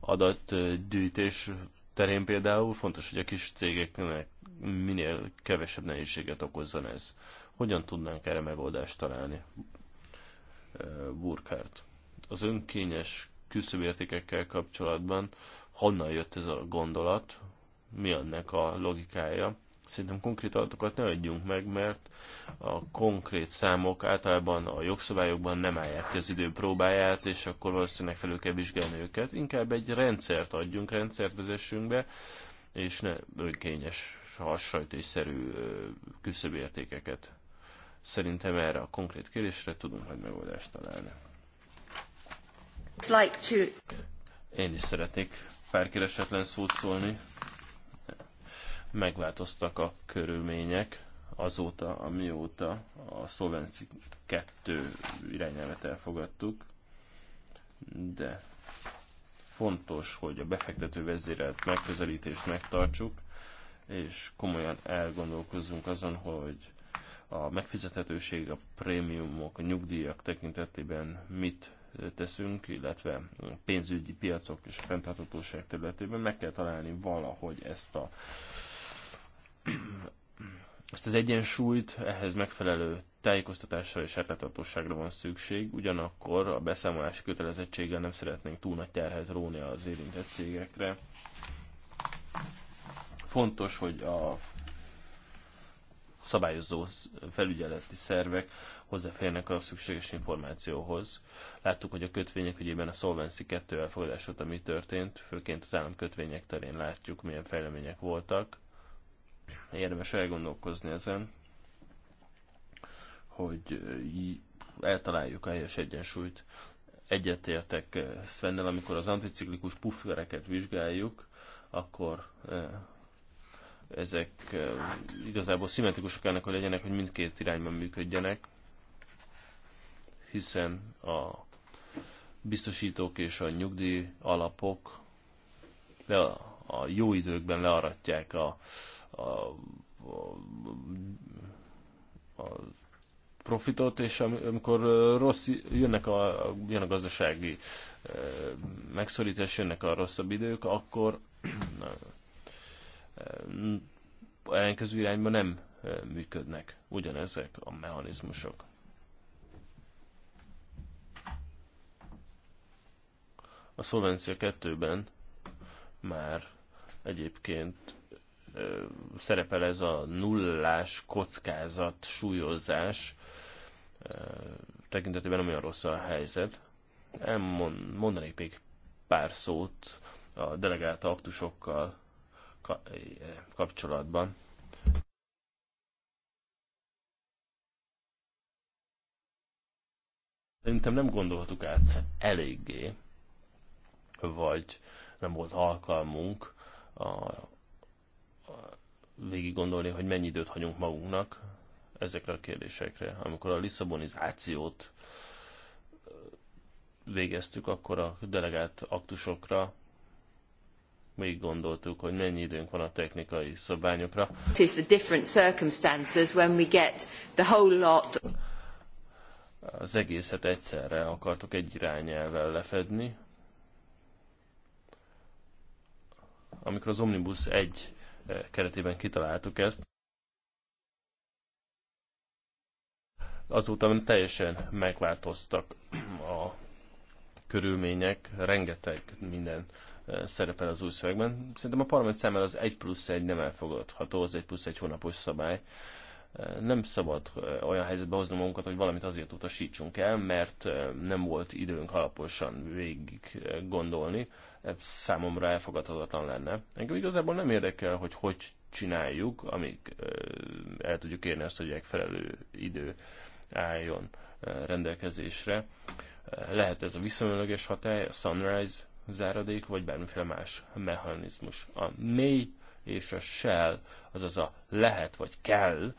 adatgyűjtés terén például fontos, hogy a kis cégeknek minél kevesebb nehézséget okozzon ez. Hogyan tudnánk erre megoldást találni? Burkhardt. Az önkényes küszöbértékekkel kapcsolatban honnan jött ez a gondolat, mi annak a logikája, szerintem konkrét adatokat ne adjunk meg, mert a konkrét számok általában a jogszabályokban nem állják ki az idő próbáját, és akkor valószínűleg felül kell vizsgálni őket. Inkább egy rendszert adjunk, rendszert vezessünk be, és ne önkényes, hassajtésszerű küszöbértékeket. Szerintem erre a konkrét kérdésre tudunk majd megoldást találni. Én is szeretnék pár keresetlen szót szólni megváltoztak a körülmények azóta, amióta a Solvency 2 irányelvet elfogadtuk, de fontos, hogy a befektető vezérelt megközelítést megtartsuk, és komolyan elgondolkozzunk azon, hogy a megfizethetőség, a prémiumok, a nyugdíjak tekintetében mit teszünk, illetve a pénzügyi piacok és a fenntartatóság területében meg kell találni valahogy ezt a ezt az egyensúlyt ehhez megfelelő tájékoztatásra és átláthatóságra van szükség, ugyanakkor a beszámolási kötelezettséggel nem szeretnénk túl nagy terhet róni az érintett cégekre. Fontos, hogy a szabályozó felügyeleti szervek hozzáférnek a szükséges információhoz. Láttuk, hogy a kötvények ügyében a Solvency 2 elfogadás óta mi történt, főként az államkötvények terén látjuk, milyen fejlemények voltak érdemes elgondolkozni ezen, hogy eltaláljuk a helyes egyensúlyt. Egyetértek eh, Svennel, amikor az anticiklikus puffereket vizsgáljuk, akkor eh, ezek eh, igazából szimmetrikusak ennek, hogy legyenek, hogy mindkét irányban működjenek, hiszen a biztosítók és a nyugdíj alapok, de a a jó időkben learatják a, a, a, a profitot, és amikor rossz, jönnek a, jön a gazdasági megszorítás, jönnek a rosszabb idők, akkor ellenkező irányba nem működnek ugyanezek a mechanizmusok. A Szolvencia 2-ben már egyébként szerepel ez a nullás kockázat súlyozás tekintetében nem olyan rossz a helyzet. mondanék még pár szót a delegált aktusokkal kapcsolatban. Szerintem nem gondoltuk át eléggé, vagy nem volt alkalmunk a, a, végig gondolni, hogy mennyi időt hagyunk magunknak ezekre a kérdésekre. Amikor a Lisszabonizációt végeztük, akkor a delegált aktusokra még gondoltuk, hogy mennyi időnk van a technikai szabványokra. is different circumstances when we get the whole lot. Az egészet egyszerre akartuk egy irányelvel lefedni, amikor az Omnibus 1 eh, keretében kitaláltuk ezt, azóta teljesen megváltoztak a körülmények, rengeteg minden eh, szerepel az új szövegben. Szerintem a parlament számára az 1 plusz 1 nem elfogadható, az 1 plusz 1 hónapos szabály. Eh, nem szabad olyan helyzetbe hozni magunkat, hogy valamit azért utasítsunk el, mert nem volt időnk alaposan végig gondolni ez számomra elfogadhatatlan lenne. Engem igazából nem érdekel, hogy hogy csináljuk, amíg el tudjuk érni azt, hogy megfelelő idő álljon rendelkezésre. Lehet ez a viszonylagos hatály, a sunrise záradék, vagy bármiféle más mechanizmus. A mély és a shell, azaz a lehet vagy kell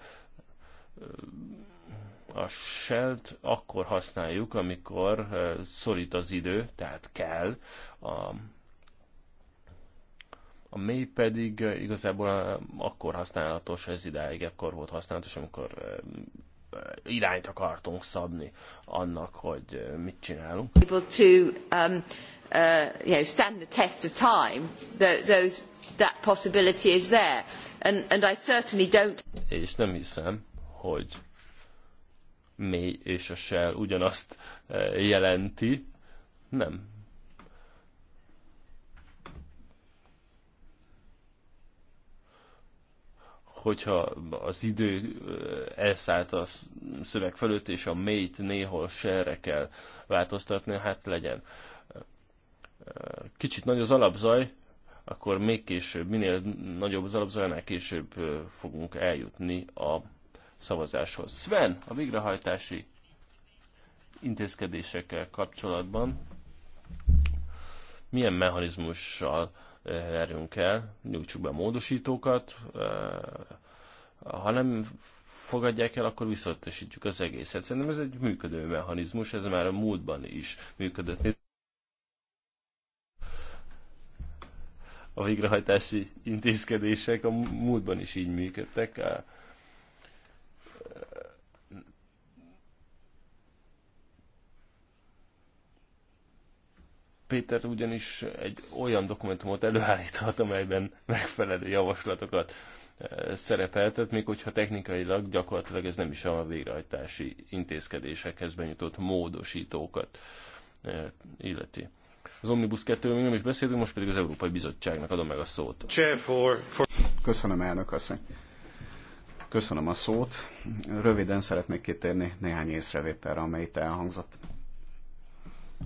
a shell akkor használjuk, amikor szorít az idő, tehát kell. A, a mély pedig igazából akkor használatos, ez idáig akkor volt használatos, amikor irányt akartunk szabni annak, hogy mit csinálunk. People to um, uh, you know, stand the test of time, the, those, that possibility is there, and, and I certainly don't. És nem hiszem, hogy mély és a shell ugyanazt eh, jelenti. Nem. Hogyha az idő eh, elszállt a szöveg fölött, és a mélyt néhol serre kell változtatni, hát legyen. Eh, kicsit nagy az alapzaj, akkor még később, minél nagyobb az alapzajnál később fogunk eljutni a szavazáshoz. Sven, a végrehajtási intézkedésekkel kapcsolatban milyen mechanizmussal erünk eh, el, nyújtsuk be a módosítókat, eh, ha nem fogadják el, akkor visszatosítjuk az egészet. Szerintem ez egy működő mechanizmus, ez már a múltban is működött. A végrehajtási intézkedések a múltban is így működtek. Péter ugyanis egy olyan dokumentumot előállíthat, amelyben megfelelő javaslatokat e, szerepeltet, még hogyha technikailag gyakorlatilag ez nem is a végrehajtási intézkedésekhez benyújtott módosítókat e, illeti. Az Omnibus 2 még nem is beszéltünk, most pedig az Európai Bizottságnak adom meg a szót. Köszönöm, elnök asszony. Köszönöm a szót. Röviden szeretnék kitérni néhány észrevételre, amely itt elhangzott.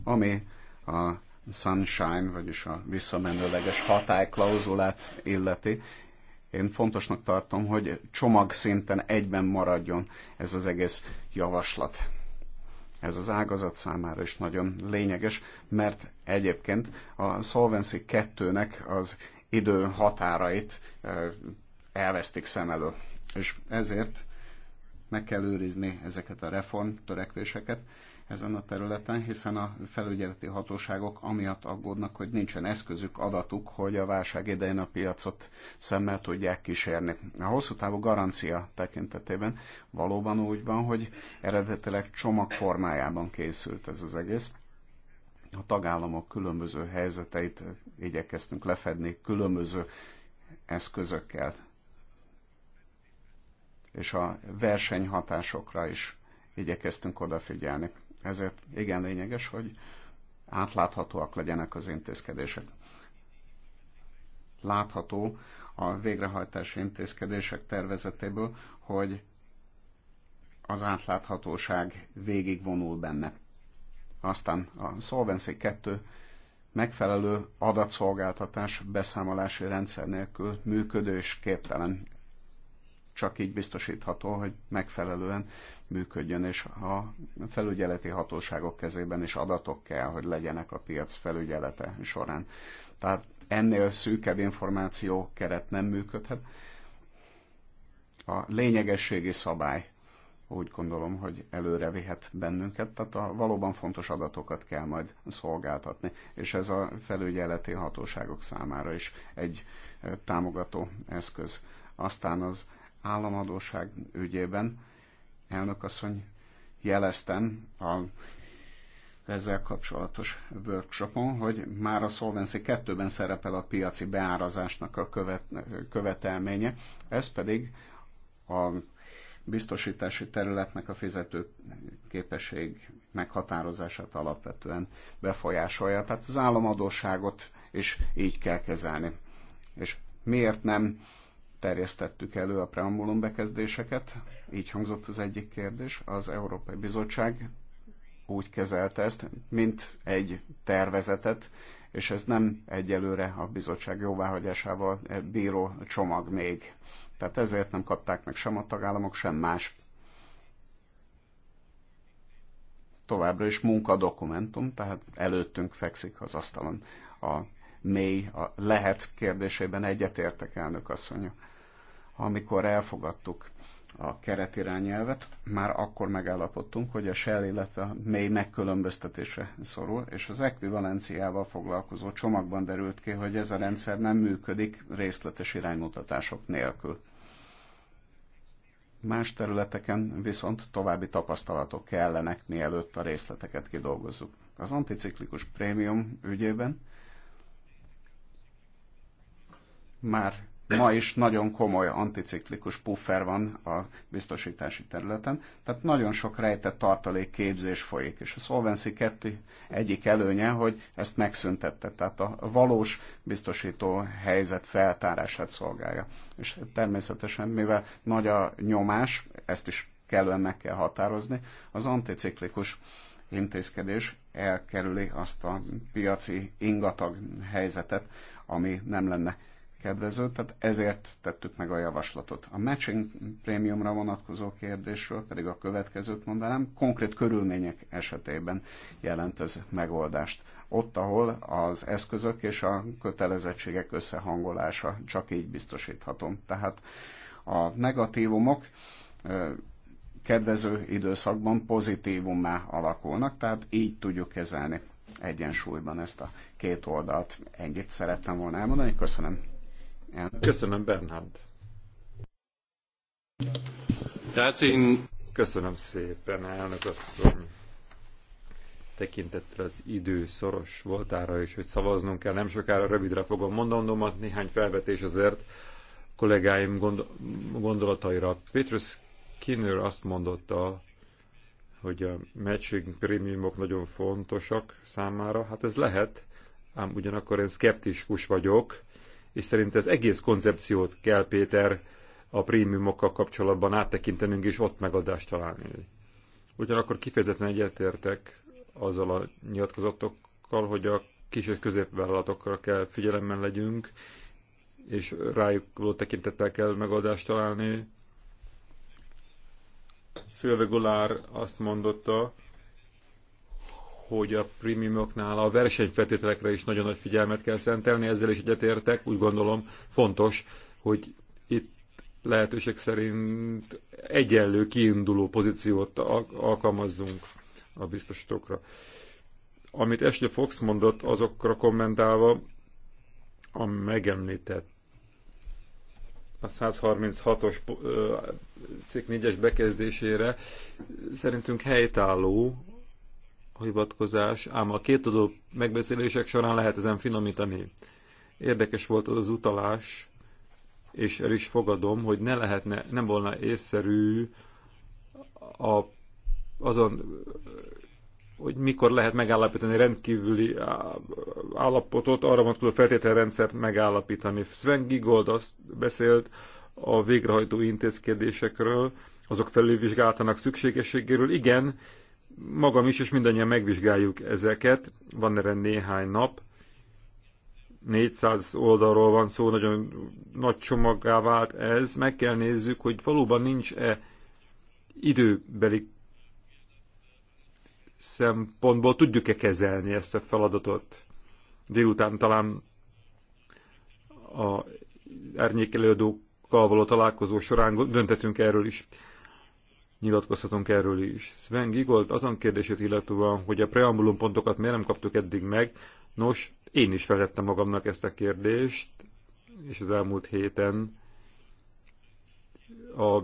Ami a sunshine, vagyis a visszamenőleges hatályklauzulát illeti, én fontosnak tartom, hogy csomag szinten egyben maradjon ez az egész javaslat. Ez az ágazat számára is nagyon lényeges, mert egyébként a Solvency 2-nek az idő határait elvesztik szem elől. És ezért meg kell őrizni ezeket a reform törekvéseket, ezen a területen, hiszen a felügyeleti hatóságok amiatt aggódnak, hogy nincsen eszközük, adatuk, hogy a válság idején a piacot szemmel tudják kísérni. A hosszú távú garancia tekintetében valóban úgy van, hogy eredetileg csomagformájában készült ez az egész a tagállamok különböző helyzeteit igyekeztünk lefedni különböző eszközökkel, és a versenyhatásokra is igyekeztünk odafigyelni. Ezért igen lényeges, hogy átláthatóak legyenek az intézkedések. Látható a végrehajtási intézkedések tervezetéből, hogy az átláthatóság végigvonul benne. Aztán a Solvency 2 megfelelő adatszolgáltatás beszámolási rendszer nélkül működő és képtelen. Csak így biztosítható, hogy megfelelően működjön, és a felügyeleti hatóságok kezében is adatok kell, hogy legyenek a piac felügyelete során. Tehát ennél szűkebb információ keret nem működhet. A lényegességi szabály úgy gondolom, hogy előre vihet bennünket, tehát a valóban fontos adatokat kell majd szolgáltatni, és ez a felügyeleti hatóságok számára is egy eh, támogató eszköz. Aztán az államadóság ügyében elnök jeleztem a ezzel kapcsolatos workshopon, hogy már a Solvency 2-ben szerepel a piaci beárazásnak a követ, követelménye, ez pedig a biztosítási területnek a fizető képesség meghatározását alapvetően befolyásolja. Tehát az államadóságot is így kell kezelni. És miért nem terjesztettük elő a preambulum bekezdéseket, így hangzott az egyik kérdés, az Európai Bizottság úgy kezelte ezt, mint egy tervezetet, és ez nem egyelőre a bizottság jóváhagyásával bíró csomag még. Tehát ezért nem kapták meg sem a tagállamok, sem más. Továbbra is munkadokumentum, tehát előttünk fekszik az asztalon a mély, a lehet kérdésében egyetértek elnök asszonyok amikor elfogadtuk a keretirányelvet, már akkor megállapodtunk, hogy a shell, illetve a mély megkülönböztetése szorul, és az ekvivalenciával foglalkozó csomagban derült ki, hogy ez a rendszer nem működik részletes iránymutatások nélkül. Más területeken viszont további tapasztalatok kellenek, mielőtt a részleteket kidolgozzuk. Az anticiklikus prémium ügyében már ma is nagyon komoly anticiklikus puffer van a biztosítási területen, tehát nagyon sok rejtett tartalék képzés folyik, és a Solvency 2 egyik előnye, hogy ezt megszüntette, tehát a valós biztosító helyzet feltárását szolgálja. És természetesen, mivel nagy a nyomás, ezt is kellően meg kell határozni, az anticiklikus intézkedés elkerüli azt a piaci ingatag helyzetet, ami nem lenne kedvező, tehát ezért tettük meg a javaslatot. A matching prémiumra vonatkozó kérdésről pedig a következőt mondanám, konkrét körülmények esetében jelent ez megoldást. Ott, ahol az eszközök és a kötelezettségek összehangolása csak így biztosíthatom. Tehát a negatívumok kedvező időszakban pozitívummá alakulnak, tehát így tudjuk kezelni egyensúlyban ezt a két oldalt. Ennyit szerettem volna elmondani, köszönöm. Köszönöm, Bernhard. én... Köszönöm szépen, elnök asszony. Tekintettel az idő szoros voltára is, hogy szavaznunk kell. Nem sokára rövidre fogom mondandomat, néhány felvetés azért kollégáim gondol gondolataira. Petrus Skinner azt mondotta, hogy a matching prémiumok nagyon fontosak számára. Hát ez lehet, ám ugyanakkor én szkeptikus vagyok, és szerint ez egész koncepciót kell, Péter, a prémiumokkal kapcsolatban áttekintenünk és ott megoldást találni. Ugyanakkor kifejezetten egyetértek azzal a nyilatkozatokkal, hogy a kis és középvállalatokra kell figyelemmel legyünk, és rájuk való tekintettel kell megoldást találni. Szilve Gulár azt mondotta, hogy a prémiumoknál a versenyfeltételekre is nagyon nagy figyelmet kell szentelni, ezzel is egyetértek, úgy gondolom fontos, hogy itt lehetőség szerint egyenlő kiinduló pozíciót alkalmazzunk a biztosítókra. Amit Ashley Fox mondott, azokra kommentálva, a megemlített a 136-os cikk 4-es bekezdésére szerintünk helytálló hivatkozás, ám a két adó megbeszélések során lehet ezen finomítani. Érdekes volt az, az utalás, és el is fogadom, hogy ne lehetne, nem volna észszerű a, azon, hogy mikor lehet megállapítani rendkívüli állapotot, arra vonatkozó feltételrendszert megállapítani. Sven Gigold azt beszélt a végrehajtó intézkedésekről, azok felülvizsgálatának szükségességéről. Igen, magam is, és mindannyian megvizsgáljuk ezeket. Van erre néhány nap. 400 oldalról van szó, nagyon nagy csomaggá vált ez. Meg kell nézzük, hogy valóban nincs-e időbeli szempontból tudjuk-e kezelni ezt a feladatot. Délután talán a árnyékelődőkkal való találkozó során döntetünk erről is nyilatkozhatunk erről is. Sven Gigolt azon kérdését illetően, hogy a preambulum pontokat miért nem kaptuk eddig meg, nos, én is felettem magamnak ezt a kérdést, és az elmúlt héten a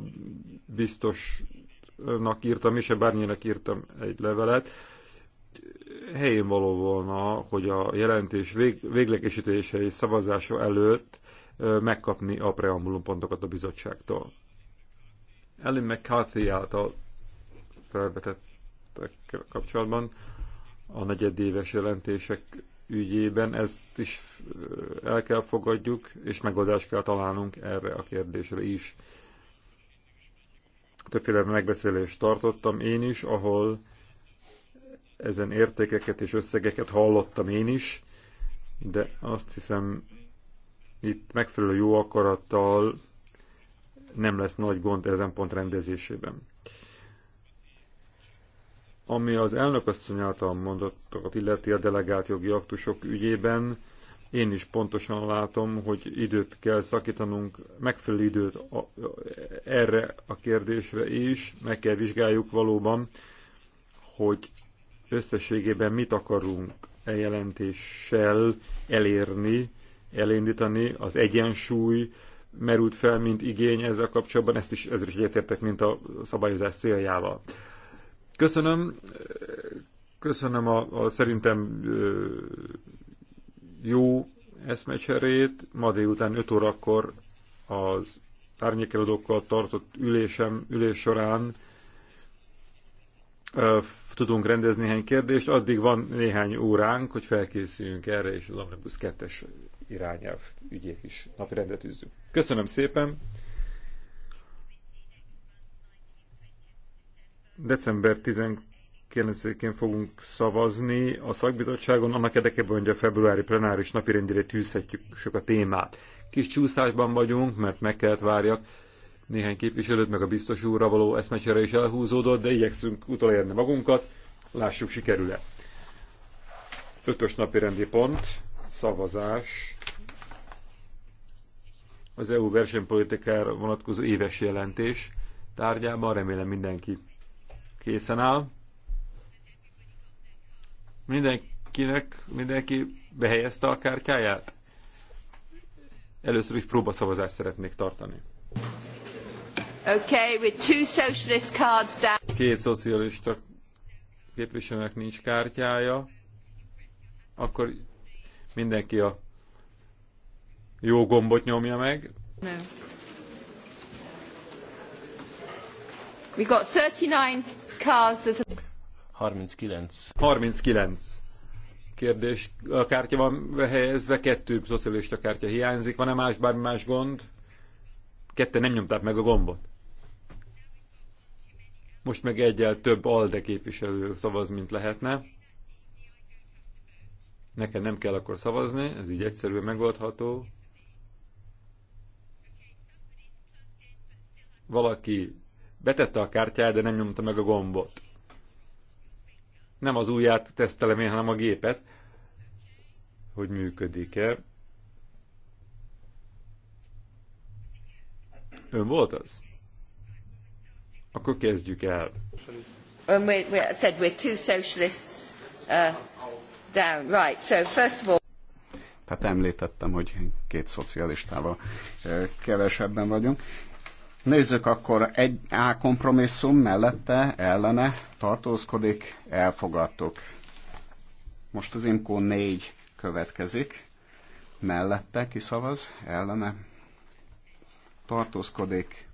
biztosnak írtam, és a bárnyének írtam egy levelet. Helyén való volna, hogy a jelentés vég, véglegesítése és szavazása előtt megkapni a preambulum pontokat a bizottságtól. Ellen McCarthy által felvetettek kapcsolatban a negyedéves jelentések ügyében ezt is el kell fogadjuk, és megoldást kell találnunk erre a kérdésre is. Többféle megbeszélést tartottam én is, ahol ezen értékeket és összegeket hallottam én is, de azt hiszem itt megfelelő jó akarattal nem lesz nagy gond ezen pont rendezésében. Ami az elnök asszony által mondottakat illeti a delegált jogi aktusok ügyében, én is pontosan látom, hogy időt kell szakítanunk, megfelelő időt erre a kérdésre is, meg kell vizsgáljuk valóban, hogy összességében mit akarunk e jelentéssel elérni, elindítani az egyensúly, merült fel, mint igény ezzel kapcsolatban, ezt is, ezzel is egyetértek, mint a szabályozás céljával. Köszönöm, köszönöm a, a szerintem jó eszmecserét. Ma délután 5 órakor az árnyékelődókkal tartott ülésem, ülés során tudunk rendezni néhány kérdést. Addig van néhány óránk, hogy felkészüljünk erre, és az Omnibus 2-es irányelv ügyét is napirendre tűzzük. Köszönöm szépen! December 19-én fogunk szavazni a szakbizottságon, annak érdekében, hogy a februári plenáris napirendjére tűzhetjük sok a témát. Kis csúszásban vagyunk, mert meg kellett várjak néhány képviselőt, meg a biztos úrra való eszmecsere is elhúzódott, de igyekszünk utolérni magunkat, lássuk sikerül-e. Ötös napi rendi pont, szavazás az EU versenypolitikára vonatkozó éves jelentés tárgyában. Remélem mindenki készen áll. Mindenkinek, mindenki behelyezte a kártyáját? Először is próbaszavazást szeretnék tartani. Okay, with two socialist cards down. Két szocialista képviselőnek nincs kártyája, akkor mindenki a jó gombot nyomja meg. No. We got 39 cars that 39. 39. Kérdés. A kártya van helyezve, kettő szocialista kártya hiányzik. Van-e más, bármi más gond? Kette nem nyomták meg a gombot. Most meg egyel több ALDE képviselő szavaz, mint lehetne. Nekem nem kell akkor szavazni, ez így egyszerűen megoldható. valaki betette a kártyáját, de nem nyomta meg a gombot. Nem az ujját tesztelem én, hanem a gépet, hogy működik-e. Ön volt az? Akkor kezdjük el. Um, we, we said we're two socialists uh, down, right? So first of all. Tehát említettem, hogy két szocialistával uh, kevesebben vagyunk. Nézzük akkor egy A kompromisszum mellette, ellene tartózkodik, elfogadtuk. Most az imkó 4 következik, mellette kiszavaz, ellene tartózkodik,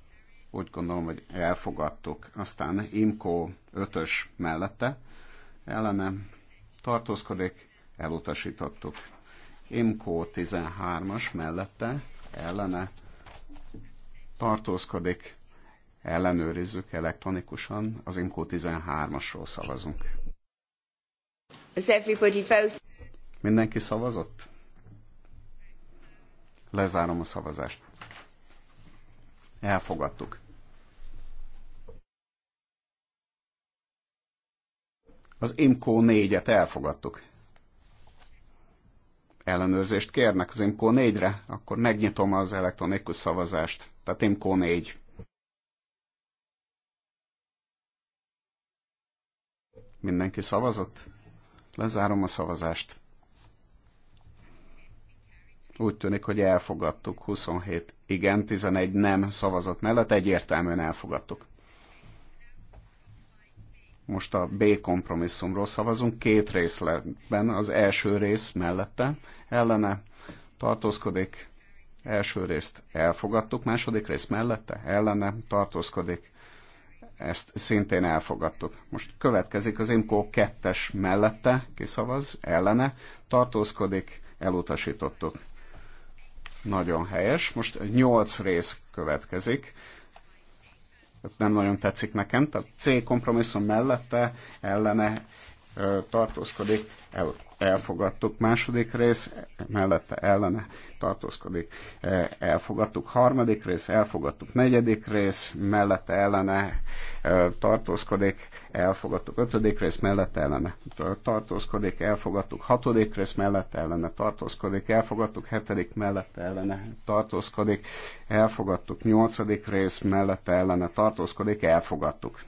úgy gondolom, hogy elfogadtuk. Aztán imkó 5-ös mellette, ellene tartózkodik, elutasítottuk. Imkó 13-as mellette, ellene tartózkodik, ellenőrizzük elektronikusan, az IMCO 13-asról szavazunk. Has everybody voted? Mindenki szavazott? Lezárom a szavazást. Elfogadtuk. Az IMCO 4-et elfogadtuk ellenőrzést kérnek az IMCO 4-re, akkor megnyitom az elektronikus szavazást. Tehát IMCO 4. Mindenki szavazott? Lezárom a szavazást. Úgy tűnik, hogy elfogadtuk. 27 igen, 11 nem szavazott mellett egyértelműen elfogadtuk. Most a B kompromisszumról szavazunk két részletben. Az első rész mellette ellene tartózkodik. Első részt elfogadtuk, második rész mellette ellene tartózkodik. Ezt szintén elfogadtuk. Most következik az IMCO kettes mellette, kiszavaz, ellene tartózkodik, elutasítottuk. Nagyon helyes. Most 8 rész következik nem nagyon tetszik nekem, tehát C kompromisszum mellette ellene tartózkodik, el, elfogadtuk, második rész mellette ellene tartózkodik, e, elfogadtuk, harmadik rész, elfogadtuk, negyedik rész mellette ellene e, tartózkodik, elfogadtuk, ötödik rész mellette ellene tartózkodik, elfogadtuk, hatodik rész mellette ellene tartózkodik, elfogadtuk, hetedik mellette ellene tartózkodik, elfogadtuk, nyolcadik rész mellette ellene tartózkodik, elfogadtuk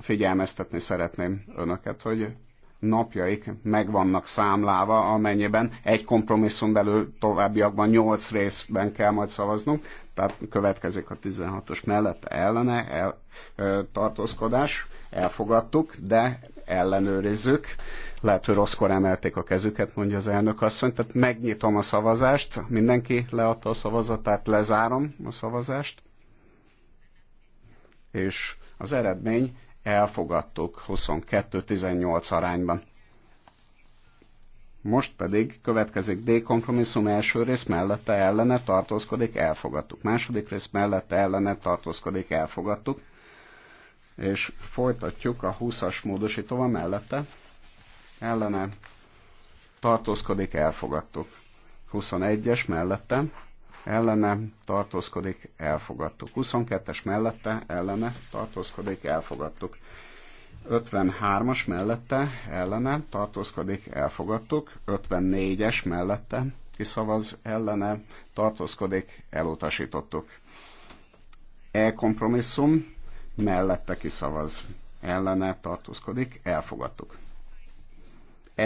figyelmeztetni szeretném önöket, hogy napjaik meg vannak számláva, amennyiben egy kompromisszum belül továbbiakban nyolc részben kell majd szavaznunk, tehát következik a 16-os mellett ellene el, ö, tartózkodás, elfogadtuk, de ellenőrizzük. Lehet, hogy rosszkor emelték a kezüket, mondja az elnök asszony, tehát megnyitom a szavazást, mindenki leadta a szavazatát, lezárom a szavazást, és az eredmény elfogadtuk 22-18 arányban. Most pedig következik D kompromisszum első rész mellette ellene tartózkodik, elfogadtuk. Második rész mellette ellene tartózkodik, elfogadtuk. És folytatjuk a 20-as módosítóval mellette. Ellene tartózkodik, elfogadtuk. 21-es mellette ellene tartózkodik, elfogadtuk. 22-es mellette ellene tartózkodik, elfogadtuk. 53-as mellette ellene tartózkodik, elfogadtuk. 54-es mellette kiszavaz ellene tartózkodik, elutasítottuk. E kompromisszum mellette kiszavaz ellene tartózkodik, elfogadtuk.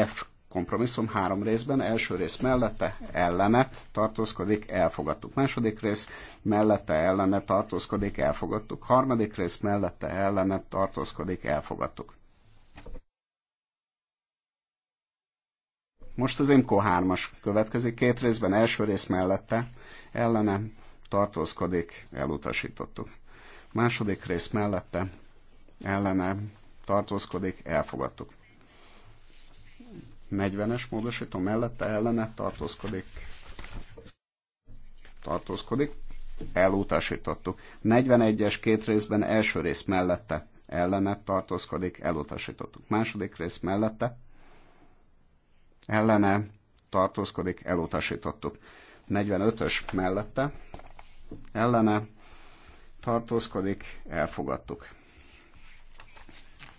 F kompromisszum három részben, első rész mellette, ellene tartózkodik, elfogadtuk. Második rész mellette, ellene tartózkodik, elfogadtuk. Harmadik rész mellette, ellene tartózkodik, elfogadtuk. Most az IMCO 3-as következik két részben, első rész mellette, ellene tartózkodik, elutasítottuk. Második rész mellette, ellene tartózkodik, elfogadtuk 40-es módosító mellette ellene tartózkodik. Tartózkodik. Elutasítottuk. 41-es két részben első rész mellette ellene tartózkodik. Elutasítottuk. Második rész mellette ellene tartózkodik. Elutasítottuk. 45-ös mellette ellene tartózkodik. Elfogadtuk.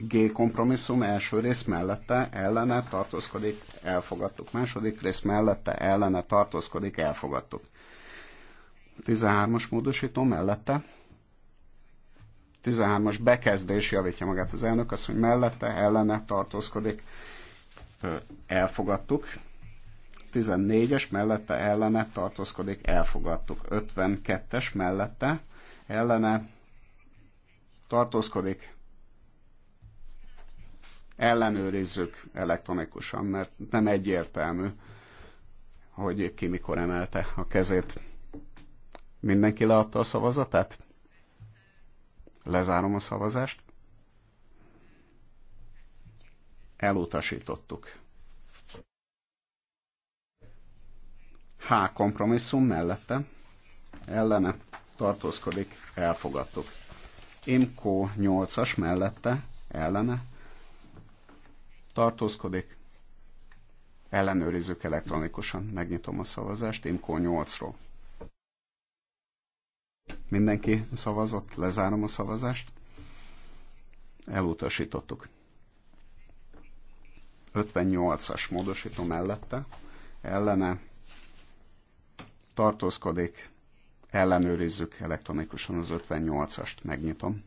G kompromisszum első rész mellette ellene tartózkodik, elfogadtuk. Második rész mellette ellene tartózkodik, elfogadtuk. 13-as módosító mellette 13-as bekezdés javítja magát az elnök, az, hogy mellette, ellene tartózkodik, elfogadtuk. 14-es mellette, ellene tartózkodik, elfogadtuk. 52-es mellette, ellene tartózkodik, ellenőrizzük elektronikusan, mert nem egyértelmű, hogy ki mikor emelte a kezét. Mindenki leadta a szavazatát? Lezárom a szavazást. Elutasítottuk. H kompromisszum mellette, ellene tartózkodik, elfogadtuk. Imkó 8-as mellette, ellene tartózkodik, ellenőrizzük elektronikusan, megnyitom a szavazást, Imkó 8-ról. Mindenki szavazott, lezárom a szavazást, elutasítottuk. 58-as módosító mellette, ellene tartózkodik, ellenőrizzük elektronikusan az 58-ast, megnyitom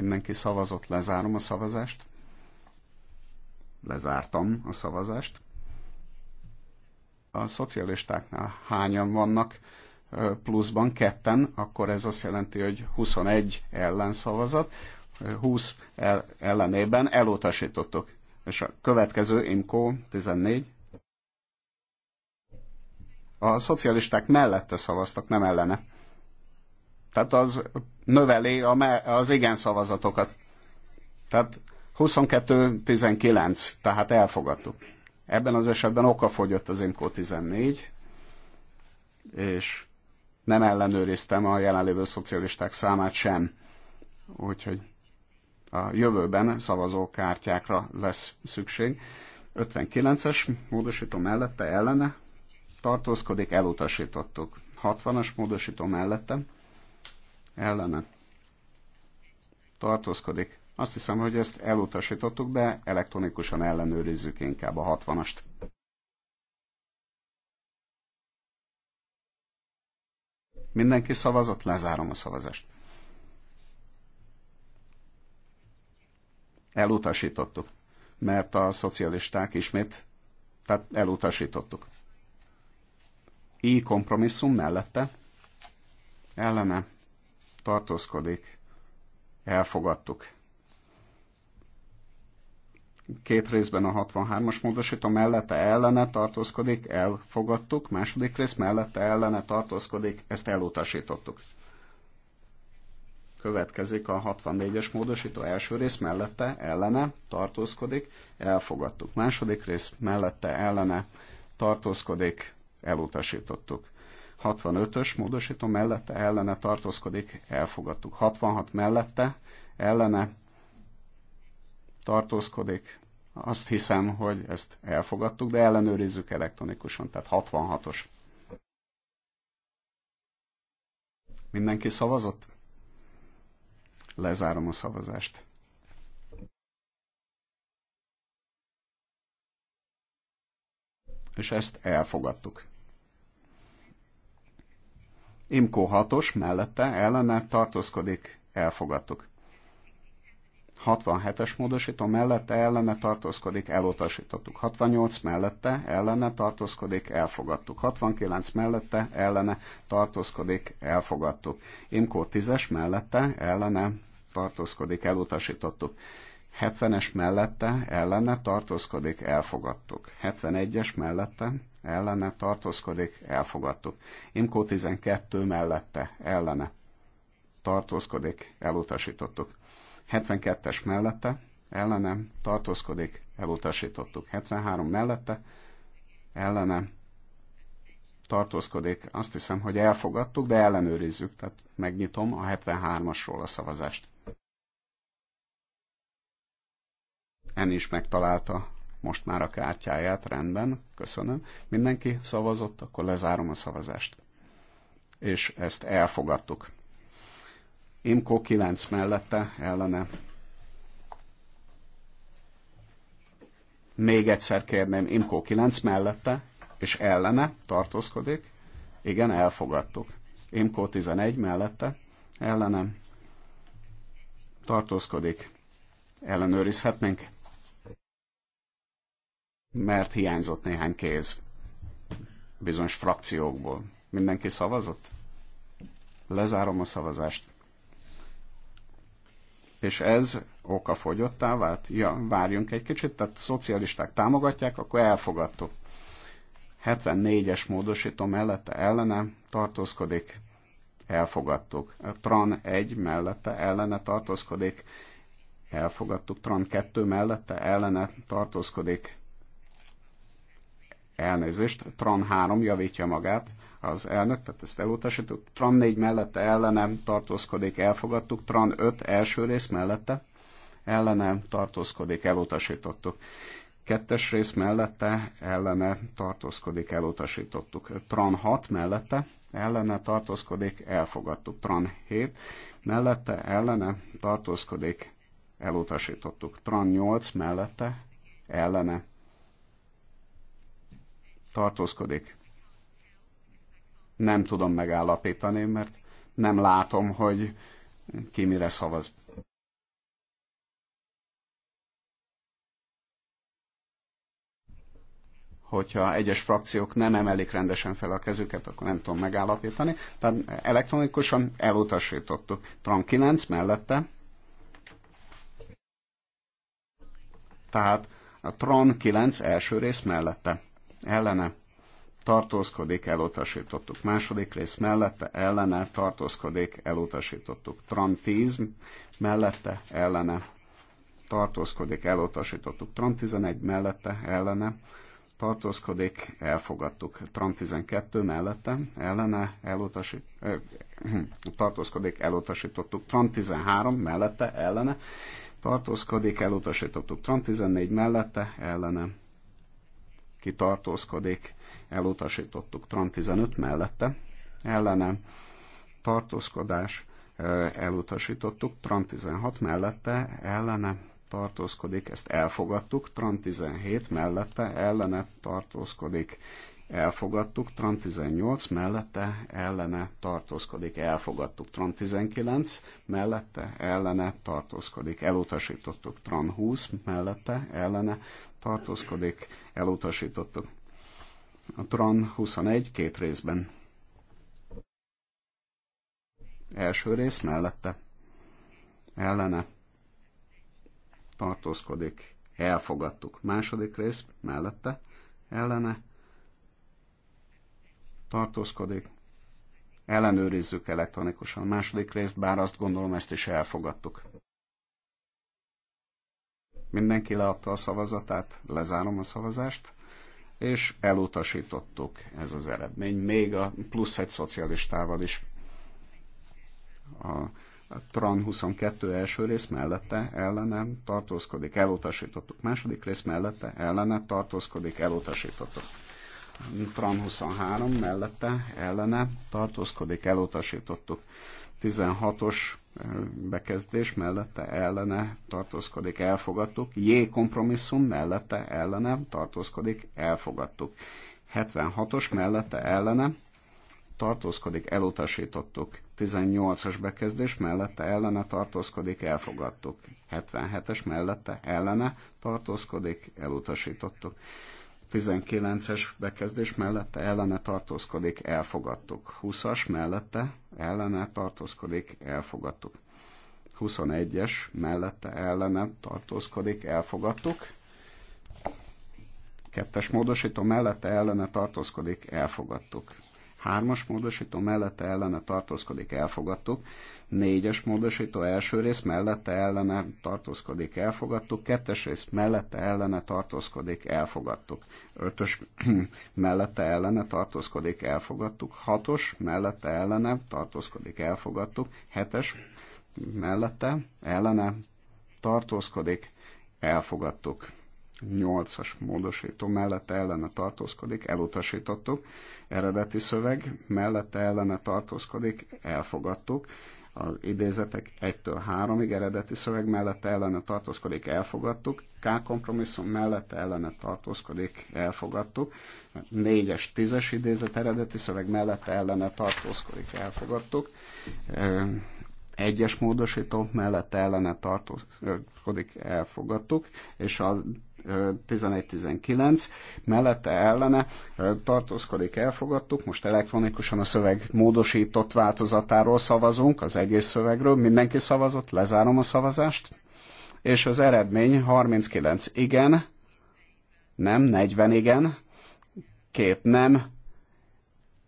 mindenki szavazott, lezárom a szavazást. Lezártam a szavazást. A szocialistáknál hányan vannak pluszban, ketten, akkor ez azt jelenti, hogy 21 ellen szavazat, 20 el, ellenében elutasítottuk. És a következő IMCO 14. A szocialisták mellette szavaztak, nem ellene. Tehát az növeli a me- az igen szavazatokat. Tehát 22-19, tehát elfogadtuk. Ebben az esetben okafogyott az IMCO 14, és nem ellenőriztem a jelenlévő szocialisták számát sem. Úgyhogy a jövőben szavazókártyákra lesz szükség. 59-es módosító mellette ellene tartózkodik, elutasítottuk. 60-as módosító mellette ellene tartózkodik. Azt hiszem, hogy ezt elutasítottuk, de elektronikusan ellenőrizzük inkább a 60-ast. Mindenki szavazott, lezárom a szavazást. Elutasítottuk, mert a szocialisták ismét, tehát elutasítottuk. Így kompromisszum mellette, ellene tartózkodik, elfogadtuk. Két részben a 63-as módosító mellette ellene tartózkodik, elfogadtuk, második rész mellette ellene tartózkodik, ezt elutasítottuk. Következik a 64-es módosító első rész mellette ellene tartózkodik, elfogadtuk. Második rész mellette ellene tartózkodik, elutasítottuk. 65-ös módosító mellette ellene tartózkodik, elfogadtuk. 66 mellette ellene tartózkodik, azt hiszem, hogy ezt elfogadtuk, de ellenőrizzük elektronikusan, tehát 66-os. Mindenki szavazott? Lezárom a szavazást. És ezt elfogadtuk. Imkó hatos mellette ellene tartózkodik, elfogadtuk. 67-es módosító mellette ellene tartózkodik, elutasítottuk. 68 mellette ellene tartózkodik, elfogadtuk. 69 mellette ellene tartózkodik, elfogadtuk. Imkó 10-es mellette ellene tartózkodik, elutasítottuk. 70-es mellette ellene tartózkodik, elfogadtuk. 71-es mellette ellene tartózkodik, elfogadtuk. Imkó 12 mellette ellene tartózkodik, elutasítottuk. 72-es mellette ellene tartózkodik, elutasítottuk. 73 mellette ellene tartózkodik. Azt hiszem, hogy elfogadtuk, de ellenőrizzük, tehát megnyitom a 73-asról a szavazást. En is megtalálta most már a kártyáját, rendben, köszönöm. Mindenki szavazott, akkor lezárom a szavazást. És ezt elfogadtuk. Imko 9 mellette, ellene. Még egyszer kérném, Imko 9 mellette, és ellene tartózkodik. Igen, elfogadtuk. Imko 11 mellette, ellenem tartózkodik. Ellenőrizhetnénk? mert hiányzott néhány kéz bizonyos frakciókból. Mindenki szavazott? Lezárom a szavazást. És ez oka fogyottá vált? Ja, várjunk egy kicsit, tehát szocialisták támogatják, akkor elfogadtuk. 74-es módosító mellette ellene tartózkodik, elfogadtuk. A Tran 1 mellette ellene tartózkodik, elfogadtuk. Tran 2 mellette ellene tartózkodik, elnézést, Tran 3 javítja magát az elnök, tehát ezt elutasítjuk. Tran 4 mellette ellenem tartózkodik, elfogadtuk. Tran 5 első rész mellette ellenem tartózkodik, elutasítottuk. Kettes rész mellette ellene tartózkodik, elutasítottuk. Tran 6 mellette ellene tartózkodik, elfogadtuk. Tran 7 mellette ellene tartózkodik, elutasítottuk. Tran 8 mellette ellene tartózkodik? Nem tudom megállapítani, mert nem látom, hogy ki mire szavaz. hogyha egyes frakciók nem emelik rendesen fel a kezüket, akkor nem tudom megállapítani. Tehát elektronikusan elutasítottuk. Tran 9 mellette. Tehát a Tron 9 első rész mellette ellene tartózkodik, elutasítottuk. Második rész mellette, ellene tartózkodik, elutasítottuk. Trantizm mellette, ellene tartózkodik, elutasítottuk. Trant 11 mellette, ellene tartózkodik, elfogadtuk. Trant 12 mellette, ellene elutasít, ö, tartózkodik, elutasítottuk. Trant 13 mellette, ellene tartózkodik, elutasítottuk. Trant 14 mellette, ellene ki tartózkodik, elutasítottuk Trump 15 mellette, ellene tartózkodás, elutasítottuk Trump 16 mellette, ellene tartózkodik, ezt elfogadtuk, Trump 17 mellette, ellene tartózkodik, elfogadtuk, Tran 18 mellette ellene tartózkodik, elfogadtuk, Tran 19 mellette ellene tartózkodik, elutasítottuk, Tran 20 mellette ellene tartózkodik, elutasítottuk. A Tran 21 két részben. Első rész mellette ellene tartózkodik, elfogadtuk. Második rész mellette ellene tartózkodik, ellenőrizzük elektronikusan a második részt, bár azt gondolom ezt is elfogadtuk. Mindenki leadta a szavazatát, lezárom a szavazást, és elutasítottuk ez az eredmény, még a plusz egy szocialistával is. A TRAN 22 első rész mellette ellenem tartózkodik, elutasítottuk. Második rész mellette ellenem tartózkodik, elutasítottuk. Tran 23 mellette ellene tartózkodik, elutasítottuk. 16-os bekezdés mellette ellene tartózkodik, elfogadtuk. J kompromisszum mellette ellene tartózkodik, elfogadtuk. 76-os mellette ellene tartózkodik, elutasítottuk. 18-as bekezdés mellette ellene tartózkodik, elfogadtuk. 77-es mellette ellene tartózkodik, elutasítottuk. 19-es bekezdés mellette ellene tartózkodik, elfogadtuk. 20-as mellette ellene tartózkodik, elfogadtuk. 21-es mellette ellene tartózkodik, elfogadtuk. Kettes módosító mellette ellene tartózkodik, elfogadtuk. Hármas módosító mellette ellene tartózkodik, elfogadtuk. Négyes módosító első rész mellette ellene tartózkodik, elfogadtuk. Kettes rész mellette ellene tartózkodik, elfogadtuk. Ötös mellette ellene tartózkodik, elfogadtuk. Hatos mellette ellene tartózkodik, elfogadtuk. Hetes mellette ellene tartózkodik, elfogadtuk. 8-as módosító mellette ellene tartózkodik, elutasítottuk. Eredeti szöveg mellette ellene tartózkodik, elfogadtuk. Az idézetek 1-től 3-ig eredeti szöveg mellette ellene tartózkodik, elfogadtuk. K kompromisszum mellette ellene tartózkodik, elfogadtuk. 4-es, 10-es idézet eredeti szöveg mellette ellene tartózkodik, elfogadtuk egyes módosító mellett ellene tartózkodik, elfogadtuk, és a 11-19 mellette ellene tartózkodik, elfogadtuk. Most elektronikusan a szöveg módosított változatáról szavazunk, az egész szövegről. Mindenki szavazott, lezárom a szavazást. És az eredmény 39 igen, nem, 40 igen, két nem,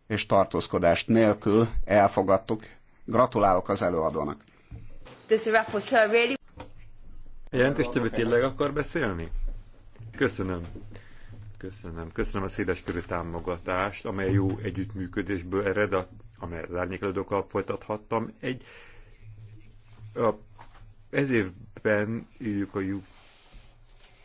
és tartózkodást nélkül elfogadtuk. Gratulálok az előadónak. Does Jelentéstevő tényleg akar beszélni? Köszönöm. Köszönöm. Köszönöm a széles körű támogatást, amely jó együttműködésből ered, a, amely az árnyékelődőkkal folytathattam. Egy, a, ez évben írjuk a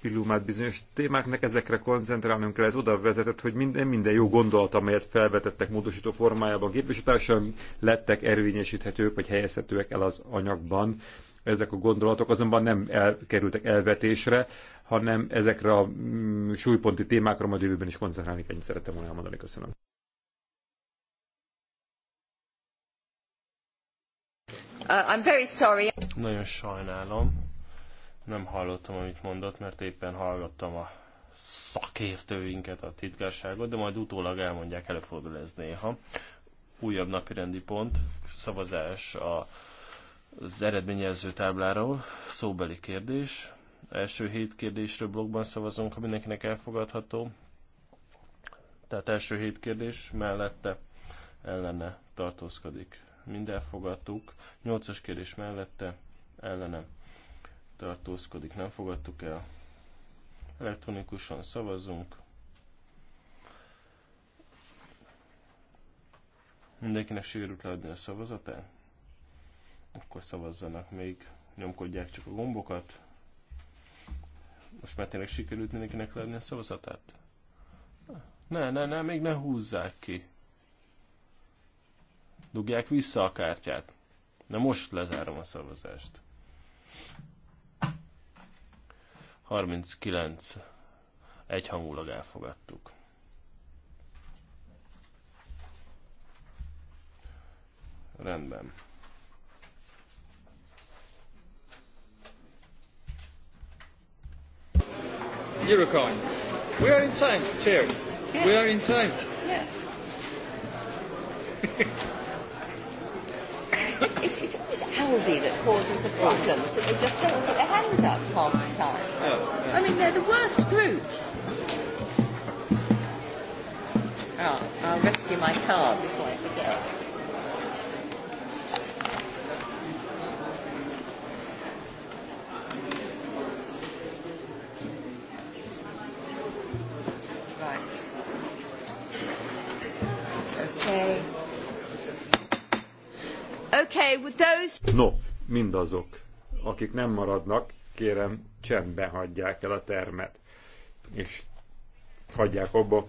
jubilumát bizonyos témáknak, ezekre koncentrálnunk kell, ez oda vezetett, hogy minden, minden jó gondolat, amelyet felvetettek módosító formájában képviselőtársaim lettek erőnyesíthetők, vagy helyezhetőek el az anyagban. Ezek a gondolatok azonban nem elkerültek elvetésre, hanem ezekre a mm, súlyponti témákra majd jövőben is koncentrálni kell, szerettem volna elmondani. Köszönöm. Uh, I'm very sorry. Nagyon sajnálom. Nem hallottam, amit mondott, mert éppen hallgattam a szakértőinket, a titkárságot, de majd utólag elmondják, előfordul ez néha. Újabb napi rendi pont, szavazás a az eredményező tábláról. Szóbeli kérdés. első hét kérdésről blogban szavazunk, ha mindenkinek elfogadható. Tehát első hét kérdés mellette ellene tartózkodik. Mind elfogadtuk. Nyolcas kérdés mellette ellene tartózkodik. Nem fogadtuk el. Elektronikusan szavazunk. Mindenkinek sikerült leadni a szavazatát? akkor szavazzanak még, nyomkodják csak a gombokat. Most már tényleg sikerült mindenkinek leadni a szavazatát? Ne, ne, ne, még ne húzzák ki. Dugják vissza a kártyát. Na most lezárom a szavazást. 39 egyhangulag elfogadtuk. Rendben. Eurocoin. We are in time, Chair. Yeah. We are in time. Yeah. it's, it's always Aldi that causes the problems that they just don't put their hands up half the time. Oh, yeah. I mean, they're the worst group. Oh, I'll rescue my car before I forget. Okay, with those... No, mindazok, akik nem maradnak, kérem csendben hagyják el a termet, és hagyják abba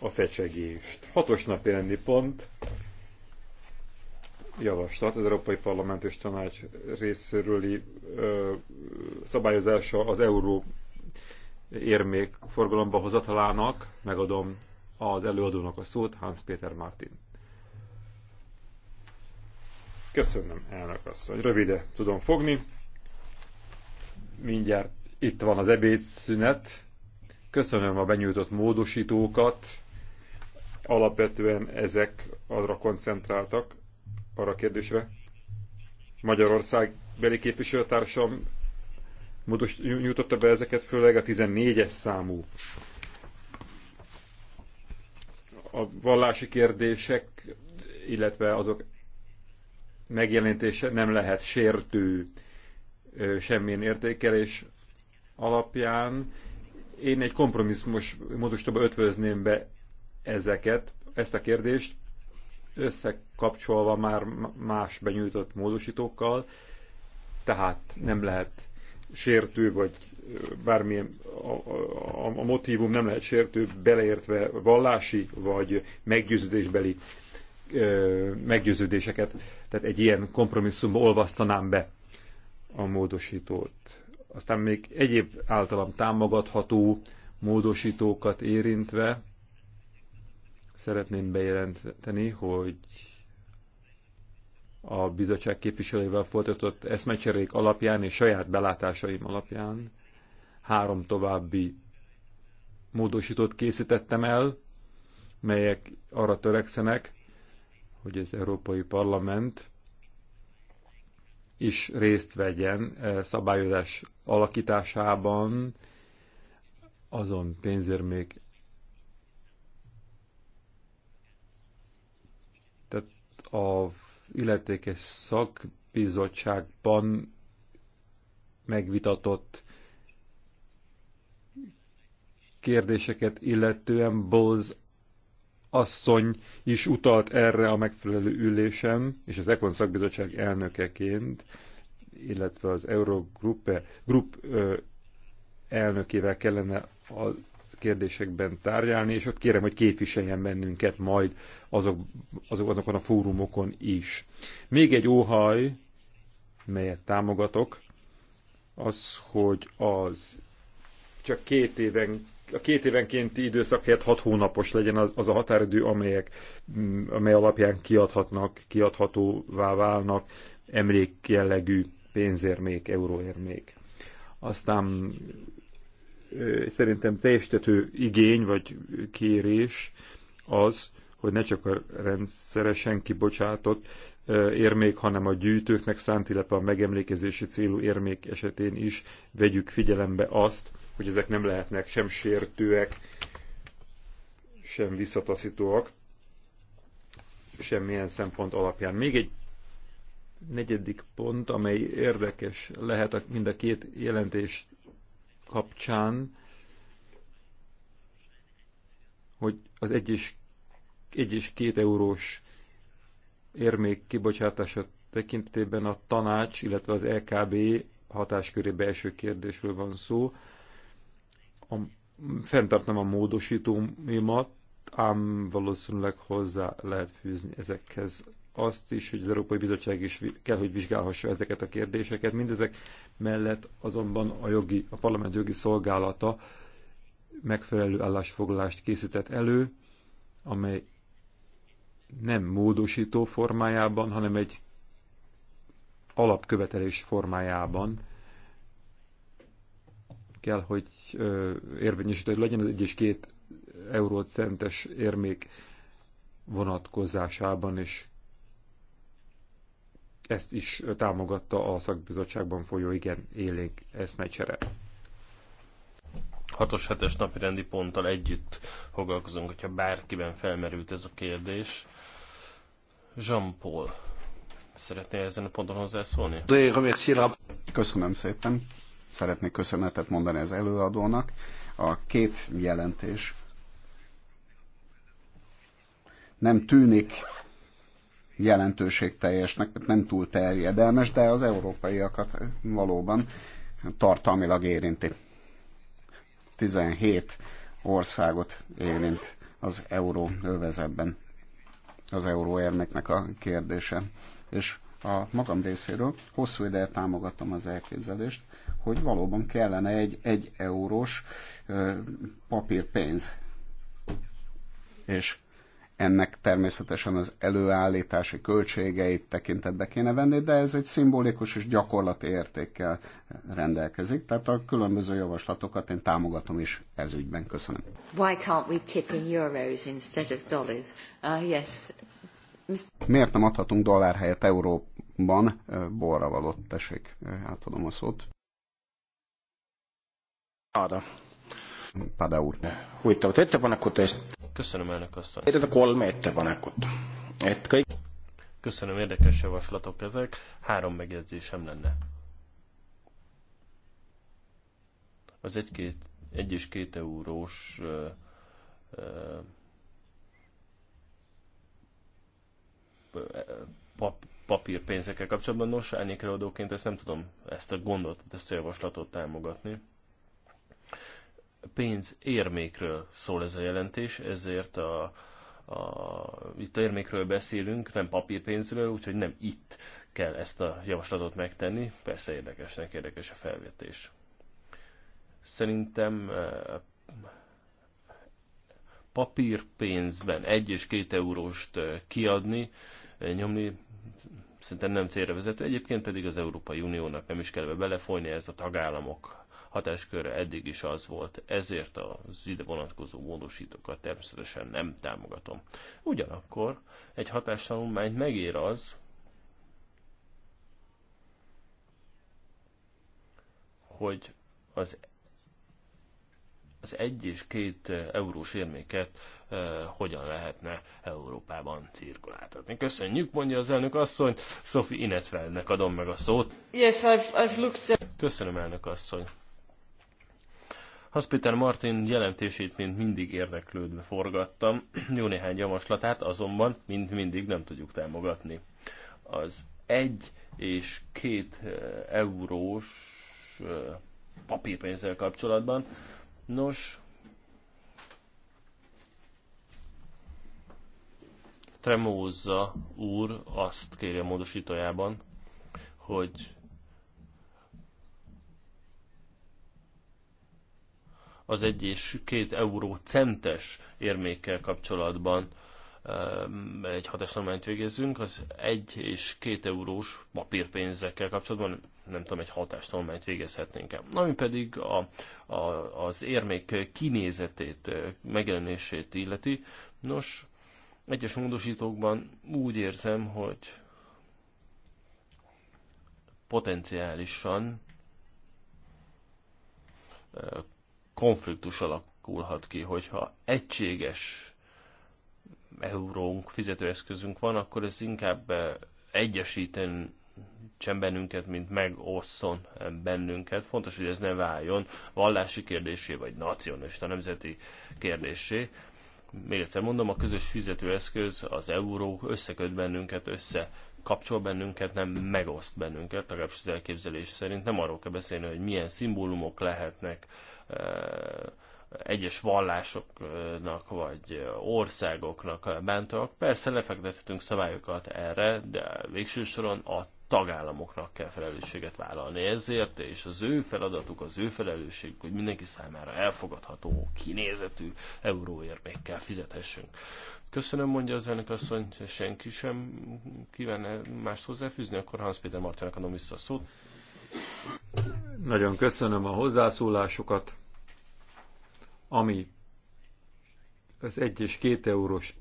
a fecsegést. Hatos napi rendi pont, javaslat az Európai Parlament és Tanács részéről szabályozása az euró érmék forgalomba hozatalának. Megadom az előadónak a szót, Hans Peter Martin. Köszönöm, elnök asszony. Rövide tudom fogni. Mindjárt itt van az ebédszünet. Köszönöm a benyújtott módosítókat. Alapvetően ezek arra koncentráltak, arra a kérdésre. Magyarország beli képviselőtársam nyújtotta be ezeket, főleg a 14-es számú. A vallási kérdések, illetve azok megjelenítése nem lehet sértő semmilyen értékelés alapján. Én egy kompromisszumos módosítóba ötvözném be ezeket, ezt a kérdést, összekapcsolva már más benyújtott módosítókkal, tehát nem lehet sértő, vagy bármilyen a, a, a motivum nem lehet sértő, beleértve vallási, vagy meggyőződésbeli ö, meggyőződéseket. Tehát egy ilyen kompromisszumba olvasztanám be a módosítót. Aztán még egyéb általam támogatható módosítókat érintve szeretném bejelenteni, hogy a bizottság képviselővel folytatott eszmecserék alapján és saját belátásaim alapján három további módosítót készítettem el, melyek arra törekszenek, hogy az Európai Parlament is részt vegyen e szabályozás alakításában, azon pénzérmék. Tehát a illetékes szakbizottságban megvitatott kérdéseket illetően Bose asszony is utalt erre a megfelelő ülésem, és az Ekon szakbizottság elnökeként, illetve az Eurogruppe grup elnökével kellene a kérdésekben tárgyalni, és ott kérem, hogy képviseljen bennünket majd azok, azok, azokon a fórumokon is. Még egy óhaj, melyet támogatok, az, hogy az csak két éven a két évenkénti időszak helyett hat hónapos legyen az, az a határidő, amelyek, mm, amely alapján kiadhatnak, kiadhatóvá válnak emlékjellegű pénzérmék, euróérmék. Aztán szerintem teljesítető igény vagy kérés az, hogy ne csak a rendszeresen kibocsátott érmék, hanem a gyűjtőknek szánt, illetve a megemlékezési célú érmék esetén is vegyük figyelembe azt, hogy ezek nem lehetnek sem sértőek, sem visszataszítóak, semmilyen szempont alapján. Még egy negyedik pont, amely érdekes lehet a, mind a két jelentés kapcsán, hogy az egy és, egy és két eurós érmék kibocsátása tekintetében a tanács, illetve az LKB hatáskörébe első kérdésről van szó, a, fenntartom a módosítóimat, ám valószínűleg hozzá lehet fűzni ezekhez azt is, hogy az Európai Bizottság is kell, hogy vizsgálhassa ezeket a kérdéseket. Mindezek mellett azonban a, jogi, a parlament jogi szolgálata megfelelő állásfoglalást készített elő, amely nem módosító formájában, hanem egy alapkövetelés formájában kell, hogy érvényesítő legyen az egy és két eurócentes érmék vonatkozásában, és ezt is támogatta a szakbizottságban folyó igen élénk eszmecsere. 6-os 7-es napi rendi ponttal együtt foglalkozunk, hogyha bárkiben felmerült ez a kérdés. Jean-Paul, szeretnél ezen a ponton hozzászólni? Köszönöm szépen szeretnék köszönetet mondani az előadónak. A két jelentés nem tűnik jelentőségteljesnek, nem túl terjedelmes, de az európaiakat valóban tartalmilag érinti. 17 országot érint az euróövezetben az euróérmeknek a kérdése. És a magam részéről hosszú ideje támogatom az elképzelést, hogy valóban kellene egy egy eurós papírpénz. És ennek természetesen az előállítási költségeit tekintetbe kéne venni, de ez egy szimbolikus és gyakorlati értékkel rendelkezik. Tehát a különböző javaslatokat én támogatom is ez ügyben. Köszönöm. Why can't we tip in euros instead of dollars? Uh, yes. Miért nem adhatunk dollár helyett euróban? Borra való, tessék, átadom a szót. Pada. Pada úr. Huittavat ettepanekot és... Köszönöm elnök asszony. Érted a kolme ettepanekot. Et kõik... Köszönöm, érdekes javaslatok ezek. Három megjegyzésem lenne. Az egy-két, egy és két eurós ö, ö, pap, papírpénzekkel kapcsolatban. Nos, elnékelőadóként ezt nem tudom, ezt a gondot, ezt a javaslatot támogatni pénz érmékről szól ez a jelentés, ezért a, a, itt a érmékről beszélünk, nem papírpénzről, úgyhogy nem itt kell ezt a javaslatot megtenni. Persze érdekesnek érdekes a felvetés. Szerintem e, papírpénzben egy és két euróst e, kiadni, e, nyomni szerintem nem célra vezető. Egyébként pedig az Európai Uniónak nem is kell belefolyni, ez a tagállamok Hatáskörre eddig is az volt, ezért az ide vonatkozó módosítókat természetesen nem támogatom. Ugyanakkor egy hatástanulmányt megér az, hogy az az egy és két eurós érméket e, hogyan lehetne Európában cirkuláltatni. Köszönjük, mondja az elnök asszony. Sophie Inetfeldnek adom meg a szót. Yes, I've, I've looked at... Köszönöm, elnök asszony hans Martin jelentését, mint mindig érdeklődve forgattam, jó néhány javaslatát azonban, mint mindig nem tudjuk támogatni. Az egy és két eh, eurós eh, papírpénzzel kapcsolatban. Nos, Tremóza úr azt kéri a módosítójában, hogy az egy és két euró centes érmékkel kapcsolatban egy hatástanulmányt végezzünk, az egy és két eurós papírpénzekkel kapcsolatban nem tudom, egy hatástalományt végezhetnénk el. Ami pedig a, a, az érmék kinézetét, megjelenését illeti, nos, egyes módosítókban úgy érzem, hogy potenciálisan konfliktus alakulhat ki, hogyha egységes eurónk, fizetőeszközünk van, akkor ez inkább eh, egyesíten sem bennünket, mint megosszon bennünket. Fontos, hogy ez ne váljon vallási kérdésé, vagy nacionalista nemzeti kérdésé. Még egyszer mondom, a közös fizetőeszköz, az euró összeköt bennünket, össze kapcsol bennünket, nem megoszt bennünket, legalábbis az elképzelés szerint. Nem arról kell beszélni, hogy milyen szimbólumok lehetnek Eh, egyes vallásoknak vagy országoknak bántóak. Persze lefektethetünk szabályokat erre, de végső soron a tagállamoknak kell felelősséget vállalni ezért, és az ő feladatuk, az ő felelősség, hogy mindenki számára elfogadható, kinézetű euróérmékkel fizethessünk. Köszönöm, mondja az elnök asszony, senki sem kívánne mást hozzáfűzni, akkor Hans Péter Martinak adom vissza a szót. Nagyon köszönöm a hozzászólásokat, ami az egy és két eurós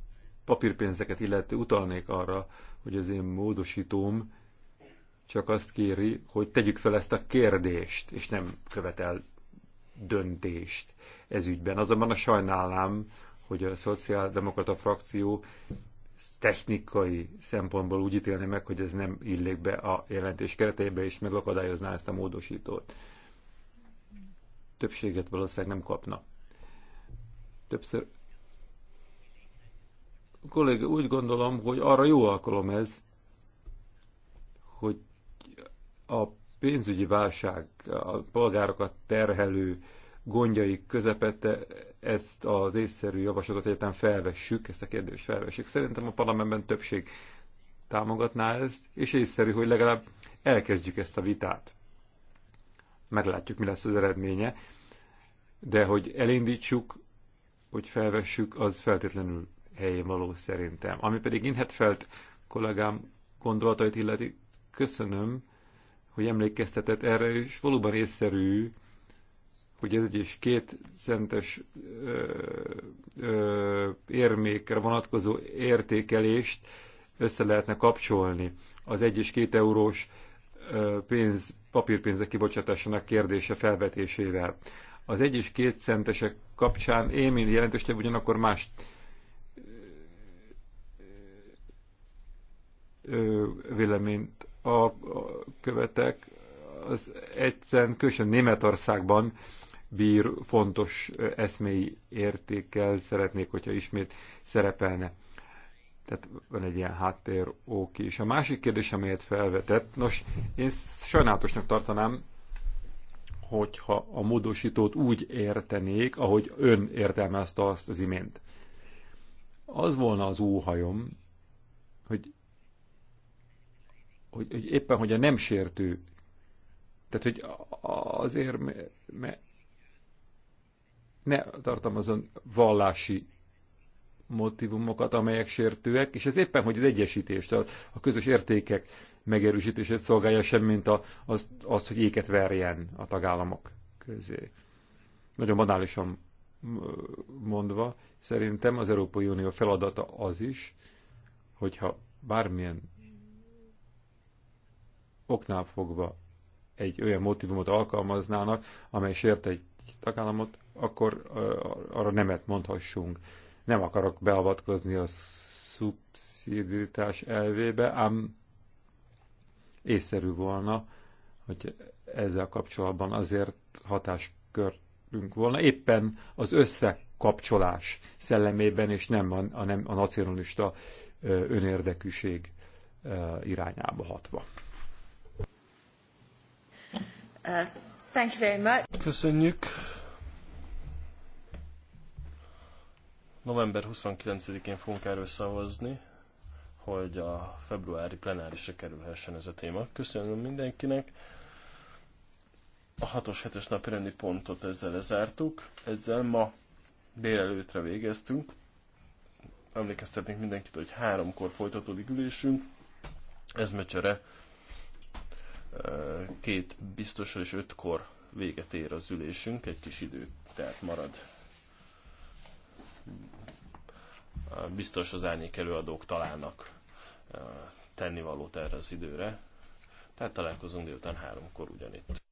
papírpénzeket illeti utalnék arra, hogy az én módosítóm csak azt kéri, hogy tegyük fel ezt a kérdést, és nem követel döntést ez ügyben. Azonban a sajnálám, hogy a szociáldemokrata frakció technikai szempontból úgy ítélni meg, hogy ez nem illik be a jelentés kereteibe, és megakadályozná ezt a módosítót. Többséget valószínűleg nem kapna. Többször a kolléga, úgy gondolom, hogy arra jó alkalom ez, hogy a pénzügyi válság, a polgárokat terhelő gondjai közepette ezt az észszerű javaslatot egyáltalán felvessük, ezt a kérdést felvessük. Szerintem a parlamentben többség támogatná ezt, és észszerű, hogy legalább elkezdjük ezt a vitát. Meglátjuk, mi lesz az eredménye, de hogy elindítsuk, hogy felvessük, az feltétlenül helyén való szerintem. Ami pedig felt, kollégám gondolatait illeti, köszönöm, hogy emlékeztetett erre, és valóban észszerű, hogy ez egy és két centes ö, ö, érmékre vonatkozó értékelést össze lehetne kapcsolni az egy és két eurós ö, pénz, papírpénzek kibocsátásának kérdése felvetésével. Az egy és két centesek kapcsán én mind jelentős, ugyanakkor más véleményt a, a követek, az egyszer különösen Németországban bír fontos eszmei értékkel, szeretnék, hogyha ismét szerepelne. Tehát van egy ilyen háttér, oké. És a másik kérdés, amelyet felvetett, nos, én sajnálatosnak tartanám, hogyha a módosítót úgy értenék, ahogy ön értelmezte azt az imént. Az volna az óhajom, hogy, hogy, hogy éppen, hogy a nem sértő, tehát, hogy azért, mert ne tartalmazon vallási motivumokat, amelyek sértőek, és ez éppen, hogy az egyesítést, a, a közös értékek megerősítését szolgálja sem, mint a, az, az, hogy éket verjen a tagállamok közé. Nagyon banálisan mondva, szerintem az Európai Unió feladata az is, hogyha bármilyen oknál fogva egy olyan motivumot alkalmaznának, amely sért egy tagállamot, akkor arra nemet mondhassunk. Nem akarok beavatkozni a szubszidítás elvébe, ám észszerű volna, hogy ezzel kapcsolatban azért hatáskörünk volna. Éppen az összekapcsolás szellemében, és nem a, a, nem a nacionalista önérdekűség irányába hatva. Uh, thank you very much. Köszönjük. November 29-én fogunk erről szavazni, hogy a februári plenárisra kerülhessen ez a téma. Köszönöm mindenkinek. A 6-os 7-es napi rendi pontot ezzel lezártuk. Ezzel ma délelőtre végeztünk. Emlékeztetnék mindenkit, hogy háromkor folytatódik ülésünk. Ez mecsere két biztosan és ötkor véget ér az ülésünk, egy kis idő, tehát marad biztos az árnyék előadók találnak eh, tennivalót erre az időre. Tehát találkozunk délután háromkor ugyanitt.